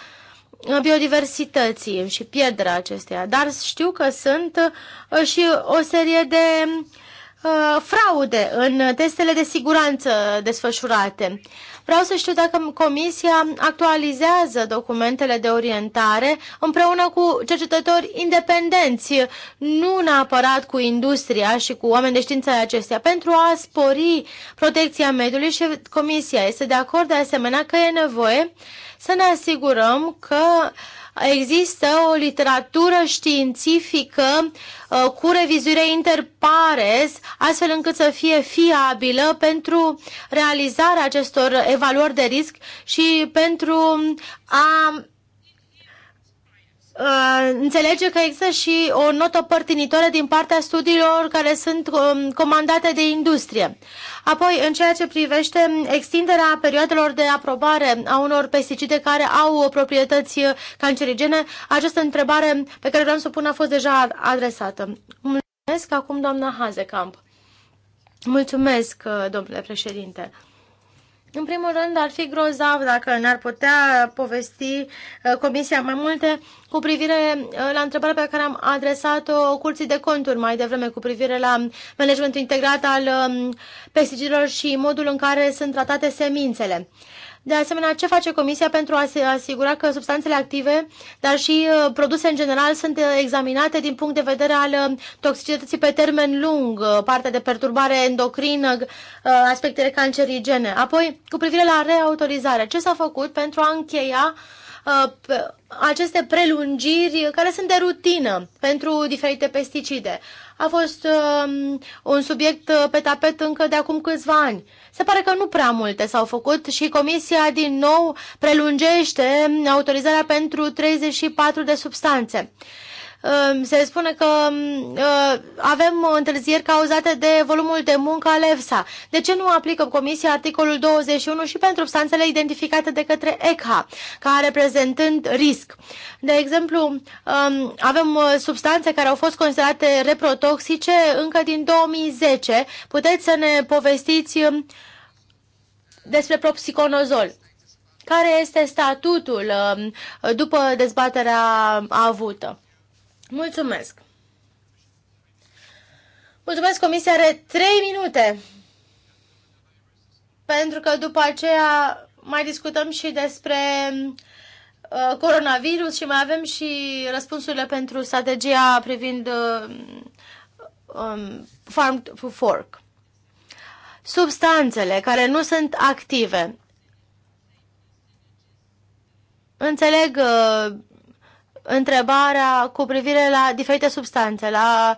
biodiversității și piedra acesteia, dar știu că sunt uh, și o serie de uh, fraude în testele de siguranță desfășurate. Vreau să știu dacă Comisia actualizează documentele de orientare împreună cu cercetători independenți, nu neapărat cu industria și cu oameni de știință ai acestea, pentru a spori protecția mediului și Comisia este de acord de asemenea că e nevoie să ne asigurăm că uh, există o literatură științifică uh, cu revizuire interpares, astfel încât să fie fiabilă pentru realizarea acestor evaluări de risc și pentru a Uh, înțelege că există și o notă părtinitoare din partea studiilor care sunt um, comandate de industrie. Apoi, în ceea ce privește extinderea perioadelor de aprobare a unor pesticide care au proprietăți cancerigene, această întrebare pe care vreau să o pun a fost deja adresată. Mulțumesc acum doamna Hazekamp. Mulțumesc, uh, domnule președinte. În primul rând, ar fi grozav dacă n-ar putea povesti uh, Comisia mai multe cu privire uh, la întrebarea pe care am adresat-o Curții de Conturi mai devreme, cu privire la managementul integrat al um, pesticidelor și modul în care sunt tratate semințele. De asemenea, ce face Comisia pentru a se asigura că substanțele active, dar și uh, produse în general, sunt uh, examinate din punct de vedere al uh, toxicității pe termen lung, partea de perturbare endocrină, aspectele cancerigene. Apoi, cu privire la reautorizare, ce s-a făcut pentru a încheia aceste prelungiri care sunt de rutină pentru diferite pesticide a fost uh, un subiect uh, pe tapet încă de acum câțiva ani. Se pare că nu prea multe s-au făcut și Comisia din nou prelungește autorizarea pentru 34 de substanțe se spune că mm, uh, avem întârzieri cauzate de volumul de muncă al EFSA. De ce nu aplică Comisia articolul 21 și pentru substanțele identificate de către ECHA, ca reprezentând risc? De exemplu, um, avem uh, substanțe care au fost considerate reprotoxice încă din 2010. Puteți să ne povestiți um, despre propsiconozol care este statutul um, după dezbaterea avută. Mulțumesc! Mulțumesc, Comisia are trei minute, pentru că după aceea mai discutăm și despre uh, coronavirus și mai avem și răspunsurile pentru strategia privind uh, um, Farm to Fork. Substanțele care nu sunt active. Înțeleg uh, întrebarea cu privire la diferite substanțe, la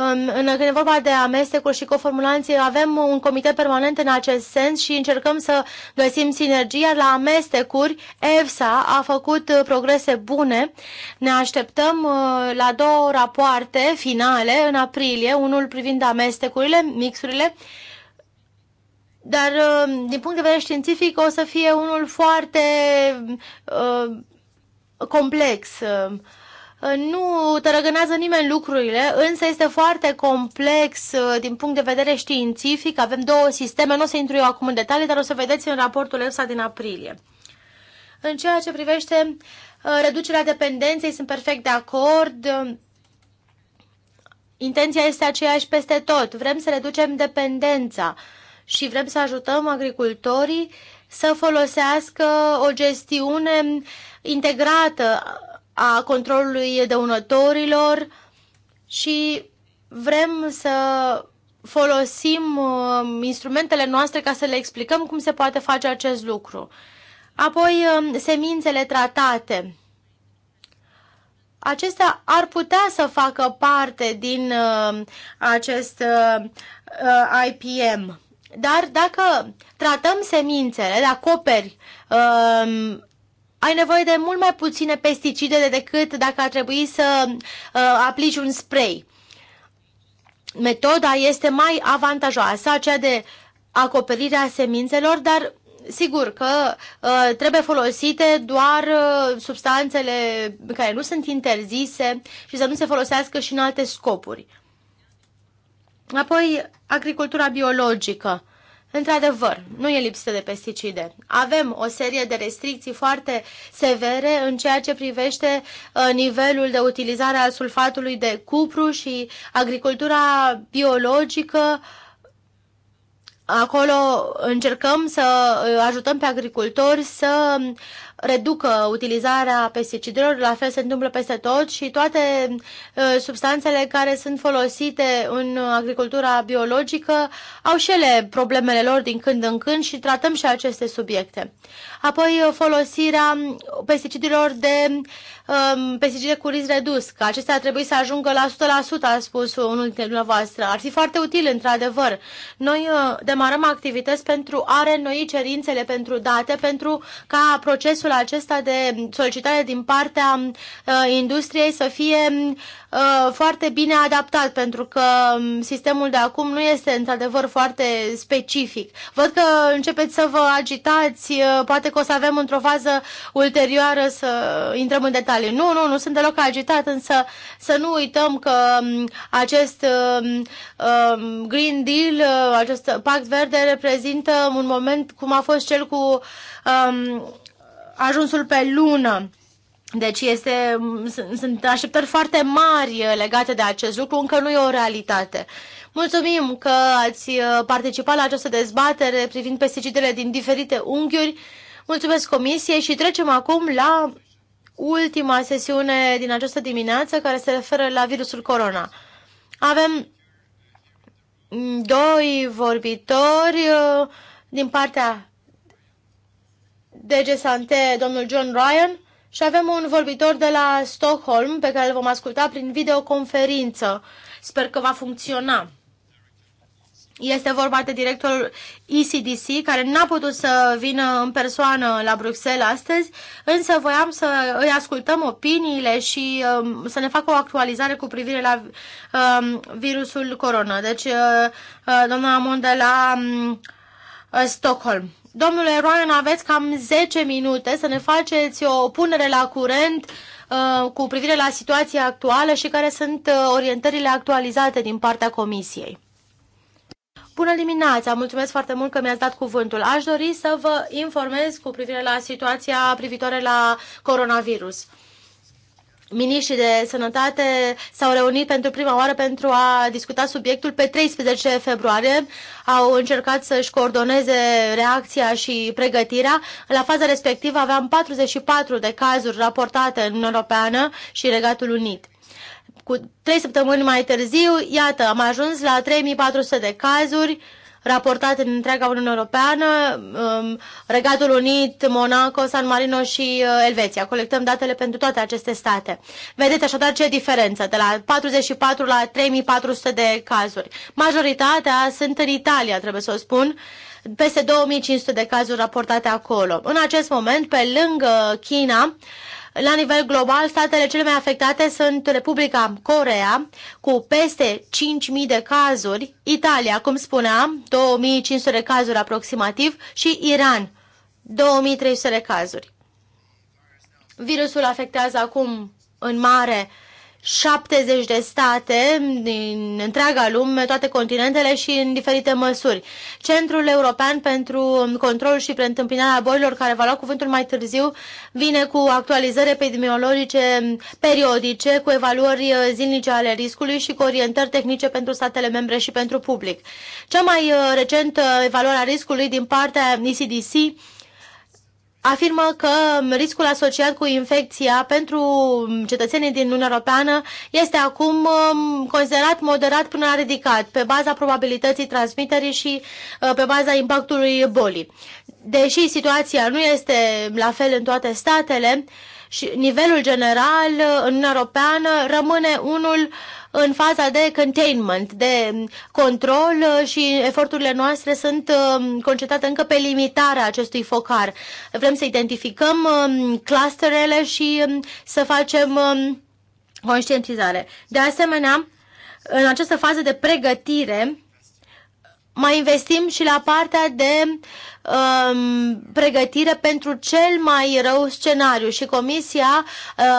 În, când e vorba de amestecuri și coformulanții, avem un comitet permanent în acest sens și încercăm să găsim sinergia La amestecuri, EFSA a făcut uh, progrese bune. Ne așteptăm uh, la două rapoarte finale în aprilie, unul privind amestecurile, mixurile, dar uh, din punct de vedere științific o să fie unul foarte uh, complex. Uh, nu tărăgânează nimeni lucrurile, însă este foarte complex uh, din punct de vedere științific. Avem două sisteme, nu o să intru eu acum în detalii, dar o să vedeți în raportul ăsta din aprilie. În ceea ce privește reducerea dependenței, sunt perfect de acord. Intenția este aceeași peste tot. Vrem să reducem dependența. Uh, și vrem să ajutăm agricultorii să folosească o gestiune integrată a controlului dăunătorilor și vrem să folosim um, instrumentele noastre ca să le explicăm cum se poate face acest lucru. Apoi, um, semințele tratate. Acestea ar putea să facă parte din um, acest uh, uh, IPM. Dar dacă tratăm semințele, dacă acoperi, um, ai nevoie de mult mai puține pesticide decât dacă ar trebui să uh, aplici un spray. Metoda este mai avantajoasă, aceea de acoperirea semințelor, dar sigur că uh, trebuie folosite doar uh, substanțele care nu sunt interzise și să nu se folosească și în alte scopuri. Apoi, agricultura biologică. Într-adevăr, nu e lipsită de pesticide. Avem o serie de restricții foarte severe în ceea ce privește uh, nivelul de utilizare al sulfatului de cupru și agricultura biologică. Acolo încercăm să uh, ajutăm pe agricultori să reducă utilizarea pesticidelor, la fel se întâmplă peste tot și toate uh, substanțele care sunt folosite în agricultura biologică au și ele problemele lor din când în când și tratăm și aceste subiecte. Apoi uh, folosirea pesticidelor de um, pesticide cu risc redus, că acestea ar trebui să ajungă la 100%, a spus unul dintre dumneavoastră. Ar fi foarte util, într-adevăr. Noi uh, demarăm activități pentru a renoi cerințele pentru date, pentru ca procesul acesta de solicitare din partea uh, industriei să fie uh, foarte bine adaptat, pentru că um, sistemul de acum nu este, într-adevăr, foarte specific. Văd că începeți să vă agitați, uh, poate poate că o să avem într-o fază ulterioară să intrăm în detalii. Nu, nu, nu sunt deloc agitat, însă să nu uităm că um, acest uh, Green Deal, uh, acest pact verde reprezintă un moment cum a fost cel cu uh, ajunsul pe lună. Deci este, sunt, sunt așteptări foarte mari uh, legate de acest lucru, încă nu e o realitate. Mulțumim că ați uh, participat la această dezbatere privind pesticidele din diferite unghiuri. Mulțumesc comisiei și trecem acum la ultima sesiune din această dimineață care se referă la virusul corona. Avem doi vorbitori uh, din partea DG Sante, domnul John Ryan, și avem un vorbitor de la Stockholm pe care îl vom asculta prin videoconferință. Sper că va funcționa. Este vorba de directorul ECDC, care n-a putut să vină în persoană la Bruxelles astăzi, însă voiam să îi ascultăm opiniile și um, să ne facă o actualizare cu privire la um, virusul corona. Deci, uh, uh, domnul Amon de la um, uh, Stockholm. Domnule Royan, aveți cam 10 minute să ne faceți o punere la curent uh, cu privire la situația actuală și care sunt uh, orientările actualizate din partea Comisiei. Bună dimineața! Mulțumesc foarte mult că mi-ați dat cuvântul. Aș dori să vă informez cu privire la situația privitoare la coronavirus. Miniștrii de Sănătate s-au reunit pentru prima oară pentru a discuta subiectul pe 13 februarie. Au încercat să-și coordoneze reacția și pregătirea. La faza respectivă aveam 44 de cazuri raportate în Europeană și Regatul Unit. Cu trei săptămâni mai târziu, iată, am ajuns la 3400 de cazuri raportate în întreaga Uniune Europeană, um, Regatul Unit, Monaco, San Marino și uh, Elveția. Colectăm datele pentru toate aceste state. Vedeți așadar ce diferență, de la 44 la 3400 de cazuri. Majoritatea sunt în Italia, trebuie să o spun, peste 2500 de cazuri raportate acolo. În acest moment, pe lângă China, la nivel global, statele cele mai afectate sunt Republica Corea, cu peste 5.000 de cazuri, Italia, cum spuneam, 2.500 de cazuri aproximativ, și Iran, 2.300 de cazuri. Virusul afectează acum în mare 70 de state din întreaga lume, toate continentele și în diferite măsuri. Centrul European pentru Control și Preîntâmpinarea Bolilor, care va lua cuvântul mai târziu, vine cu actualizări epidemiologice periodice, cu evaluări zilnice ale riscului și cu orientări tehnice pentru statele membre și pentru public. Cea mai uh, recentă uh, evaluare a riscului din partea ECDC afirmă că riscul asociat cu infecția pentru cetățenii din Uniunea Europeană este acum um, considerat moderat până la ridicat, pe baza probabilității transmiterii și uh, pe baza impactului bolii. Deși situația nu este la fel în toate statele, și nivelul general uh, în Uniunea Europeană rămâne unul uh, în faza de containment, de mm, control uh, și eforturile noastre sunt um, concentrate încă pe limitarea acestui focar. Vrem să identificăm um, clusterele și um, să facem conștientizare. De asemenea, în această fază de pregătire, mai investim și la partea de um, pregătire pentru cel mai rău scenariu și Comisia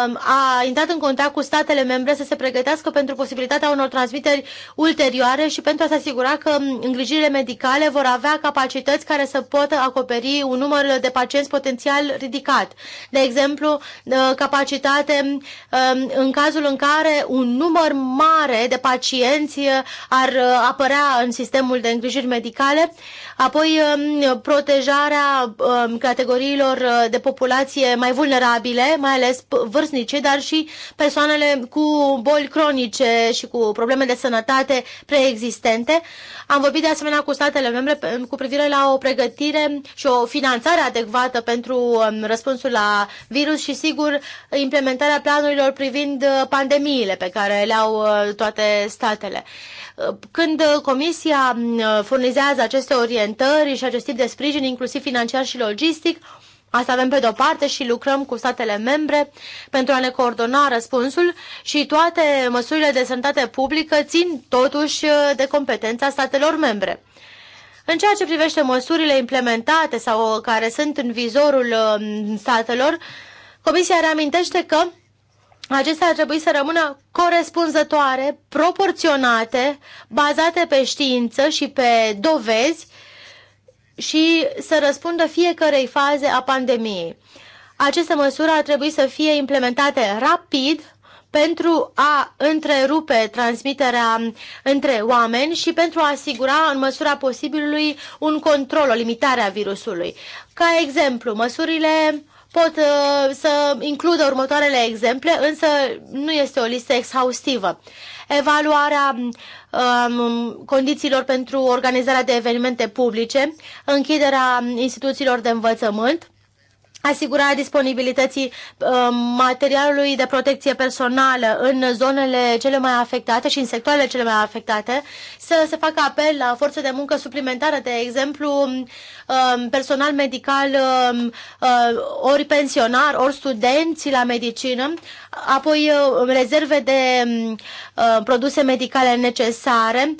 um, a intrat în contact cu statele membre să se pregătească pentru posibilitatea unor transmiteri ulterioare și pentru a se asigura că um, îngrijirile medicale vor avea capacități care să poată acoperi un număr de pacienți potențial ridicat. De exemplu, uh, capacitate um, în cazul în care un număr mare de pacienți uh, ar uh, apărea în sistemul de îngrijiri medicale, apoi pro um, protejarea um, categoriilor uh, de populație mai vulnerabile, mai ales vârstnice, dar și persoanele cu boli cronice și cu probleme de sănătate preexistente. Am vorbit de asemenea cu statele membre cu privire la o pregătire și o finanțare adecvată pentru um, răspunsul la virus și, sigur, implementarea planurilor privind uh, pandemiile pe care le au uh, toate statele. Când uh, Comisia uh, furnizează aceste orientări și acest tip de sprijin, inclusiv financiar și logistic, Asta avem pe de-o parte și lucrăm cu statele membre pentru a ne coordona răspunsul și toate măsurile de sănătate publică țin totuși uh, de competența statelor membre. În ceea ce privește măsurile implementate sau care sunt în vizorul statelor, Comisia reamintește că acestea ar trebui să rămână corespunzătoare, proporționate, bazate pe știință și pe dovezi și să răspundă fiecarei faze a pandemiei. Aceste măsuri ar trebui să fie implementate rapid pentru a întrerupe transmiterea între oameni și pentru a asigura în măsura posibilului un control, o limitare a virusului. Ca exemplu, măsurile Pot uh, să includă următoarele exemple, însă nu este o listă exhaustivă. Evaluarea um, condițiilor pentru organizarea de evenimente publice, închiderea instituțiilor de învățământ, asigurarea disponibilității uh, materialului de protecție personală în zonele cele mai afectate și în sectoarele cele mai afectate, să se facă apel la forță de muncă suplimentară, de exemplu, um, um, personal medical, um, uh, ori pensionar, ori studenți la medicină, apoi uh, rezerve de produse medicale necesare,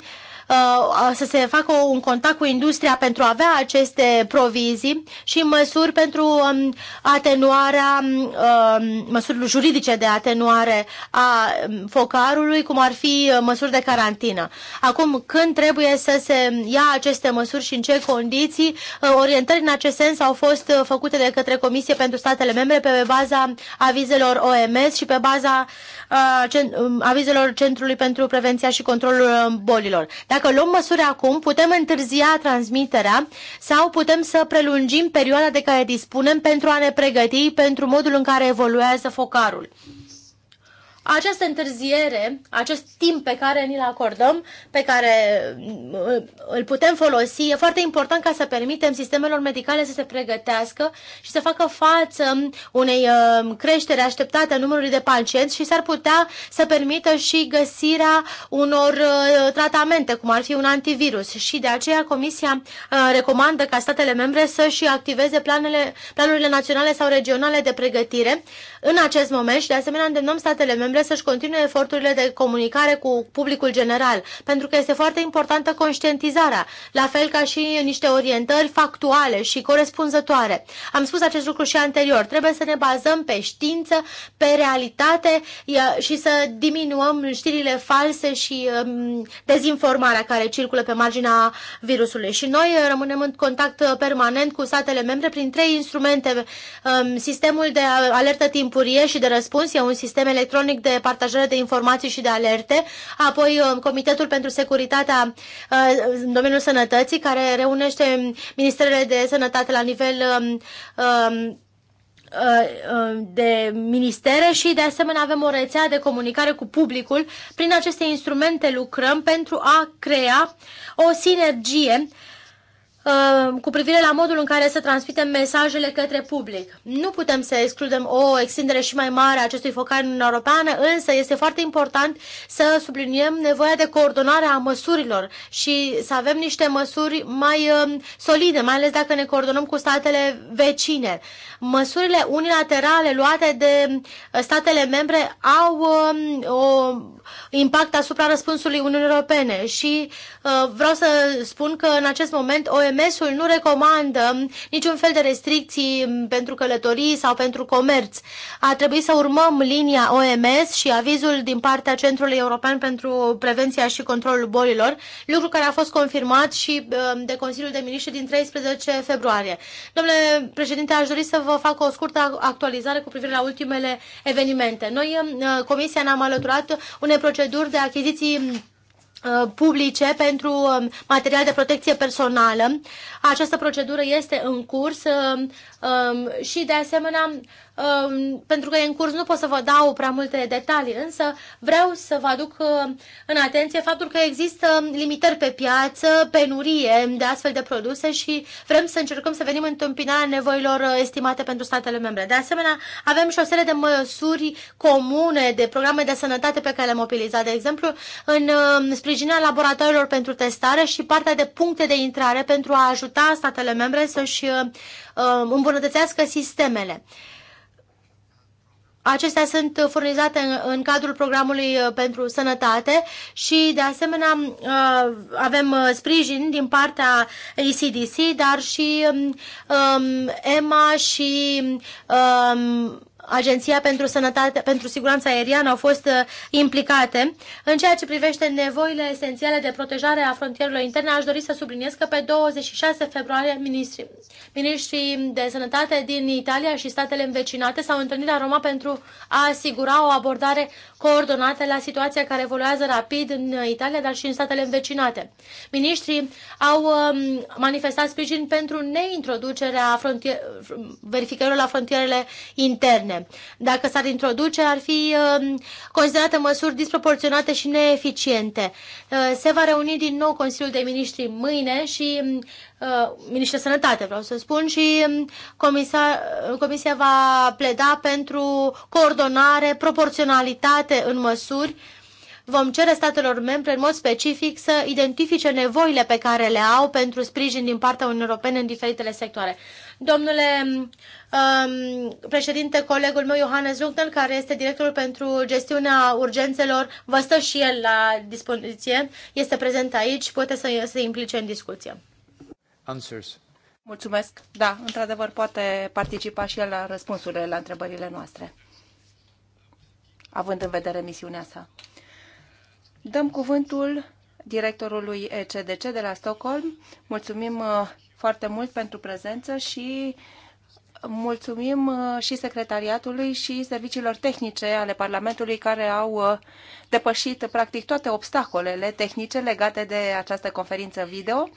Uh, să se facă un contact cu industria pentru a avea aceste provizii și măsuri pentru um, atenuarea, um, măsuri juridice de atenuare a um, focarului, cum ar fi uh, măsuri de carantină. Acum, când trebuie să se ia aceste măsuri și în ce condiții, uh, orientări în acest sens au fost făcute de către Comisie pentru statele membre pe baza avizelor OMS și pe baza avizelor Centrului pentru Prevenția și Controlul Bolilor. Dacă dacă luăm măsuri acum, putem întârzia transmiterea sau putem să prelungim perioada de care dispunem pentru a ne pregăti pentru modul în care evoluează focarul această întârziere, acest timp pe care ni-l acordăm, pe care uh, îl putem folosi, e foarte important ca să permitem sistemelor medicale să se pregătească și să facă față unei uh, creștere așteptate a numărului de pacienți și s-ar putea să permită și găsirea unor uh, tratamente, cum ar fi un antivirus. Și de aceea Comisia recomandă ca statele membre să și activeze planele, planurile naționale sau regionale de pregătire în acest moment și de asemenea îndemnăm statele membre să-și continue eforturile de comunicare cu publicul general, pentru că este foarte importantă conștientizarea, la fel ca și niște orientări factuale și corespunzătoare. Am spus acest lucru și anterior, trebuie să ne bazăm pe știință, pe realitate și să diminuăm știrile false și um, dezinformarea care circulă pe marginea virusului. Și noi uh, rămânem în contact uh, permanent cu statele membre prin trei instrumente, um, sistemul de alertă timp timpurie și de răspuns, e un sistem electronic de partajare de informații și de alerte, apoi um, Comitetul pentru Securitatea uh, în domeniul sănătății, care reunește Ministerele de Sănătate la nivel um, um, uh, de ministere și de asemenea avem o rețea de comunicare cu publicul. Prin aceste instrumente lucrăm pentru a crea o sinergie Uh, cu privire la modul în care să transmitem mesajele către public. Nu putem să excludem o extindere și mai mare a acestui focar în Europeană, însă este foarte important să subliniem nevoia de coordonare a măsurilor și să avem niște măsuri mai um, solide, mai ales dacă ne coordonăm cu statele vecine. Măsurile unilaterale luate de uh, statele membre au um, o impact asupra răspunsului Uniunii Europene și uh, vreau să spun că în acest moment o OMS-ul nu recomandă niciun fel de restricții pentru călătorii sau pentru comerț. A trebuit să urmăm linia OMS și avizul din partea Centrului European pentru Prevenția și Controlul Bolilor, lucru care a fost confirmat și uh, de Consiliul de Miniștri din 13 februarie. Domnule președinte, aș dori să vă fac o scurtă actualizare cu privire la ultimele evenimente. Noi, uh, Comisia, ne-am alăturat unei proceduri de achiziții Uh, publice pentru um, material de protecție personală. Această procedură este în curs um, um, și, de asemenea, Um, pentru că e în curs nu pot să vă dau prea multe detalii, însă vreau să vă aduc uh, în atenție faptul că există limitări pe piață, penurie de astfel de produse și vrem să încercăm să venim în întâmpinarea nevoilor uh, estimate pentru statele membre. De asemenea, avem și o serie de măsuri comune, de programe de sănătate pe care le-am mobilizat, de exemplu, în um, sprijinirea laboratorilor pentru testare și partea de puncte de intrare pentru a ajuta statele membre să-și uh, um, îmbunătățească sistemele. Acestea sunt furnizate în, în cadrul programului uh, pentru sănătate și, de asemenea, uh, avem uh, sprijin din partea ECDC, dar și um, um EMA și um, Agenția pentru, Sănătate, pentru Siguranța Aeriană au fost uh, implicate. În ceea ce privește nevoile esențiale de protejare a frontierelor interne, aș dori să subliniez că pe 26 februarie ministrii, ministrii de sănătate din Italia și statele învecinate s-au întâlnit la Roma pentru a asigura o abordare coordonate la situația care evoluează rapid în Italia, dar și în statele învecinate. Ministrii au um, manifestat sprijin pentru neintroducerea verificărilor la frontierele interne. Dacă s-ar introduce, ar fi um, considerate măsuri disproporționate și neeficiente. Uh, se va reuni din nou Consiliul de Ministri mâine și um, Uh, de Sănătate, vreau să spun, și um, comisia, uh, comisia va pleda pentru coordonare, proporționalitate în măsuri. Vom cere statelor membre în mod specific să identifice nevoile pe care le au pentru sprijin din partea Uniunii Europene în diferitele sectoare. Domnule um, președinte, colegul meu Johannes Lugner, care este directorul pentru gestiunea urgențelor, vă stă și el la dispoziție, este prezent aici, poate să se implice în discuție answers. Mulțumesc. Da, într-adevăr, poate participa și el la răspunsurile la întrebările noastre, având în vedere misiunea sa. Dăm cuvântul directorului ECDC de la Stockholm. Mulțumim uh, foarte mult pentru prezență și mulțumim uh, și secretariatului și serviciilor tehnice ale Parlamentului care au uh, depășit practic toate obstacolele tehnice legate de această conferință video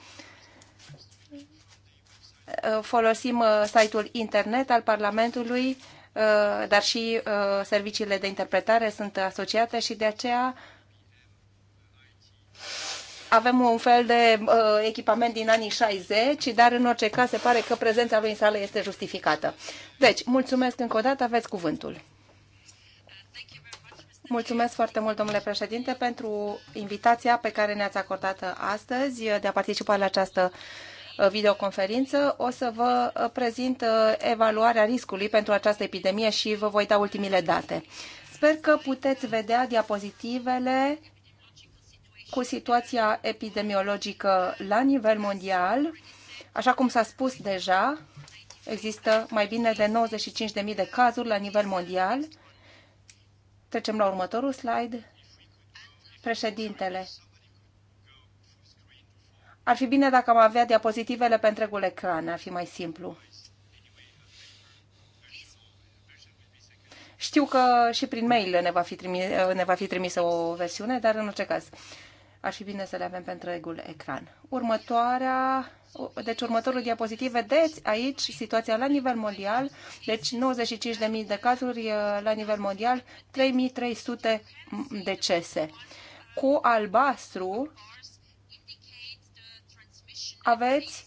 Uh, folosim uh, site-ul internet al Parlamentului, uh, dar și serviciile de interpretare sunt asociate și de aceea avem un fel de uh, echipament din anii 60, dar în orice caz se pare că prezența lui în sală este justificată. Deci, mulțumesc încă o dată, aveți cuvântul. Mulțumesc foarte mult, domnule președinte, pentru invitația pe care ne-ați acordat astăzi de a participa la această uh, Uh, videoconferință, o să vă uh, prezint uh, evaluarea riscului pentru această epidemie și vă voi da ultimile date. Sper că puteți vedea diapozitivele cu situația epidemiologică la nivel mondial. Așa cum s-a spus deja, există mai bine de 95.000 de cazuri la nivel mondial. Trecem la următorul slide. Președintele, ar fi bine dacă am avea diapozitivele pe întregul ecran, ar fi mai simplu. Știu că și prin mail ne va fi, trimis, ne va fi trimisă o versiune, dar în orice caz ar fi bine să le avem pe întregul ecran. Următoarea, deci următorul diapozitiv, vedeți aici situația la nivel mondial, deci 95.000 de cazuri uh, la nivel mondial, 3.300 decese. Cu albastru aveți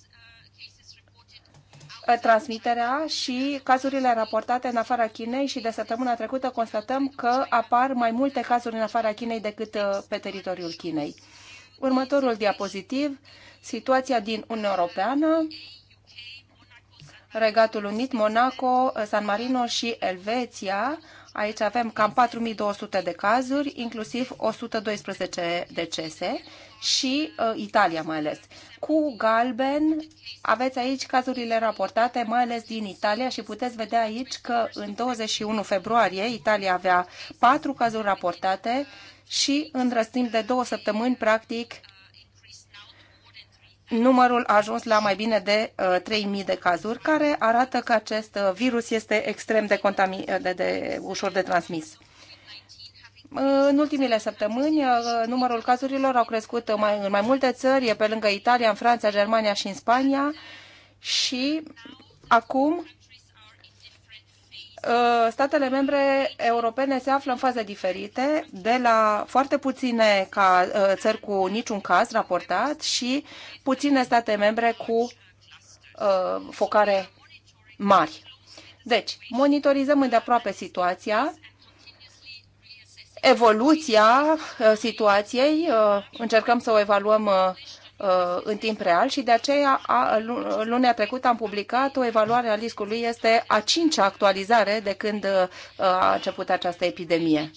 uh, transmiterea și cazurile raportate în afara Chinei și de săptămâna trecută constatăm că apar mai multe cazuri în afara Chinei decât uh, pe teritoriul Chinei. Următorul diapozitiv, situația din Uniunea Europeană, Regatul Unit, Monaco, uh, San Marino și Elveția. Aici avem cam 4200 de cazuri, inclusiv 112 decese și uh, Italia mai ales. Cu galben aveți aici cazurile raportate, mai ales din Italia și puteți vedea aici că în 21 februarie Italia avea patru cazuri raportate și în răstimp de două săptămâni, practic, numărul a ajuns la mai bine de uh, 3.000 de cazuri, care arată că acest uh, virus este extrem de, de, de ușor de transmis. În ultimile săptămâni, uh, numărul cazurilor au crescut mai, în mai multe țări, pe lângă Italia, în Franța, Germania și în Spania și acum uh, statele membre europene se află în faze diferite, de la foarte puține ca uh, țări cu niciun caz raportat și puține state membre cu focare mari. Deci, monitorizăm îndeaproape situația evoluția uh, situației, uh, încercăm să o evaluăm uh, în timp real și de aceea luna lunea trecută am publicat o evaluare a riscului, este a cincea actualizare de când a început această epidemie.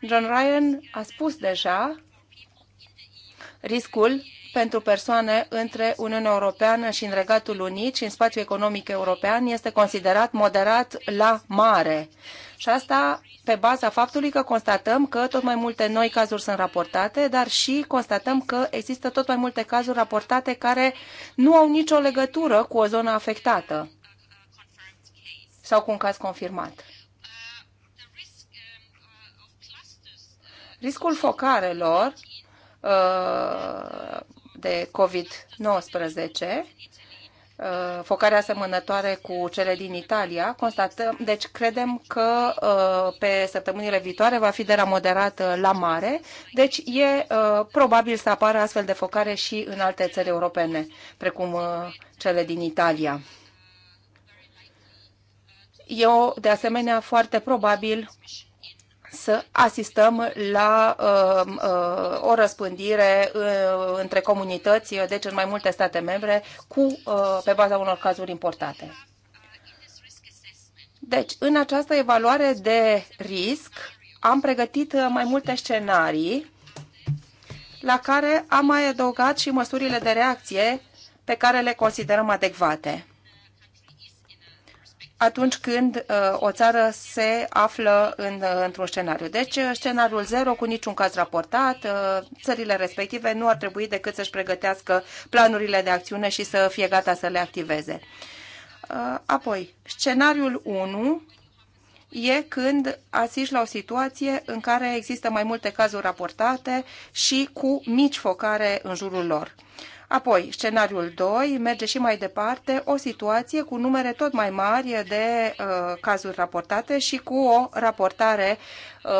John Ryan a spus deja riscul pentru persoane între Uniunea Europeană și în Regatul Unit și în spațiul economic european este considerat moderat la mare. Și asta pe baza faptului că constatăm că tot mai multe noi cazuri sunt raportate, dar și constatăm că există tot mai multe cazuri raportate care nu au nicio legătură cu o zonă afectată sau cu un caz confirmat. Riscul focarelor uh, de COVID-19, uh, focare asemănătoare cu cele din Italia. Constatăm, deci credem că uh, pe săptămânile viitoare va fi de la moderat uh, la mare, deci e probabil să apară astfel de focare și în alte țări europene, precum cele din Italia. E o, de asemenea foarte probabil să asistăm la uh, uh, o răspândire uh, între comunități, deci în mai multe state membre, cu, uh, pe baza unor cazuri importate. Deci, în această evaluare de risc, am pregătit uh, mai multe scenarii la care am mai adăugat și măsurile de reacție pe care le considerăm adecvate atunci când uh, o țară se află în, uh, într-un scenariu. Deci, uh, scenariul zero cu niciun caz raportat, țările respective nu ar trebui decât să-și pregătească planurile de acțiune și să fie gata să le activeze. Apoi, scenariul 1 e când asiști la o situație în care există mai multe cazuri raportate și cu mici focare în jurul lor. Apoi, scenariul 2 merge și mai departe, o situație cu numere tot mai mari de uh, cazuri raportate și cu o raportare uh,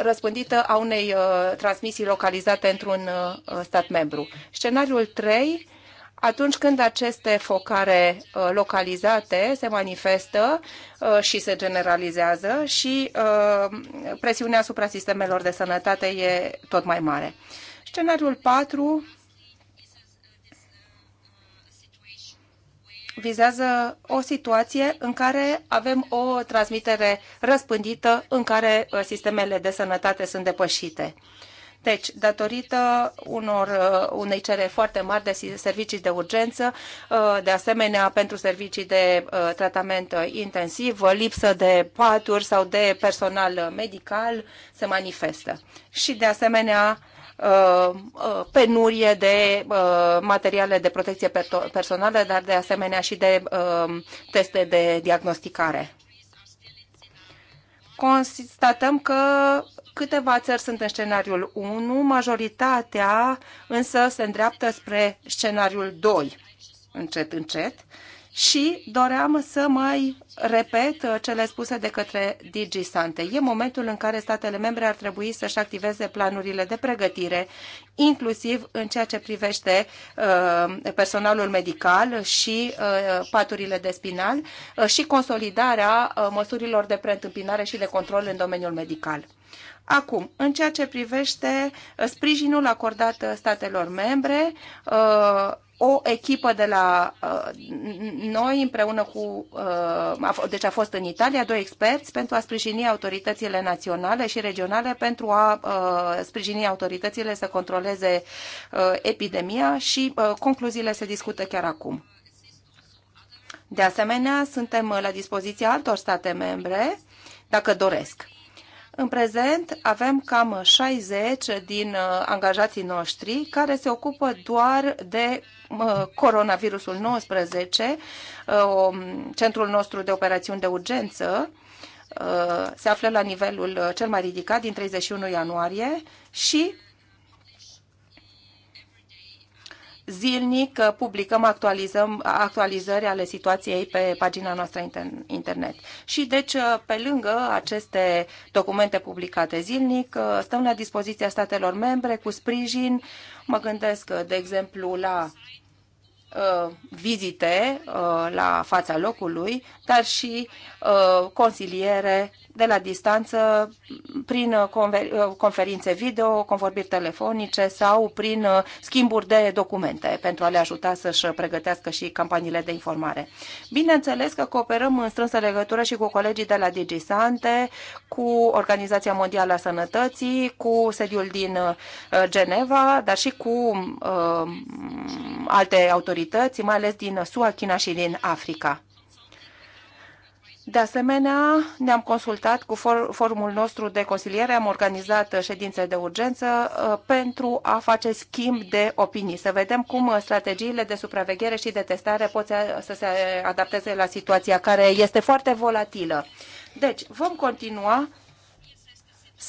răspândită a unei uh, transmisii localizate într-un uh, stat membru. Scenariul 3 atunci când aceste focare uh, localizate se manifestă uh, și se generalizează și uh, presiunea asupra sistemelor de sănătate e tot mai mare. Scenariul 4 vizează o situație în care avem o transmitere răspândită, în care uh, sistemele de sănătate sunt depășite. Deci, datorită unor, uh, unei cere foarte mari de servicii de urgență, uh, de asemenea pentru servicii de tratament intensiv, lipsă de paturi sau de personal medical se manifestă. Și, de asemenea, Uh, penurie de uh, materiale de protecție personală, dar de asemenea și de uh, teste de diagnosticare. Constatăm că câteva țări sunt în scenariul 1, majoritatea însă se îndreaptă spre scenariul 2, încet, încet, și doream să mai repet uh, cele spuse de către DG Sante. E momentul în care statele membre ar trebui să-și activeze planurile de pregătire, inclusiv în ceea ce privește uh, personalul medical și uh, paturile de spinal și consolidarea măsurilor de preîntâmpinare și de control în domeniul medical. Acum, în ceea ce privește sprijinul acordat statelor membre, o echipă de la uh, noi împreună cu, uh, deci a fost în Italia, doi experți pentru a sprijini autoritățile naționale și regionale pentru a uh, sprijini autoritățile să controleze epidemia și concluziile se discută chiar acum. De asemenea, suntem la dispoziția altor state membre, dacă doresc. În prezent avem cam 60 din uh, angajații noștri care se ocupă doar de uh, coronavirusul 19. Uh, centrul nostru de operațiuni de urgență se află la nivelul cel mai ridicat din 31 ianuarie și zilnic uh, publicăm actualizăm, actualizări ale situației pe pagina noastră internet. Și deci, uh, pe lângă aceste documente publicate zilnic, uh, stăm la dispoziția statelor membre cu sprijin. Mă gândesc, de exemplu, la vizite la fața locului, dar și consiliere de la distanță prin conferințe video, convorbiri telefonice sau prin uh, schimburi de documente pentru a le ajuta să-și pregătească și campaniile de informare. Bineînțeles că cooperăm în strânsă legătură și cu colegii de la DigiSante, cu Organizația Mondială a Sănătății, cu sediul din uh, Geneva, dar și cu uh, alte autorități, mai ales din SUA, China și din Africa. De asemenea, ne-am consultat cu for forumul nostru de consiliere, am organizat ședințe de urgență uh, pentru a face schimb de opinii, să vedem cum strategiile de supraveghere și de testare pot să se adapteze la situația care este foarte volatilă. Deci, vom continua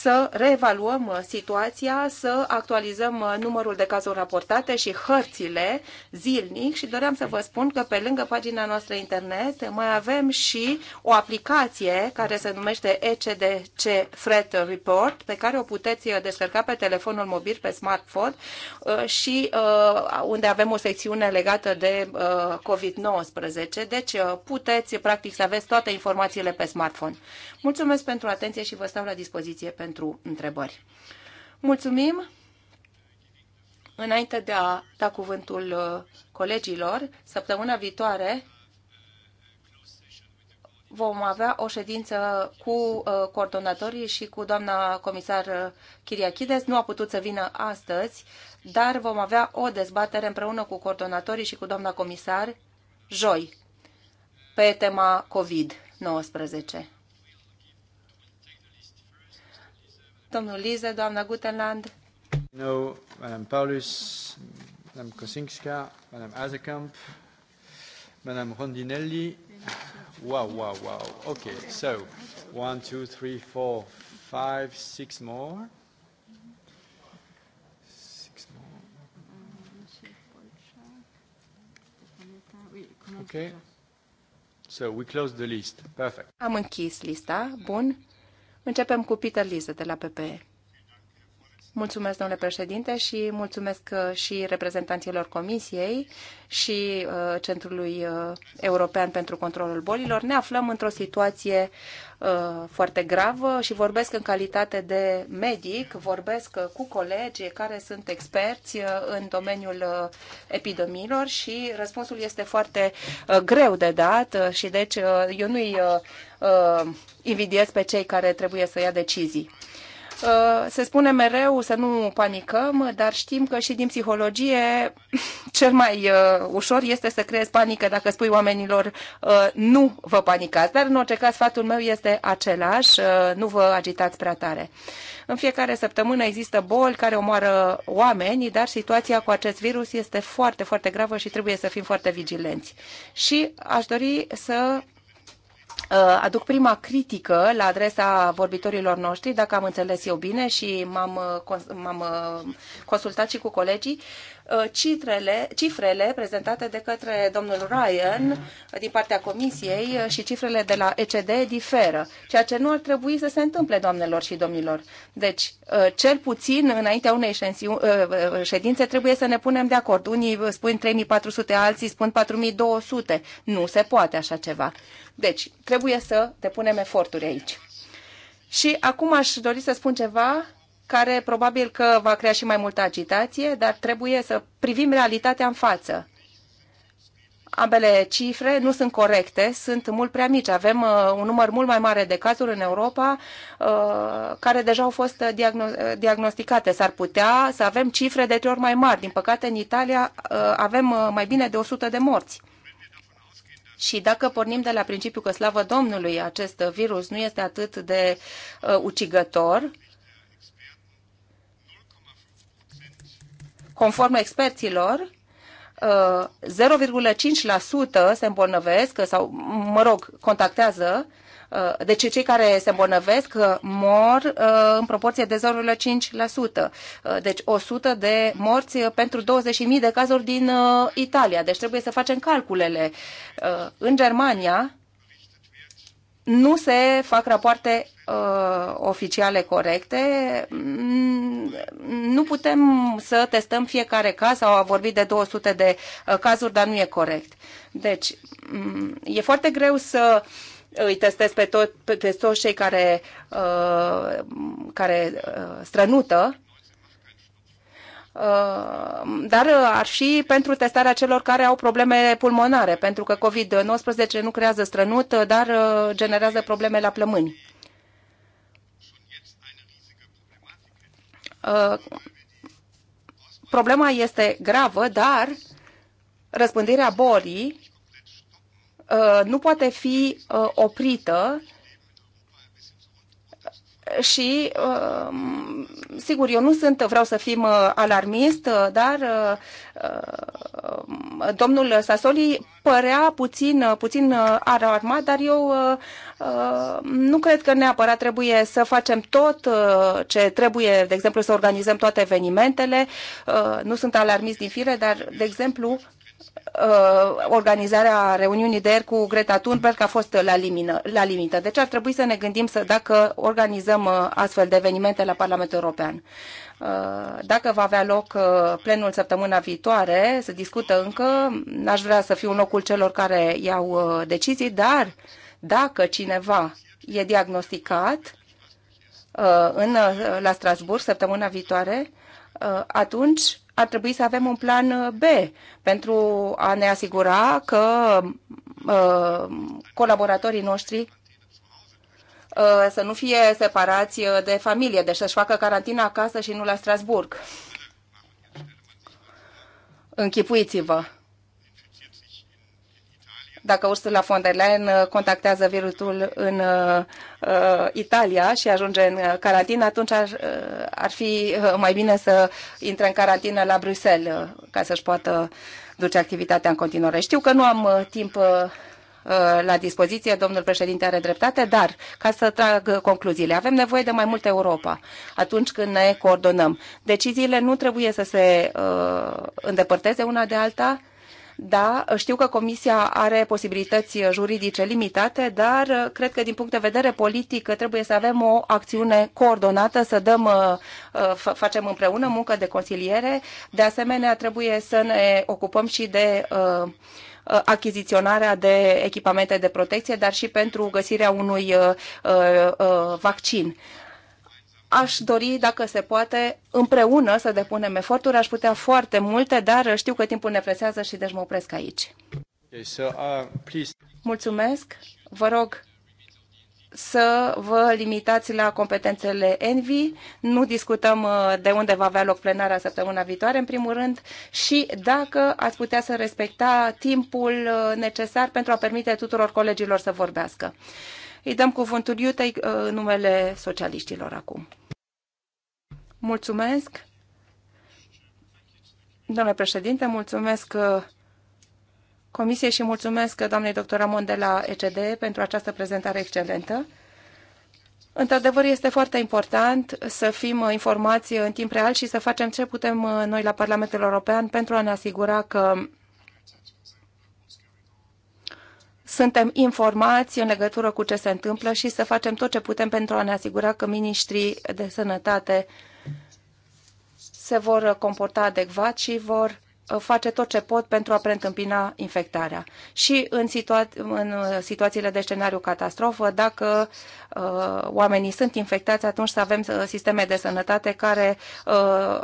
să reevaluăm uh, situația, să actualizăm uh, numărul de cazuri raportate și hărțile zilnic și doream să vă spun că pe lângă pagina noastră internet mai avem și o aplicație care se numește ECDC Threat Report pe care o puteți uh, descărca pe telefonul mobil, pe smartphone și unde avem o secțiune legată de COVID-19. Deci puteți practic să aveți toate informațiile pe smartphone. Mulțumesc pentru atenție și vă stau la dispoziție pe pentru întrebări. Mulțumim! Înainte de a da cuvântul uh, colegilor, săptămâna viitoare vom avea o ședință cu uh, coordonatorii și cu doamna comisar uh, Chiriachides. Nu a putut să vină astăzi, dar vom avea o dezbatere împreună cu coordonatorii și cu doamna comisar joi pe tema COVID-19. domnul Lize, doamna Gutenland. No, Madame Paulus, Madame Kosinska, Madame Azekamp, Madame Rondinelli. Wow, wow, wow. Okay, so one, two, three, four, five, six more. Six more. Okay. So we close the list. Perfect. Am închis lista. Bun. Începem cu Peter Lise de la PPE. Mulțumesc, domnule președinte, și mulțumesc uh, și reprezentanților Comisiei și uh, Centrului uh, European pentru Controlul Bolilor. Ne aflăm într-o situație foarte gravă și vorbesc în calitate de medic, vorbesc cu colegi care sunt experți în domeniul epidemiilor și răspunsul este foarte greu de dat și deci eu nu-i invidiez pe cei care trebuie să ia decizii. Uh, se spune mereu să nu panicăm, dar știm că și din psihologie cel mai uh, ușor este să creezi panică dacă spui oamenilor uh, nu vă panicați. Dar în orice caz sfatul meu este același, nu vă agitați prea tare. În fiecare săptămână există boli care omoară oameni, dar situația cu acest virus este foarte, foarte gravă și trebuie să fim foarte vigilenți. Și aș dori să Uh, aduc prima critică la adresa vorbitorilor noștri, dacă am înțeles eu bine și m-am, uh, uh, consultat și cu colegii, Uh, cifrele, cifrele prezentate de către domnul Ryan uh, din partea Comisiei uh, și cifrele de la ECD diferă, ceea ce nu ar trebui să se întâmple, doamnelor și domnilor. Deci, cel puțin înaintea unei ședințe trebuie să ne punem de acord. Unii spun 3400, alții spun 4200. Nu se poate așa ceva. Deci, trebuie să depunem eforturi aici. Și acum aș dori să spun ceva care probabil că va crea și mai multă agitație, dar trebuie să privim realitatea în față. Ambele cifre nu sunt corecte, sunt mult prea mici. Avem uh, un număr mult mai mare de cazuri în Europa uh, care deja au fost diagno- diagnosticate. S-ar putea să avem cifre de trei ori mai mari. Din păcate, în Italia uh, avem uh, mai bine de 100 de morți. Și dacă pornim de la principiul că, slavă Domnului, acest virus nu este atât de uh, ucigător, uh, Conform experților, 0,5% uh, se îmbolnăvesc sau, mă rog, contactează uh, deci cei care se îmbolnăvesc uh, mor în proporție de 0,5%. Deci 100 de morți pentru 20.000 de cazuri din Italia. Deci trebuie să facem calculele. În Germania, nu se fac rapoarte uh, oficiale corecte, mm, nu putem să testăm fiecare caz, Au vorbit de 200 de uh, cazuri, dar nu e corect. Deci, um, e foarte greu să îi testez pe, tot, pe, pe toți cei care, uh, care uh, strănută Uh, dar ar și pentru testarea celor care au probleme pulmonare, pentru că COVID-19 nu creează strănut, uh, dar uh, generează probleme la plămâni. Problema este gravă, dar răspândirea bolii nu poate fi oprită și, um, sigur, eu nu sunt, vreau să fim uh, alarmist, uh, dar uh, domnul Sasoli părea puțin, puțin alarmat, dar eu nu cred că neapărat trebuie să facem tot ce trebuie, de exemplu, să organizăm toate evenimentele. Nu sunt alarmist din fire, dar, de exemplu, Uh, organizarea reuniunii de ieri cu Greta Thunberg a fost la, limină, la limită. Deci ar trebui să ne gândim să dacă organizăm uh, astfel de evenimente la Parlamentul European. Uh, dacă va avea loc plenul săptămâna viitoare, se discută încă, n-aș vrea să fiu în locul celor care iau decizii, dar dacă cineva e diagnosticat în, la Strasburg săptămâna viitoare, atunci ar trebui să avem un plan uh, B pentru a ne asigura că uh, colaboratorii noștri uh, să nu fie separați uh, de familie, deci să-și facă carantina acasă și nu la Strasburg. Închipuiți-vă dacă Ursula von der Leyen uh, contactează virusul în uh, uh, Italia și ajunge în uh, carantină, atunci ar, ar fi mai bine să intre în carantină la Bruxelles ca să-și poată duce activitatea în continuare. Știu că nu am timp uh, la dispoziție, domnul președinte are dreptate, dar ca să trag concluziile, avem nevoie de mai multă Europa atunci când ne coordonăm. Deciziile nu trebuie să se uh, îndepărteze una de alta, da, știu că Comisia are posibilități juridice limitate, dar cred că din punct de vedere politic trebuie să avem o acțiune coordonată, să dăm, uh, uh, facem împreună muncă de consiliere. De asemenea, trebuie să ne ocupăm și de uh, achiziționarea de echipamente de protecție, dar și pentru găsirea unui vaccin aș dori, dacă se poate, împreună să depunem eforturi. Aș putea foarte multe, dar știu că timpul ne presează și deci mă opresc aici. Okay, so, uh, please... Mulțumesc. Vă rog să vă limitați la competențele ENVI. Nu discutăm uh, de unde va avea loc plenara săptămâna viitoare, în primul rând, și dacă ați putea să respecta timpul uh, necesar pentru a permite tuturor colegilor să vorbească. Îi dăm cuvântul Iutei uh, numele socialiștilor acum. Mulțumesc. Domnule președinte, mulțumesc uh, Comisiei și mulțumesc uh, doamnei doctor Ramon de la ECD pentru această prezentare excelentă. Într-adevăr, este foarte important să fim uh, informați în timp real și să facem ce putem noi la Parlamentul European pentru a ne asigura că suntem informați în legătură cu ce se întâmplă și să facem tot ce putem pentru a ne asigura că ministrii de sănătate se vor comporta adecvat și vor uh, face tot ce pot pentru a preîntâmpina infectarea. Și în, situa- în uh, situațiile de scenariu catastrofă, dacă uh, oamenii sunt infectați, atunci să avem uh, sisteme de sănătate care uh,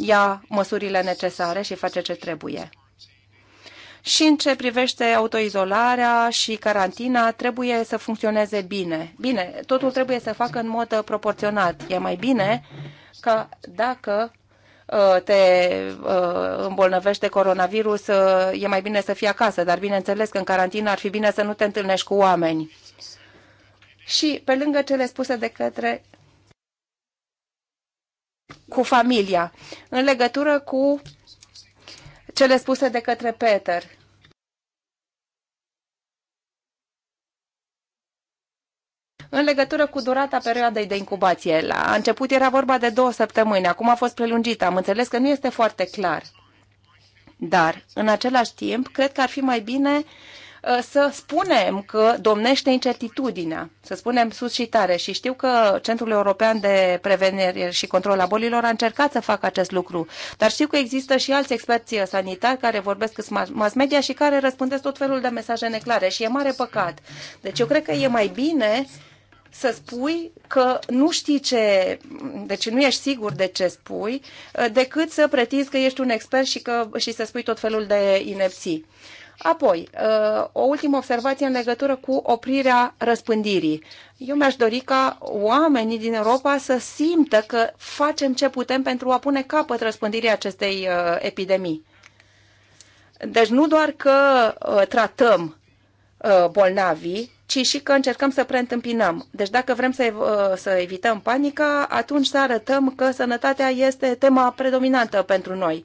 ia măsurile necesare și face ce trebuie. Și în ce privește autoizolarea și carantina, trebuie să funcționeze bine. Bine, totul trebuie să facă în mod proporționat. E mai bine ca dacă Uh, te uh, îmbolnăvește coronavirus, uh, e mai bine să fii acasă, dar bineînțeles că în carantină ar fi bine să nu te întâlnești cu oameni. Și pe lângă cele spuse de către cu familia, în legătură cu cele spuse de către Peter, în legătură cu durata perioadei de incubație. La început era vorba de două săptămâni, acum a fost prelungită. Am înțeles că nu este foarte clar. Dar, în același timp, cred că ar fi mai bine uh, să spunem că domnește incertitudinea, să spunem sus și tare. Și știu că Centrul European de Prevenire și Control a Bolilor a încercat să facă acest lucru, dar știu că există și alți experți uh, sanitari care vorbesc în mass media și care răspândesc tot felul de mesaje neclare și e mare păcat. Deci eu cred că e mai bine să spui că nu știi ce, deci nu ești sigur de ce spui, uh, decât să pretinzi că ești un expert și, că, și să spui tot felul de inepții. Apoi, uh, o ultimă observație în legătură cu oprirea răspândirii. Eu mi-aș dori ca oamenii din Europa să simtă că facem ce putem pentru a pune capăt răspândirii acestei uh, epidemii. Deci nu doar că tratăm bolnavii, ci și că încercăm să preîntâmpinăm. Deci dacă vrem să, ev- uh, să evităm panica, atunci să arătăm că sănătatea este tema predominantă pentru noi.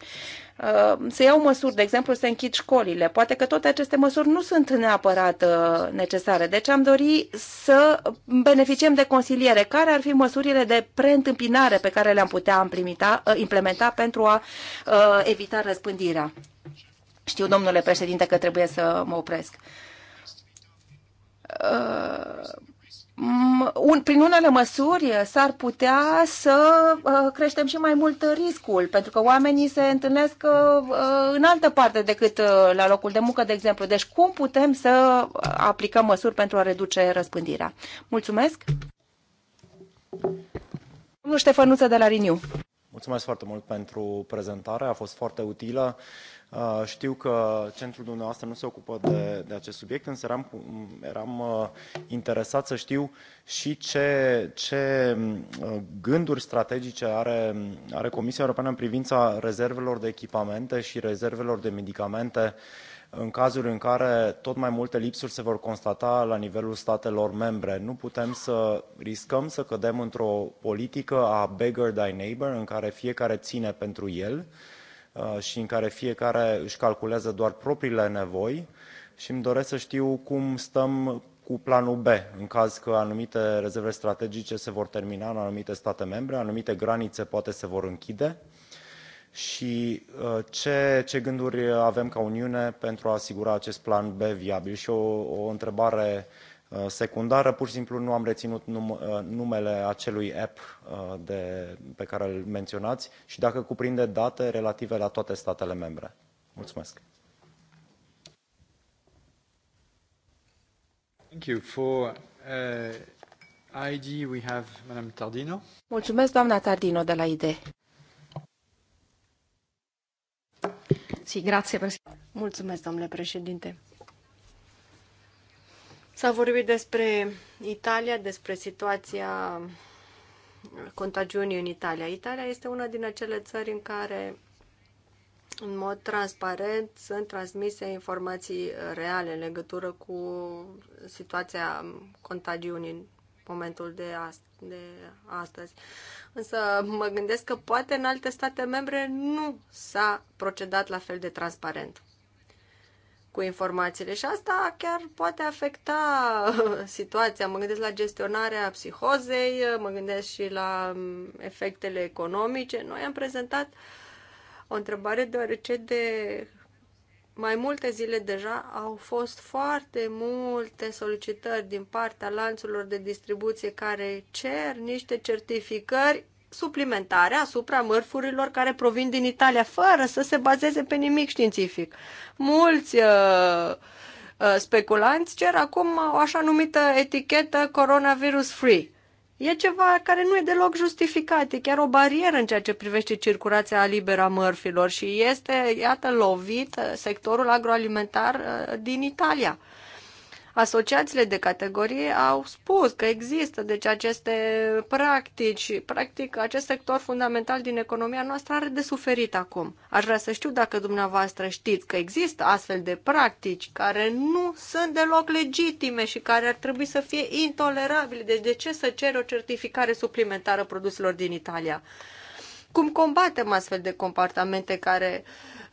Uh, se iau măsuri, de exemplu, să închid școlile. Poate că toate aceste măsuri nu sunt neapărat uh, necesare. Deci am dori să beneficiem de consiliere. Care ar fi măsurile de preîntâmpinare pe care le-am putea implementa pentru a evita răspândirea? Știu, domnule președinte, că trebuie să mă opresc. Uh, un, prin unele măsuri s-ar putea să uh, creștem și mai mult riscul, pentru că oamenii se întâlnesc uh, în altă parte decât la locul de muncă, de exemplu. Deci cum putem să aplicăm măsuri pentru a reduce răspândirea? Mulțumesc! Domnul Ștefănuță de la Riniu. Mulțumesc foarte mult pentru prezentare, a fost foarte utilă Uh, știu că centrul dumneavoastră nu se ocupă de, de acest subiect, însă eram, eram uh, interesat să știu și ce, ce mm, uh, gânduri strategice are, are Comisia Europeană în privința rezervelor de echipamente și rezervelor de medicamente în cazul în care tot mai multe lipsuri se vor constata la nivelul statelor membre. Nu putem să riscăm să cădem într-o politică a beggar thy neighbor, în care fiecare ține pentru el, uh, Uh, și în care fiecare își calculează doar propriile nevoi și îmi doresc să știu cum stăm cu planul B în caz că anumite rezerve strategice se vor termina în anumite state membre, anumite granițe poate se vor închide și uh, ce, ce gânduri avem ca Uniune pentru a asigura acest plan B viabil. Și o, o întrebare uh, Uh, secundară. Pur și simplu nu am reținut num uh, numele acelui app uh, de, pe care îl menționați și dacă cuprinde date relative la toate statele membre. Mulțumesc. Thank you for uh, ID we have Madame Tardino. Mulțumesc doamna Tardino de la ID. Si, grazie, Mulțumesc, domnule președinte. S-a vorbit despre Italia, despre situația contagiunii în Italia. Italia este una din acele țări în care în mod transparent sunt transmise informații reale în legătură cu situația contagiunii în momentul de, ast- de astăzi. Însă mă gândesc că poate în alte state membre nu s-a procedat la fel de transparent cu informațiile și asta chiar poate afecta situația. Mă gândesc la gestionarea psihozei, mă gândesc și la mm, efectele economice. Noi am prezentat o întrebare deoarece de mai multe zile deja au fost foarte multe solicitări din partea lanțurilor de distribuție care cer niște certificări suplimentare asupra mărfurilor care provin din Italia, fără să se bazeze pe nimic științific. Mulți uh, uh, speculanți cer acum o așa numită etichetă coronavirus free. E ceva care nu e deloc justificat, e chiar o barieră în ceea ce privește circulația liberă a mărfilor și este, iată, lovit uh, sectorul agroalimentar uh, din Italia asociațiile de categorie au spus că există deci aceste practici. Practic, acest sector fundamental din economia noastră are de suferit acum. Aș vrea să știu dacă dumneavoastră știți că există astfel de practici care nu sunt deloc legitime și care ar trebui să fie intolerabile. Deci de ce să cer o certificare suplimentară produselor din Italia? Cum combatem astfel de comportamente care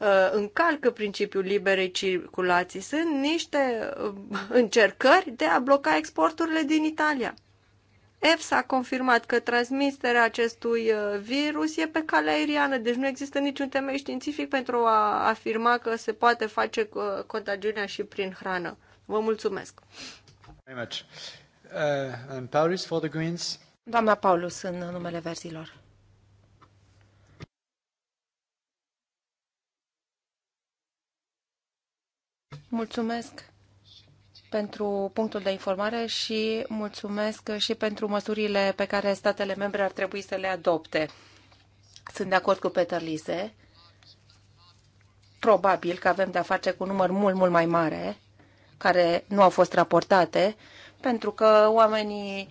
uh, încalcă principiul liberei circulații? Sunt niște uh, încercări de a bloca exporturile din Italia. EFSA a confirmat că transmiterea acestui uh, virus e pe calea aeriană, deci nu există niciun temei științific pentru a afirma că se poate face uh, contagiunea și prin hrană. Vă mulțumesc! Uh, Paulus Doamna Paulus, în numele verzilor. Mulțumesc pentru punctul de informare și mulțumesc și pentru măsurile pe care statele membre ar trebui să le adopte. Sunt de acord cu Peter Lise. Probabil că avem de-a face cu un număr mult, mult mai mare, care nu au fost raportate, pentru că oamenii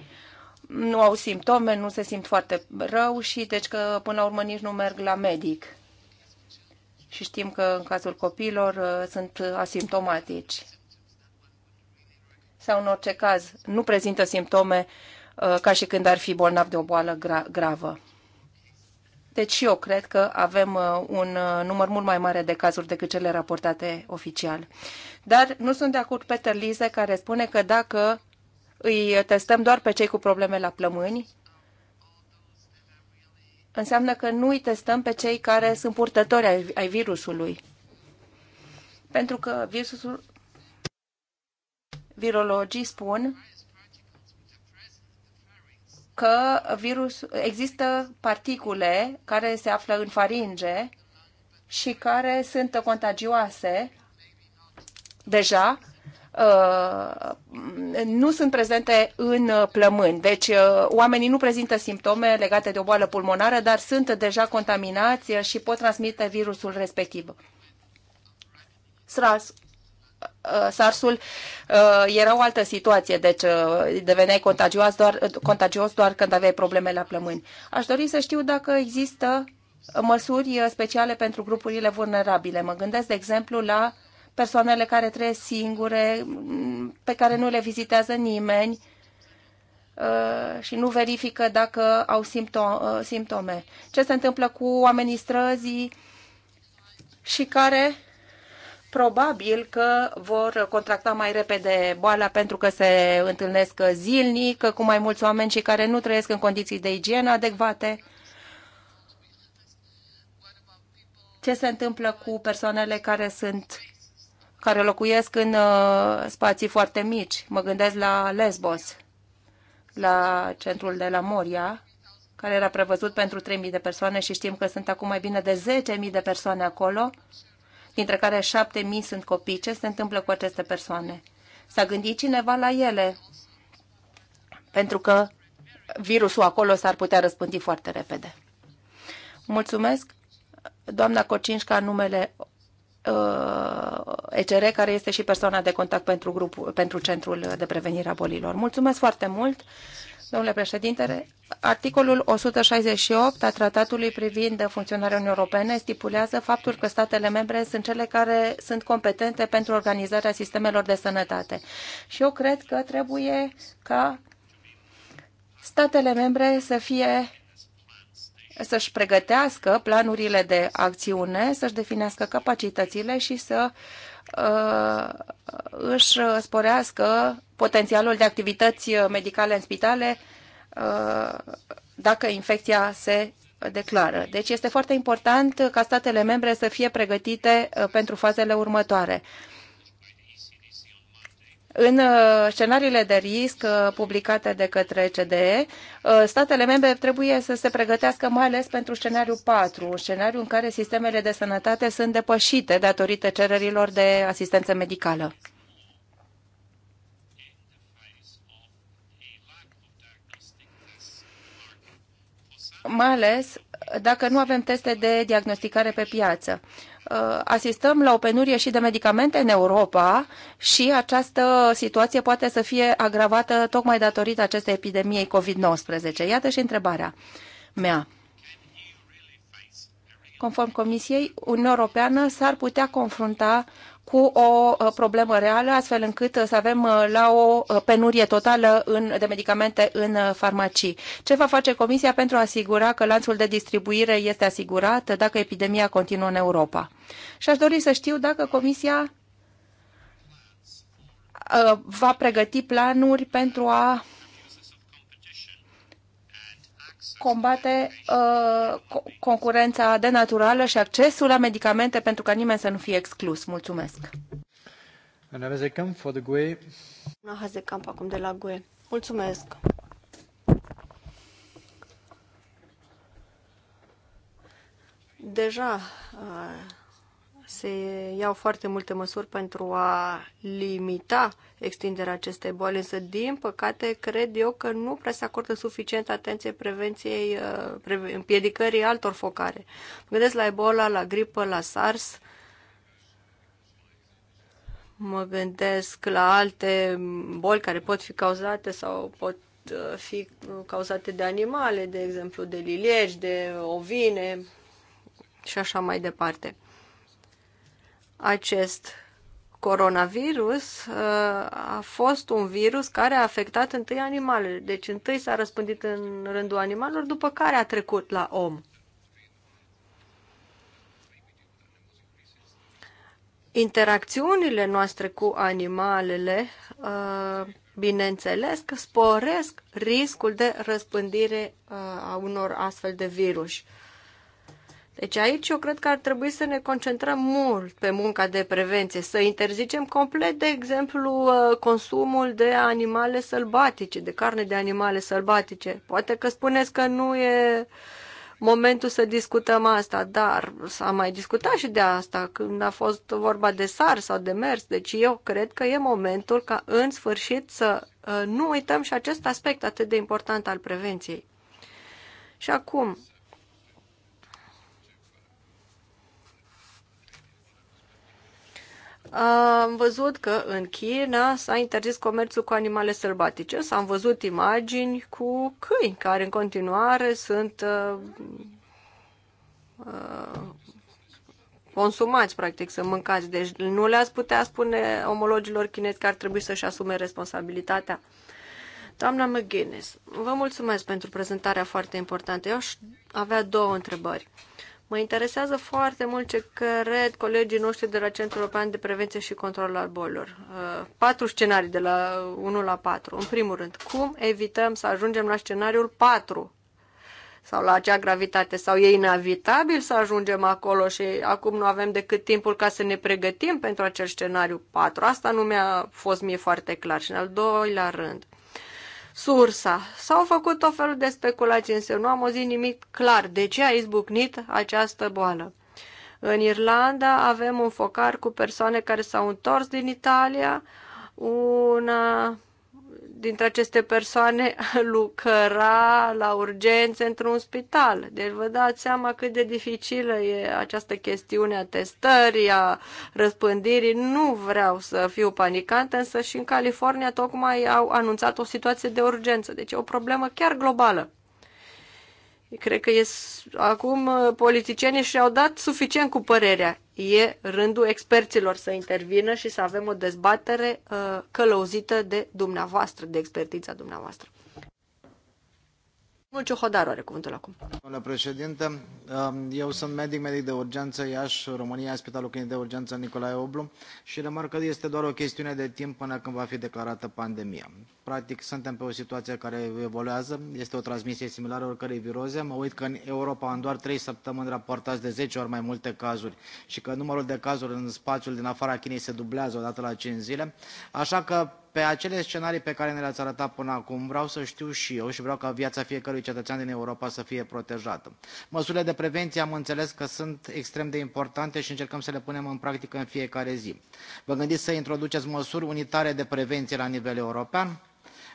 nu au simptome, nu se simt foarte rău și deci că până la urmă nici nu merg la medic și știm că în cazul copiilor uh, sunt asimptomatici sau în orice caz nu prezintă simptome uh, ca și când ar fi bolnav de o boală gra gravă. Deci și eu cred că avem uh, un număr mult mai mare de cazuri decât cele raportate oficial. Dar nu sunt de acord Peter Lise care spune că dacă îi testăm doar pe cei cu probleme la plămâni, înseamnă că nu îi testăm pe cei care sunt purtători ai, ai virusului. Pentru că virusul, virologii spun că virus, există particule care se află în faringe și care sunt contagioase deja Uh, nu sunt prezente în uh, plămâni. Deci uh, oamenii nu prezintă simptome legate de o boală pulmonară, dar sunt deja contaminați și pot transmite virusul respectiv. SRAS, SARS-ul era o altă situație, deci deveneai contagios doar, contagios doar când aveai probleme la plămâni. Aș dori să știu dacă există măsuri speciale pentru grupurile vulnerabile. Mă gândesc, de exemplu, la persoanele care trăiesc singure, pe care nu le vizitează nimeni uh, și nu verifică dacă au uh, simptome. Ce se întâmplă cu oamenii străzii și care probabil că vor contracta mai repede boala pentru că se întâlnesc zilnic cu mai mulți oameni și care nu trăiesc în condiții de igienă adecvate. Ce se întâmplă cu persoanele care sunt care locuiesc în uh, spații foarte mici. Mă gândesc la Lesbos, la centrul de la Moria, care era prevăzut pentru 3.000 de persoane și știm că sunt acum mai bine de 10.000 de persoane acolo, dintre care 7.000 sunt copii. Ce se întâmplă cu aceste persoane? S-a gândit cineva la ele, pentru că virusul acolo s-ar putea răspândi foarte repede. Mulțumesc, doamna Cocinșca, numele uh, ECR, care este și persoana de contact pentru, grup, pentru Centrul de Prevenire a Bolilor. Mulțumesc foarte mult, domnule președinte. Articolul 168 a tratatului privind funcționarea Uniunii Europene stipulează faptul că statele membre sunt cele care sunt competente pentru organizarea sistemelor de sănătate. Și eu cred că trebuie ca statele membre să fie să-și pregătească planurile de acțiune, să-și definească capacitățile și să uh, își sporească potențialul de activități medicale în spitale uh, dacă infecția se declară. Deci este foarte important ca statele membre să fie pregătite uh, pentru fazele următoare. Uh, în uh, scenariile de risc uh, publicate de către CDE, uh, statele membre trebuie să se pregătească mai ales pentru scenariul 4, un scenariu în care sistemele de sănătate sunt depășite datorită cererilor de asistență medicală. mai ales dacă nu avem teste de diagnosticare pe piață. Uh, asistăm la o penurie și de medicamente în Europa și această situație poate să fie agravată tocmai datorită acestei epidemiei COVID-19. Iată și întrebarea mea conform Comisiei, Uniunea Europeană s-ar putea confrunta cu o uh, problemă reală, astfel încât uh, să avem uh, la o penurie totală în, de medicamente în farmacii. Ce va face Comisia pentru a asigura că lanțul de distribuire este asigurat dacă epidemia continuă în Europa? Și aș dori să știu dacă Comisia va pregăti planuri pentru a combate uh, concurența denaturală și accesul la medicamente pentru ca nimeni să nu fie exclus. Mulțumesc! acum de la GUE. Mulțumesc! Deja uh se iau foarte multe măsuri pentru a limita extinderea acestei boli, însă, din păcate, cred eu că nu prea se acordă suficient atenție prevenției, uh, împiedicării altor focare. gândesc la Ebola, la gripă, la SARS, mă gândesc la alte boli care pot fi cauzate sau pot uh, fi cauzate de animale, de exemplu, de lilieci, de ovine și așa mai departe acest coronavirus uh, a fost un virus care a afectat întâi animalele. Deci întâi s-a răspândit în rândul animalelor, după care a trecut la om. Interacțiunile noastre cu animalele, uh, bineînțeles că sporesc riscul de răspândire uh, a unor astfel de virus. Deci aici eu cred că ar trebui să ne concentrăm mult pe munca de prevenție, să interzicem complet, de exemplu, uh, consumul de animale sălbatice, de carne de animale sălbatice. Poate că spuneți că nu e momentul să discutăm asta, dar s-a mai discutat și de asta când a fost vorba de SAR sau de MERS. Deci eu cred că e momentul ca în sfârșit să uh, nu uităm și acest aspect atât de important al prevenției. Și acum, am văzut că în China s-a interzis comerțul cu animale sălbatice, s am văzut imagini cu câini care în continuare sunt uh, uh, consumați, practic, să mâncați. Deci nu le-ați putea spune omologilor chinezi că ar trebui să-și asume responsabilitatea. Doamna McGuinness, vă mulțumesc pentru prezentarea foarte importantă. Eu aș avea două întrebări. Mă interesează foarte mult ce cred colegii noștri de la Centrul European de Prevenție și Control al Bolilor. Uh, patru scenarii de la 1 la 4. În primul rând, cum evităm să ajungem la scenariul 4? Sau la acea gravitate? Sau e inevitabil să ajungem acolo și acum nu avem decât timpul ca să ne pregătim pentru acel scenariu 4? Asta nu mi-a fost mie foarte clar. Și în al doilea rând, sursa. S-au făcut tot felul de speculații, însă nu am auzit nimic clar de ce a izbucnit această boală. În Irlanda avem un focar cu persoane care s-au întors din Italia, una dintre aceste persoane lucra la urgențe într-un spital. Deci vă dați seama cât de dificilă e această chestiune a testării, a răspândirii. Nu vreau să fiu panicant, însă și în California tocmai au anunțat o situație de urgență. Deci e o problemă chiar globală. Cred că e, acum uh, politicienii și-au dat suficient cu părerea. E rândul experților să intervină și să avem o dezbatere uh, călăuzită de dumneavoastră, de expertița dumneavoastră. Mulțumesc, Hodaru are cuvântul acum. Domnule președinte, uh, eu sunt medic, medic de urgență Iași, România, Spitalul Clinic de Urgență Nicolae Oblu și remarc că este doar o chestiune de timp până când va fi declarată pandemia. Practic, suntem pe o situație care evoluează. Este o transmisie similară oricărei viroze. Mă uit că în Europa, în doar 3 săptămâni, raportați de 10 ori mai multe cazuri și că numărul de cazuri în spațiul din afara Chinei se dublează odată la 5 zile. Așa că pe acele scenarii pe care ne le-ați arătat până acum, vreau să știu și eu și vreau ca viața fiecărui cetățean din Europa să fie protejată. Măsurile de prevenție am înțeles că sunt extrem de importante și încercăm să le punem în practică în fiecare zi. Vă gândiți să introduceți măsuri unitare de prevenție la nivel european?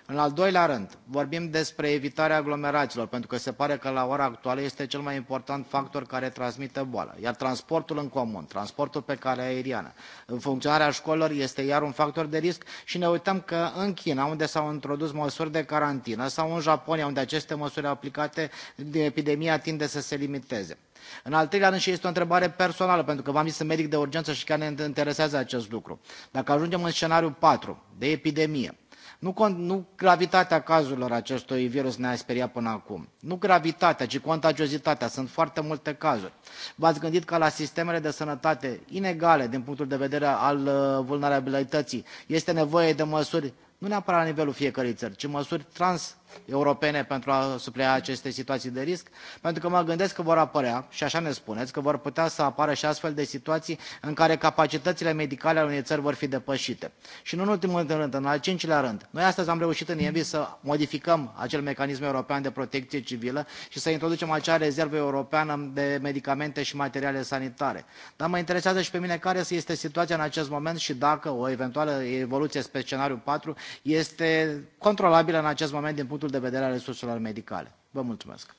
în al doilea rând vorbim despre evitarea aglomerațiilor pentru că se pare că la ora actuală este cel mai important factor care transmite boala iar transportul în comun transportul pe cale aeriană funcționarea școlilor este iar un factor de risc și ne uităm că în china unde s au introdus măsuri de carantină sau în japonia unde aceste măsuri aplicate epidemia tinde să se limiteze. în al treilea rând și este o întrebare personală pentru că v am zis sunt medic de urgență și chiar ne interesează acest lucru dacă ajungem în scenariul patru de epidemie nu, nu gravitatea cazurilor acestui virus ne-a speriat până acum. Nu gravitatea, ci contagiozitatea. Sunt foarte multe cazuri. V-ați gândit că la sistemele de sănătate inegale din punctul de vedere al uh, vulnerabilității este nevoie de măsuri nu neapărat la nivelul fiecărei țări, ci măsuri trans europene pentru a suplea aceste situații de risc, pentru că mă gândesc că vor apărea, și așa ne spuneți, că vor putea să apară și astfel de situații în care capacitățile medicale ale unei țări vor fi depășite. Și nu în ultimul rând, în al cincilea rând, noi astăzi am reușit în IEMI să modificăm acel mecanism european de protecție civilă și să introducem acea rezervă europeană de medicamente și materiale sanitare. Dar mă interesează și pe mine care este situația în acest moment și dacă o eventuală evoluție spre scenariul patru este controlabilă în acest moment din punct punctul de vedere al resurselor medicale. Vă mulțumesc.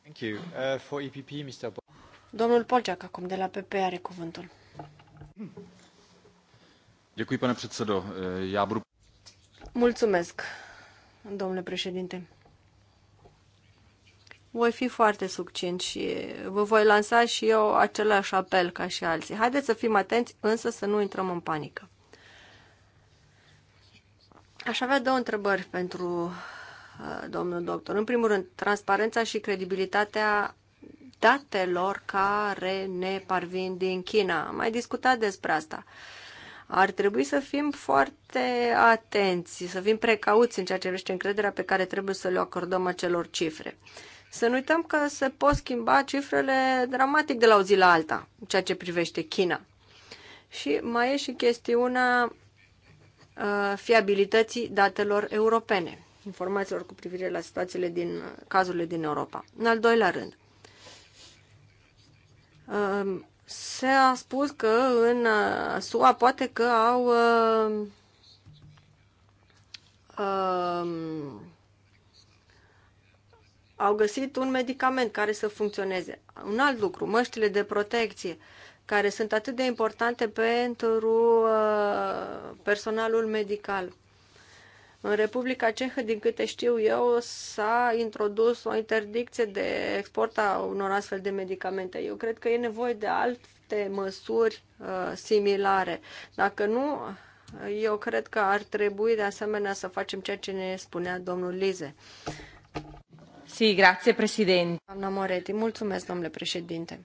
Thank you. Uh, for EPP, Mr. Domnul Polciac, acum de la PP, are cuvântul. Děkuji, pane předsedo. Eh, já budu... Mulțumesc, domnule președinte. Voi fi foarte succint și vă voi lansa și eu același apel ca și alții. Haideți să fim atenți, însă să nu intrăm în panică. Aș avea două întrebări pentru uh, domnul doctor. În primul rând, transparența și credibilitatea datelor care ne parvin din China. Am mai discutat despre asta. Ar trebui să fim foarte atenți, să fim precauți în ceea ce privește încrederea pe care trebuie să le acordăm acelor cifre. Să nu uităm că se pot schimba cifrele dramatic de la o zi la alta, în ceea ce privește China. Și mai e și chestiunea Uh, fiabilității datelor europene, informațiilor cu privire la situațiile din cazurile din Europa. În al doilea rând, um, se a spus că în uh, SUA poate că au uh, um, au găsit un medicament care să funcționeze. Un alt lucru, măștile de protecție. Uh, care sunt atât de importante pentru uh, personalul medical. În Republica Cehă, din câte știu eu, s-a introdus o interdicție de export a unor astfel de medicamente. Eu cred că e nevoie de alte măsuri uh, similare. Dacă nu, eu cred că ar trebui de asemenea să facem ceea ce ne spunea domnul Lize. Sí, grazie, Doamna Moretti, mulțumesc, domnule președinte.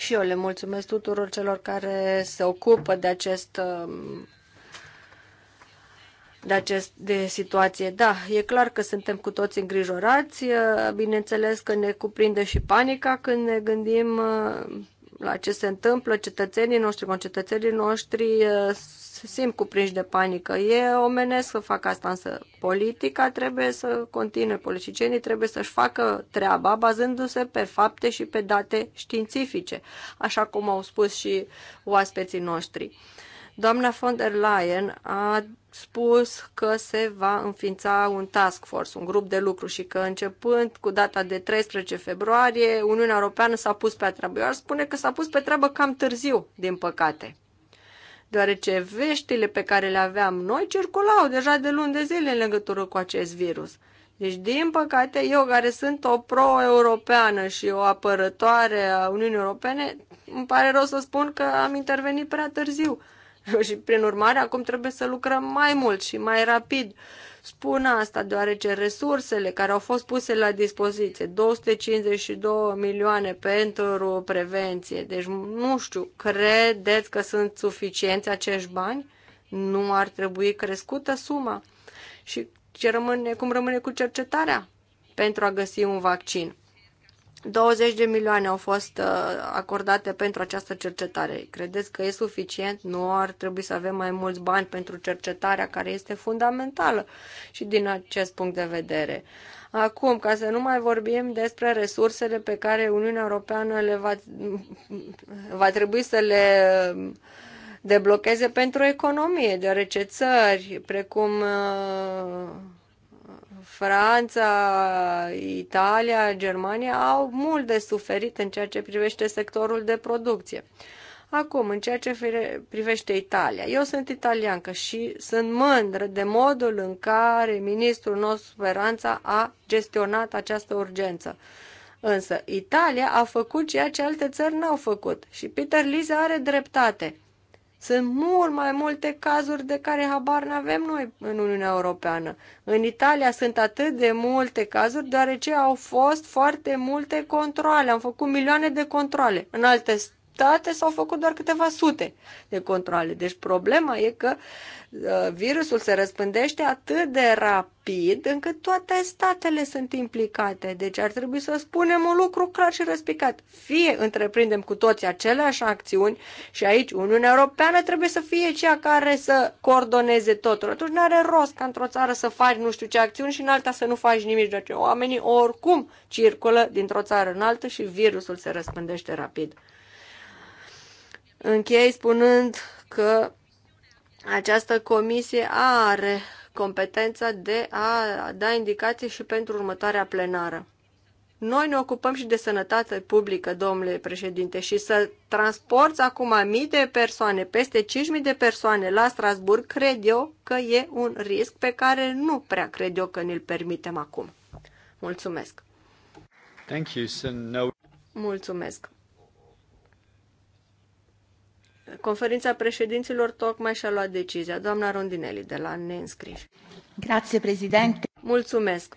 Și eu le mulțumesc tuturor celor care se ocupă de acest um, de, acest, de situație. Da, e clar că suntem cu toți îngrijorați, uh, bineînțeles că ne cuprinde și panica când ne gândim uh, la ce se întâmplă, cetățenii noștri, concetățenii noștri uh, se simt cuprinși de panică. E omenesc să facă asta, însă politica trebuie să continue, politicienii trebuie să-și facă treaba bazându-se pe fapte și pe date științifice, așa cum au spus și oaspeții noștri. Doamna von der Leyen a spus că se va înființa un task force, un grup de lucru și că începând cu data de 13 februarie, Uniunea Europeană s-a pus pe treabă. Eu ar spune că s-a pus pe treabă cam târziu, din păcate deoarece veștile pe care le aveam noi circulau deja de luni de zile în legătură cu acest virus. Deci, din păcate, eu care sunt o pro-europeană și o apărătoare a Uniunii Europene, îmi pare rău să spun că am intervenit prea târziu. Și, prin urmare, acum trebuie să lucrăm mai mult și mai rapid Spun asta deoarece resursele care au fost puse la dispoziție, 252 milioane pentru prevenție, deci nu știu, credeți că sunt suficienți acești bani? Nu ar trebui crescută suma? Și ce rămâne, cum rămâne cu cercetarea pentru a găsi un vaccin? 20 de milioane au fost uh, acordate pentru această cercetare. Credeți că e suficient? Nu ar trebui să avem mai mulți bani pentru cercetarea care este fundamentală și din acest punct de vedere. Acum, ca să nu mai vorbim despre resursele pe care Uniunea Europeană le va, va trebui să le uh, deblocheze pentru economie, deoarece țări precum uh, Franța, Italia, Germania au mult de suferit în ceea ce privește sectorul de producție. Acum, în ceea ce privește Italia, eu sunt italiancă și sunt mândră de modul în care ministrul nostru Speranța a gestionat această urgență. Însă, Italia a făcut ceea ce alte țări n-au făcut și Peter Lise are dreptate. Sunt mult mai multe cazuri de care habar nu avem noi în Uniunea Europeană. În Italia sunt atât de multe cazuri, deoarece au fost foarte multe controle. Am făcut milioane de controle. În alte toate s-au făcut doar câteva sute de controle. Deci problema e că uh, virusul se răspândește atât de rapid încât toate statele sunt implicate. Deci ar trebui să spunem un lucru clar și răspicat. Fie întreprindem cu toți aceleași acțiuni și aici Uniunea Europeană trebuie să fie cea care să coordoneze totul. Atunci nu are rost ca într-o țară să faci nu știu ce acțiuni și în alta să nu faci nimic. Deci oamenii oricum circulă dintr-o țară în altă și virusul se răspândește rapid. Închei spunând că această comisie are competența de a da indicații și pentru următoarea plenară. Noi ne ocupăm și de sănătate publică, domnule președinte, și să transporți acum mii de persoane, peste 5.000 de persoane la Strasburg, cred eu că e un risc pe care nu prea cred eu că ne-l permitem acum. Mulțumesc! Thank you, so no... Mulțumesc! Conferința președinților tocmai și-a luat decizia. Doamna Rondinelli, de la neînscriși. Grație, președinte. Mulțumesc.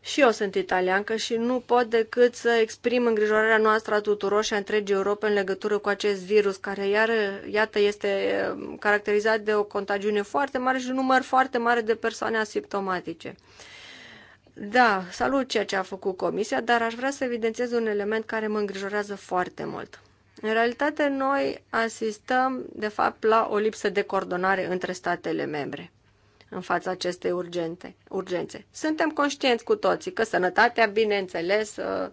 Și eu sunt italiancă și nu pot decât să exprim îngrijorarea noastră a tuturor și a întregii Europe în legătură cu acest virus, care iar, iată, este um, caracterizat de o contagiune foarte mare și un număr foarte mare de persoane asimptomatice. Da, salut ceea ce a făcut Comisia, dar aș vrea să evidențiez un element care mă îngrijorează foarte mult. În realitate, noi asistăm, de fapt, la o lipsă de coordonare între statele membre în fața acestei urgente, urgențe. Suntem conștienți cu toții că sănătatea, bineînțeles, uh,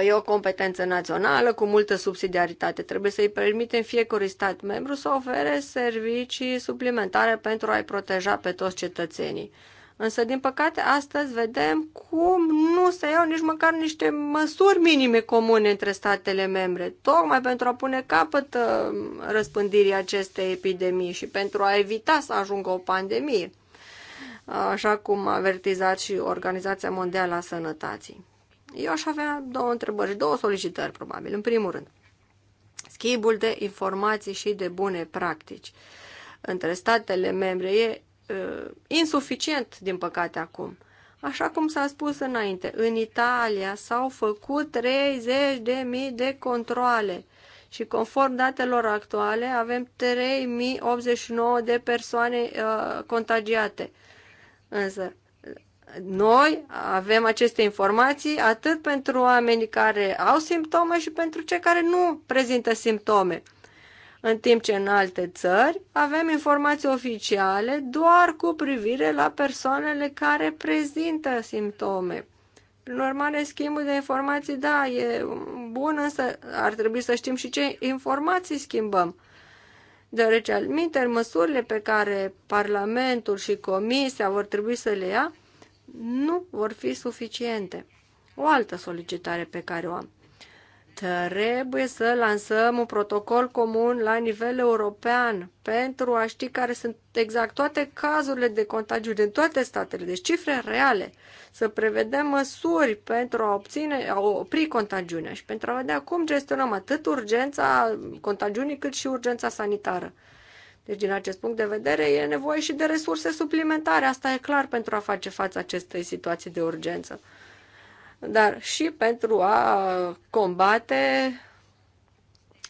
uh, e o competență națională cu multă subsidiaritate. Trebuie să-i permitem fiecărui stat membru să ofere servicii suplimentare pentru a-i proteja pe toți cetățenii. Însă, din păcate, astăzi vedem cum nu se iau nici măcar niște măsuri minime comune între statele membre, tocmai pentru a pune capăt uh, răspândirii acestei epidemii și pentru a evita să ajungă o pandemie, uh, așa cum a avertizat și Organizația Mondială a Sănătății. Eu aș avea două întrebări și două solicitări, probabil. În primul rând, schimbul de informații și de bune practici între statele membre e Uh, insuficient, din păcate, acum. Așa cum s-a spus înainte, în Italia s-au făcut 30.000 de controle și conform datelor actuale avem 3.089 de persoane uh, contagiate. Însă, noi avem aceste informații atât pentru oamenii care au simptome și pentru cei care nu prezintă simptome în timp ce în alte țări avem informații oficiale doar cu privire la persoanele care prezintă simptome. Prin urmare, schimbul de informații, da, e bun, însă ar trebui să știm și ce informații schimbăm. Deoarece, alminter, măsurile pe care Parlamentul și Comisia vor trebui să le ia nu vor fi suficiente. O altă solicitare pe care o am. Trebuie să lansăm un protocol comun la nivel european pentru a ști care sunt exact toate cazurile de contagiu din toate statele, deci cifre reale, să prevedem măsuri pentru a, obține, a opri contagiunea și pentru a vedea cum gestionăm atât urgența contagiunii cât și urgența sanitară. Deci, din acest punct de vedere, e nevoie și de resurse suplimentare, asta e clar, pentru a face față acestei situații de urgență dar și pentru a combate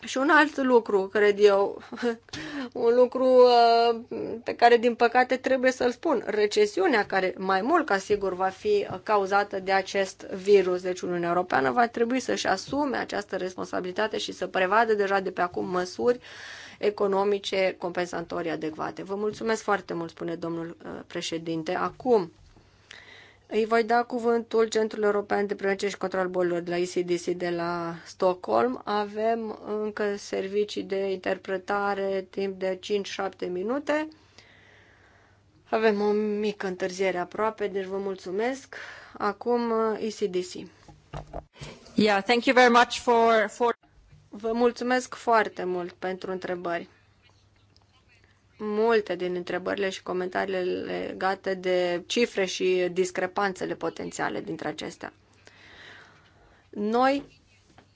și un alt lucru, cred eu, un lucru uh, pe care, din păcate, trebuie să-l spun, recesiunea, care mai mult ca sigur va fi cauzată de acest virus. Deci Uniunea Europeană va trebui să-și asume această responsabilitate și să prevadă deja de pe acum măsuri economice compensatorii adecvate. Vă mulțumesc foarte mult, spune domnul uh, președinte. Acum îi voi da cuvântul Centrul European de Prevenție și Control Bolilor de la ICDC de la Stockholm. Avem încă servicii de interpretare timp de 5-7 minute. Avem o mică întârziere aproape, deci vă mulțumesc. Acum ECDC. Yeah, thank you very much for, for... Vă mulțumesc foarte mult pentru întrebări multe din întrebările și comentariile legate de cifre și discrepanțele potențiale dintre acestea. Noi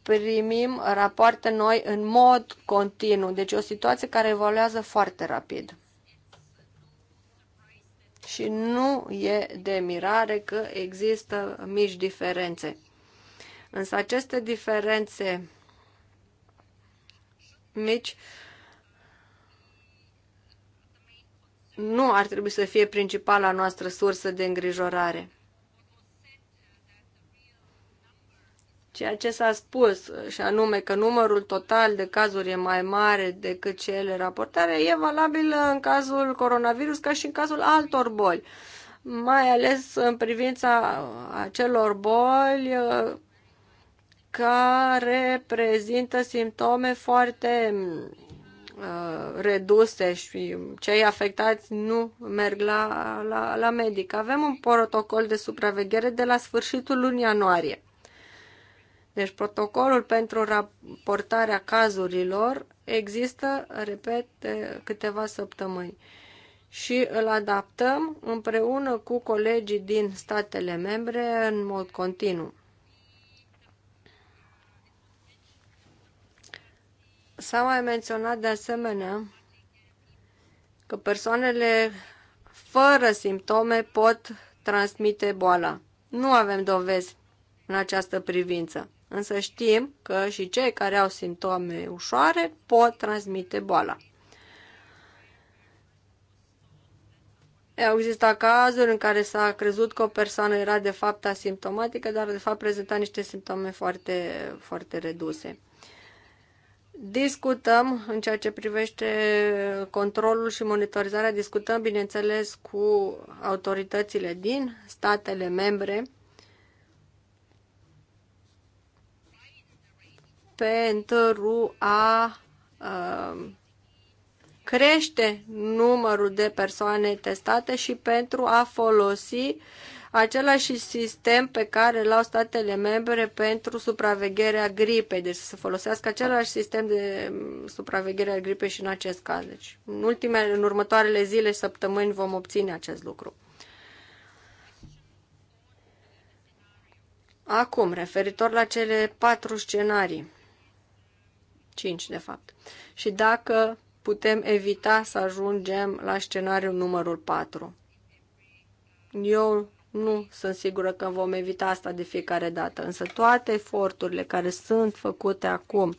primim rapoarte noi în mod continuu, deci o situație care evoluează foarte rapid. Și nu e de mirare că există mici diferențe. Însă aceste diferențe mici uh, nu ar trebui să fie principala noastră sursă de îngrijorare. Ceea ce s-a spus, și anume că numărul total de cazuri e mai mare decât cele raportare, e valabil în cazul coronavirus ca și în cazul altor boli, mai ales în privința acelor boli uh, care prezintă simptome foarte Uh, reduse și cei afectați nu merg la, la, la medic. Avem un protocol de supraveghere de la sfârșitul lunii ianuarie. Deci protocolul pentru raportarea cazurilor există, repet, câteva săptămâni și îl adaptăm împreună cu colegii din statele membre în mod continuu. S-a mai menționat de asemenea că persoanele fără simptome pot transmite boala. Nu avem dovezi în această privință, însă știm că și cei care au simptome ușoare pot transmite boala. Au existat cazuri în care s-a crezut că o persoană era de fapt asimptomatică, dar de fapt prezenta niște simptome foarte, foarte reduse. Discutăm în ceea ce privește controlul și monitorizarea, discutăm, bineînțeles, cu autoritățile din statele membre pentru a uh, crește numărul de persoane testate și pentru a folosi același sistem pe care l-au statele membre pentru supravegherea gripei, deci să se folosească același sistem de mm, supraveghere a gripei și în acest caz. Deci, în, ultimele, în următoarele zile și săptămâni vom obține acest lucru. Acum, referitor la cele patru scenarii, cinci de fapt, și dacă putem evita să ajungem la scenariul numărul 4. Eu nu sunt sigură că vom evita asta de fiecare dată, însă toate eforturile care sunt făcute acum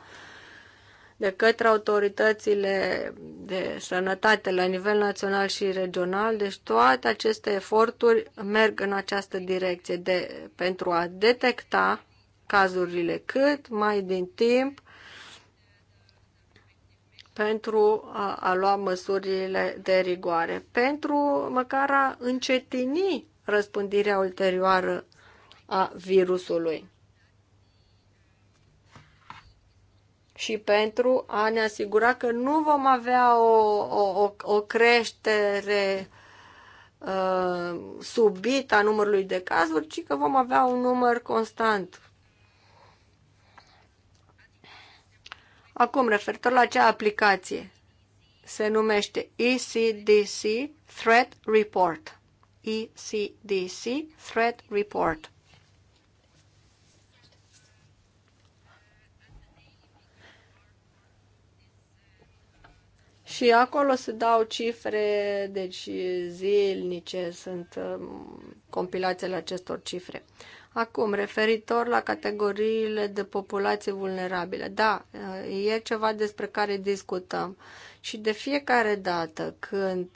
de către autoritățile de sănătate la nivel național și regional, deci toate aceste eforturi merg în această direcție de, pentru a detecta cazurile cât mai din timp pentru a, a lua măsurile de rigoare, pentru măcar a încetini răspândirea ulterioară a virusului. și pentru a ne asigura că nu vom avea o, o, o creștere uh, subită a numărului de cazuri, ci că vom avea un număr constant. Acum, referitor la acea aplicație, se numește ECDC Threat Report. ECDC Threat Report. Și acolo se dau cifre, deci zilnice sunt um, compilațiile acestor cifre. Acum, referitor la categoriile de populație vulnerabile, da, uh, e ceva despre care discutăm. Și de fiecare dată când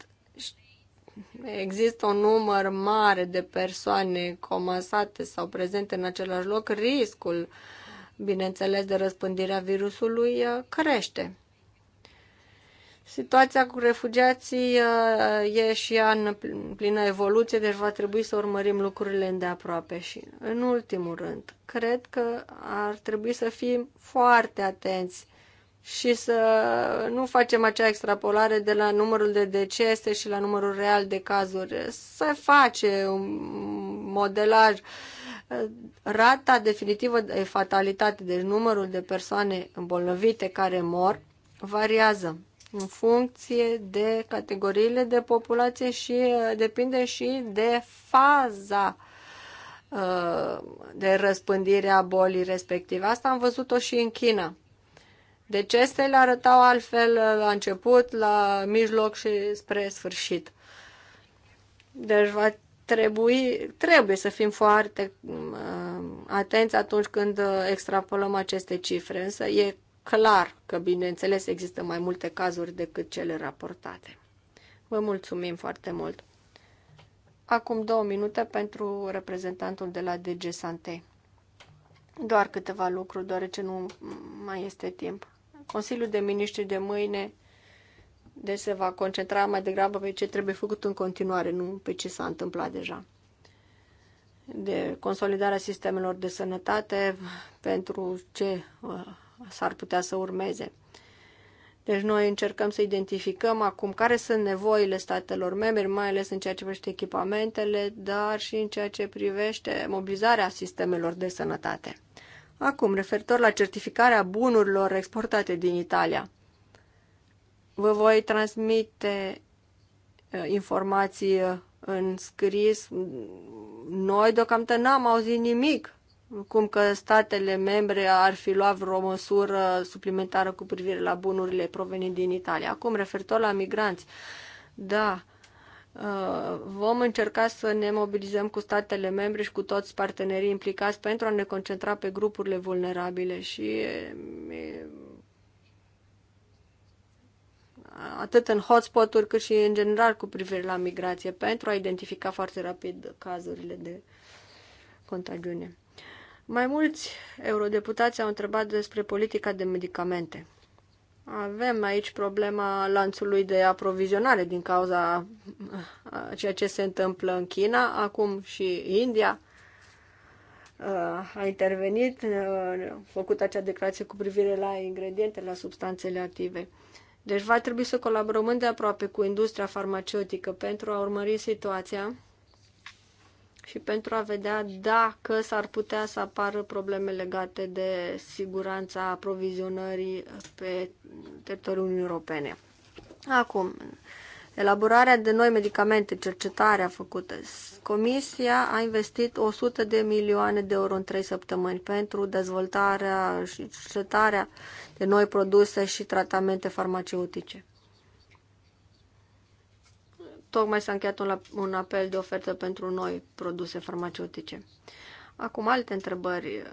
există un număr mare de persoane comasate sau prezente în același loc, riscul, bineînțeles, de răspândirea virusului uh, crește. Situația cu refugiații uh, e și ea în plină evoluție, deci va trebui să urmărim lucrurile îndeaproape. Și, în ultimul rând, cred că ar trebui să fim foarte atenți și să nu facem acea extrapolare de la numărul de decese și la numărul real de cazuri. Să face un modelaj rata definitivă de fatalitate, deci numărul de persoane îmbolnăvite care mor, variază în funcție de categoriile de populație și uh, depinde și de faza uh, de răspândire a bolii respective. Asta am văzut-o și în China. Decesele arătau altfel la început, la mijloc și spre sfârșit. Deci va trebui, trebuie să fim foarte uh, atenți atunci când uh, extrapolăm aceste cifre, însă e clar că, bineînțeles, există mai multe cazuri decât cele raportate. Vă mulțumim foarte mult! Acum două minute pentru reprezentantul de la DG Sante. Doar câteva lucruri, deoarece nu mai este timp. Consiliul de Miniștri de mâine de deci, se va concentra mai degrabă pe ce trebuie făcut în continuare, nu pe ce s-a întâmplat deja. De consolidarea sistemelor de sănătate pentru ce uh, s-ar putea să urmeze. Deci noi încercăm să identificăm acum care sunt nevoile statelor membre, mai ales în ceea ce privește echipamentele, dar și în ceea ce privește mobilizarea sistemelor de sănătate. Acum, referitor la certificarea bunurilor exportate din Italia, vă voi transmite informații în scris. Noi deocamdată n-am auzit nimic, cum că statele membre ar fi luat vreo măsură suplimentară cu privire la bunurile provenind din Italia. Acum, referitor la migranți, da, Uh, vom încerca să ne mobilizăm cu statele membre și cu toți partenerii implicați pentru a ne concentra pe grupurile vulnerabile și atât în hotspot-uri cât și în general cu privire la migrație pentru a identifica foarte rapid cazurile de contagiune. Mai mulți eurodeputați au întrebat despre politica de medicamente. Avem aici problema lanțului de aprovizionare din cauza uh, ceea ce se întâmplă în China, acum și India uh, a intervenit, uh, a făcut acea declarație cu privire la ingrediente, la substanțele active. Deci va trebui să colaborăm de aproape cu industria farmaceutică pentru a urmări situația și pentru a vedea dacă s-ar putea să apară probleme legate de siguranța aprovizionării pe teritoriul Uniunii Europene. Acum, elaborarea de noi medicamente, cercetarea făcută. Comisia a investit 100 de milioane de euro în 3 săptămâni pentru dezvoltarea și cercetarea de noi produse și tratamente farmaceutice tocmai s-a încheiat un, un apel de ofertă pentru noi produse farmaceutice. Acum alte întrebări.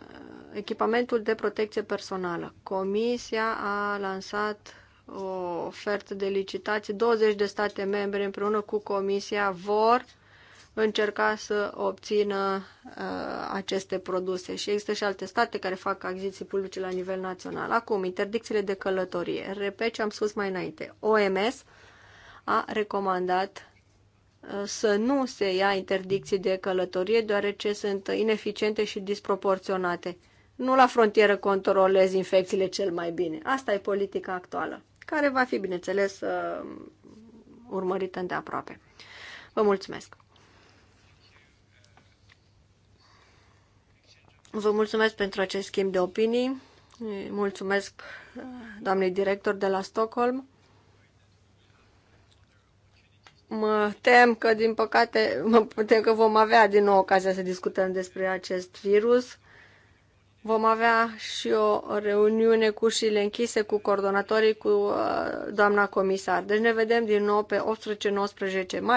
Echipamentul de protecție personală. Comisia a lansat o ofertă de licitație. 20 de state membre împreună cu Comisia vor încerca să obțină uh, aceste produse. Și există și alte state care fac achiziții publice la nivel național. Acum, interdicțiile de călătorie. Repet ce am spus mai înainte. OMS, uh, a recomandat uh, să nu se ia interdicții de călătorie, deoarece sunt ineficiente și disproporționate. Nu la frontieră controlezi infecțiile cel mai bine. Asta e politica actuală, care va fi, bineînțeles, uh, urmărită îndeaproape. Vă mulțumesc! Vă mulțumesc pentru acest schimb de opinii. Mulțumesc uh, doamnei director de la Stockholm. Mă tem că, din păcate, mă tem că vom avea din nou ocazia să discutăm despre acest virus. Vom avea și o reuniune cu șile închise cu coordonatorii, cu uh, doamna comisar. Deci ne vedem din nou pe 18-19 martie.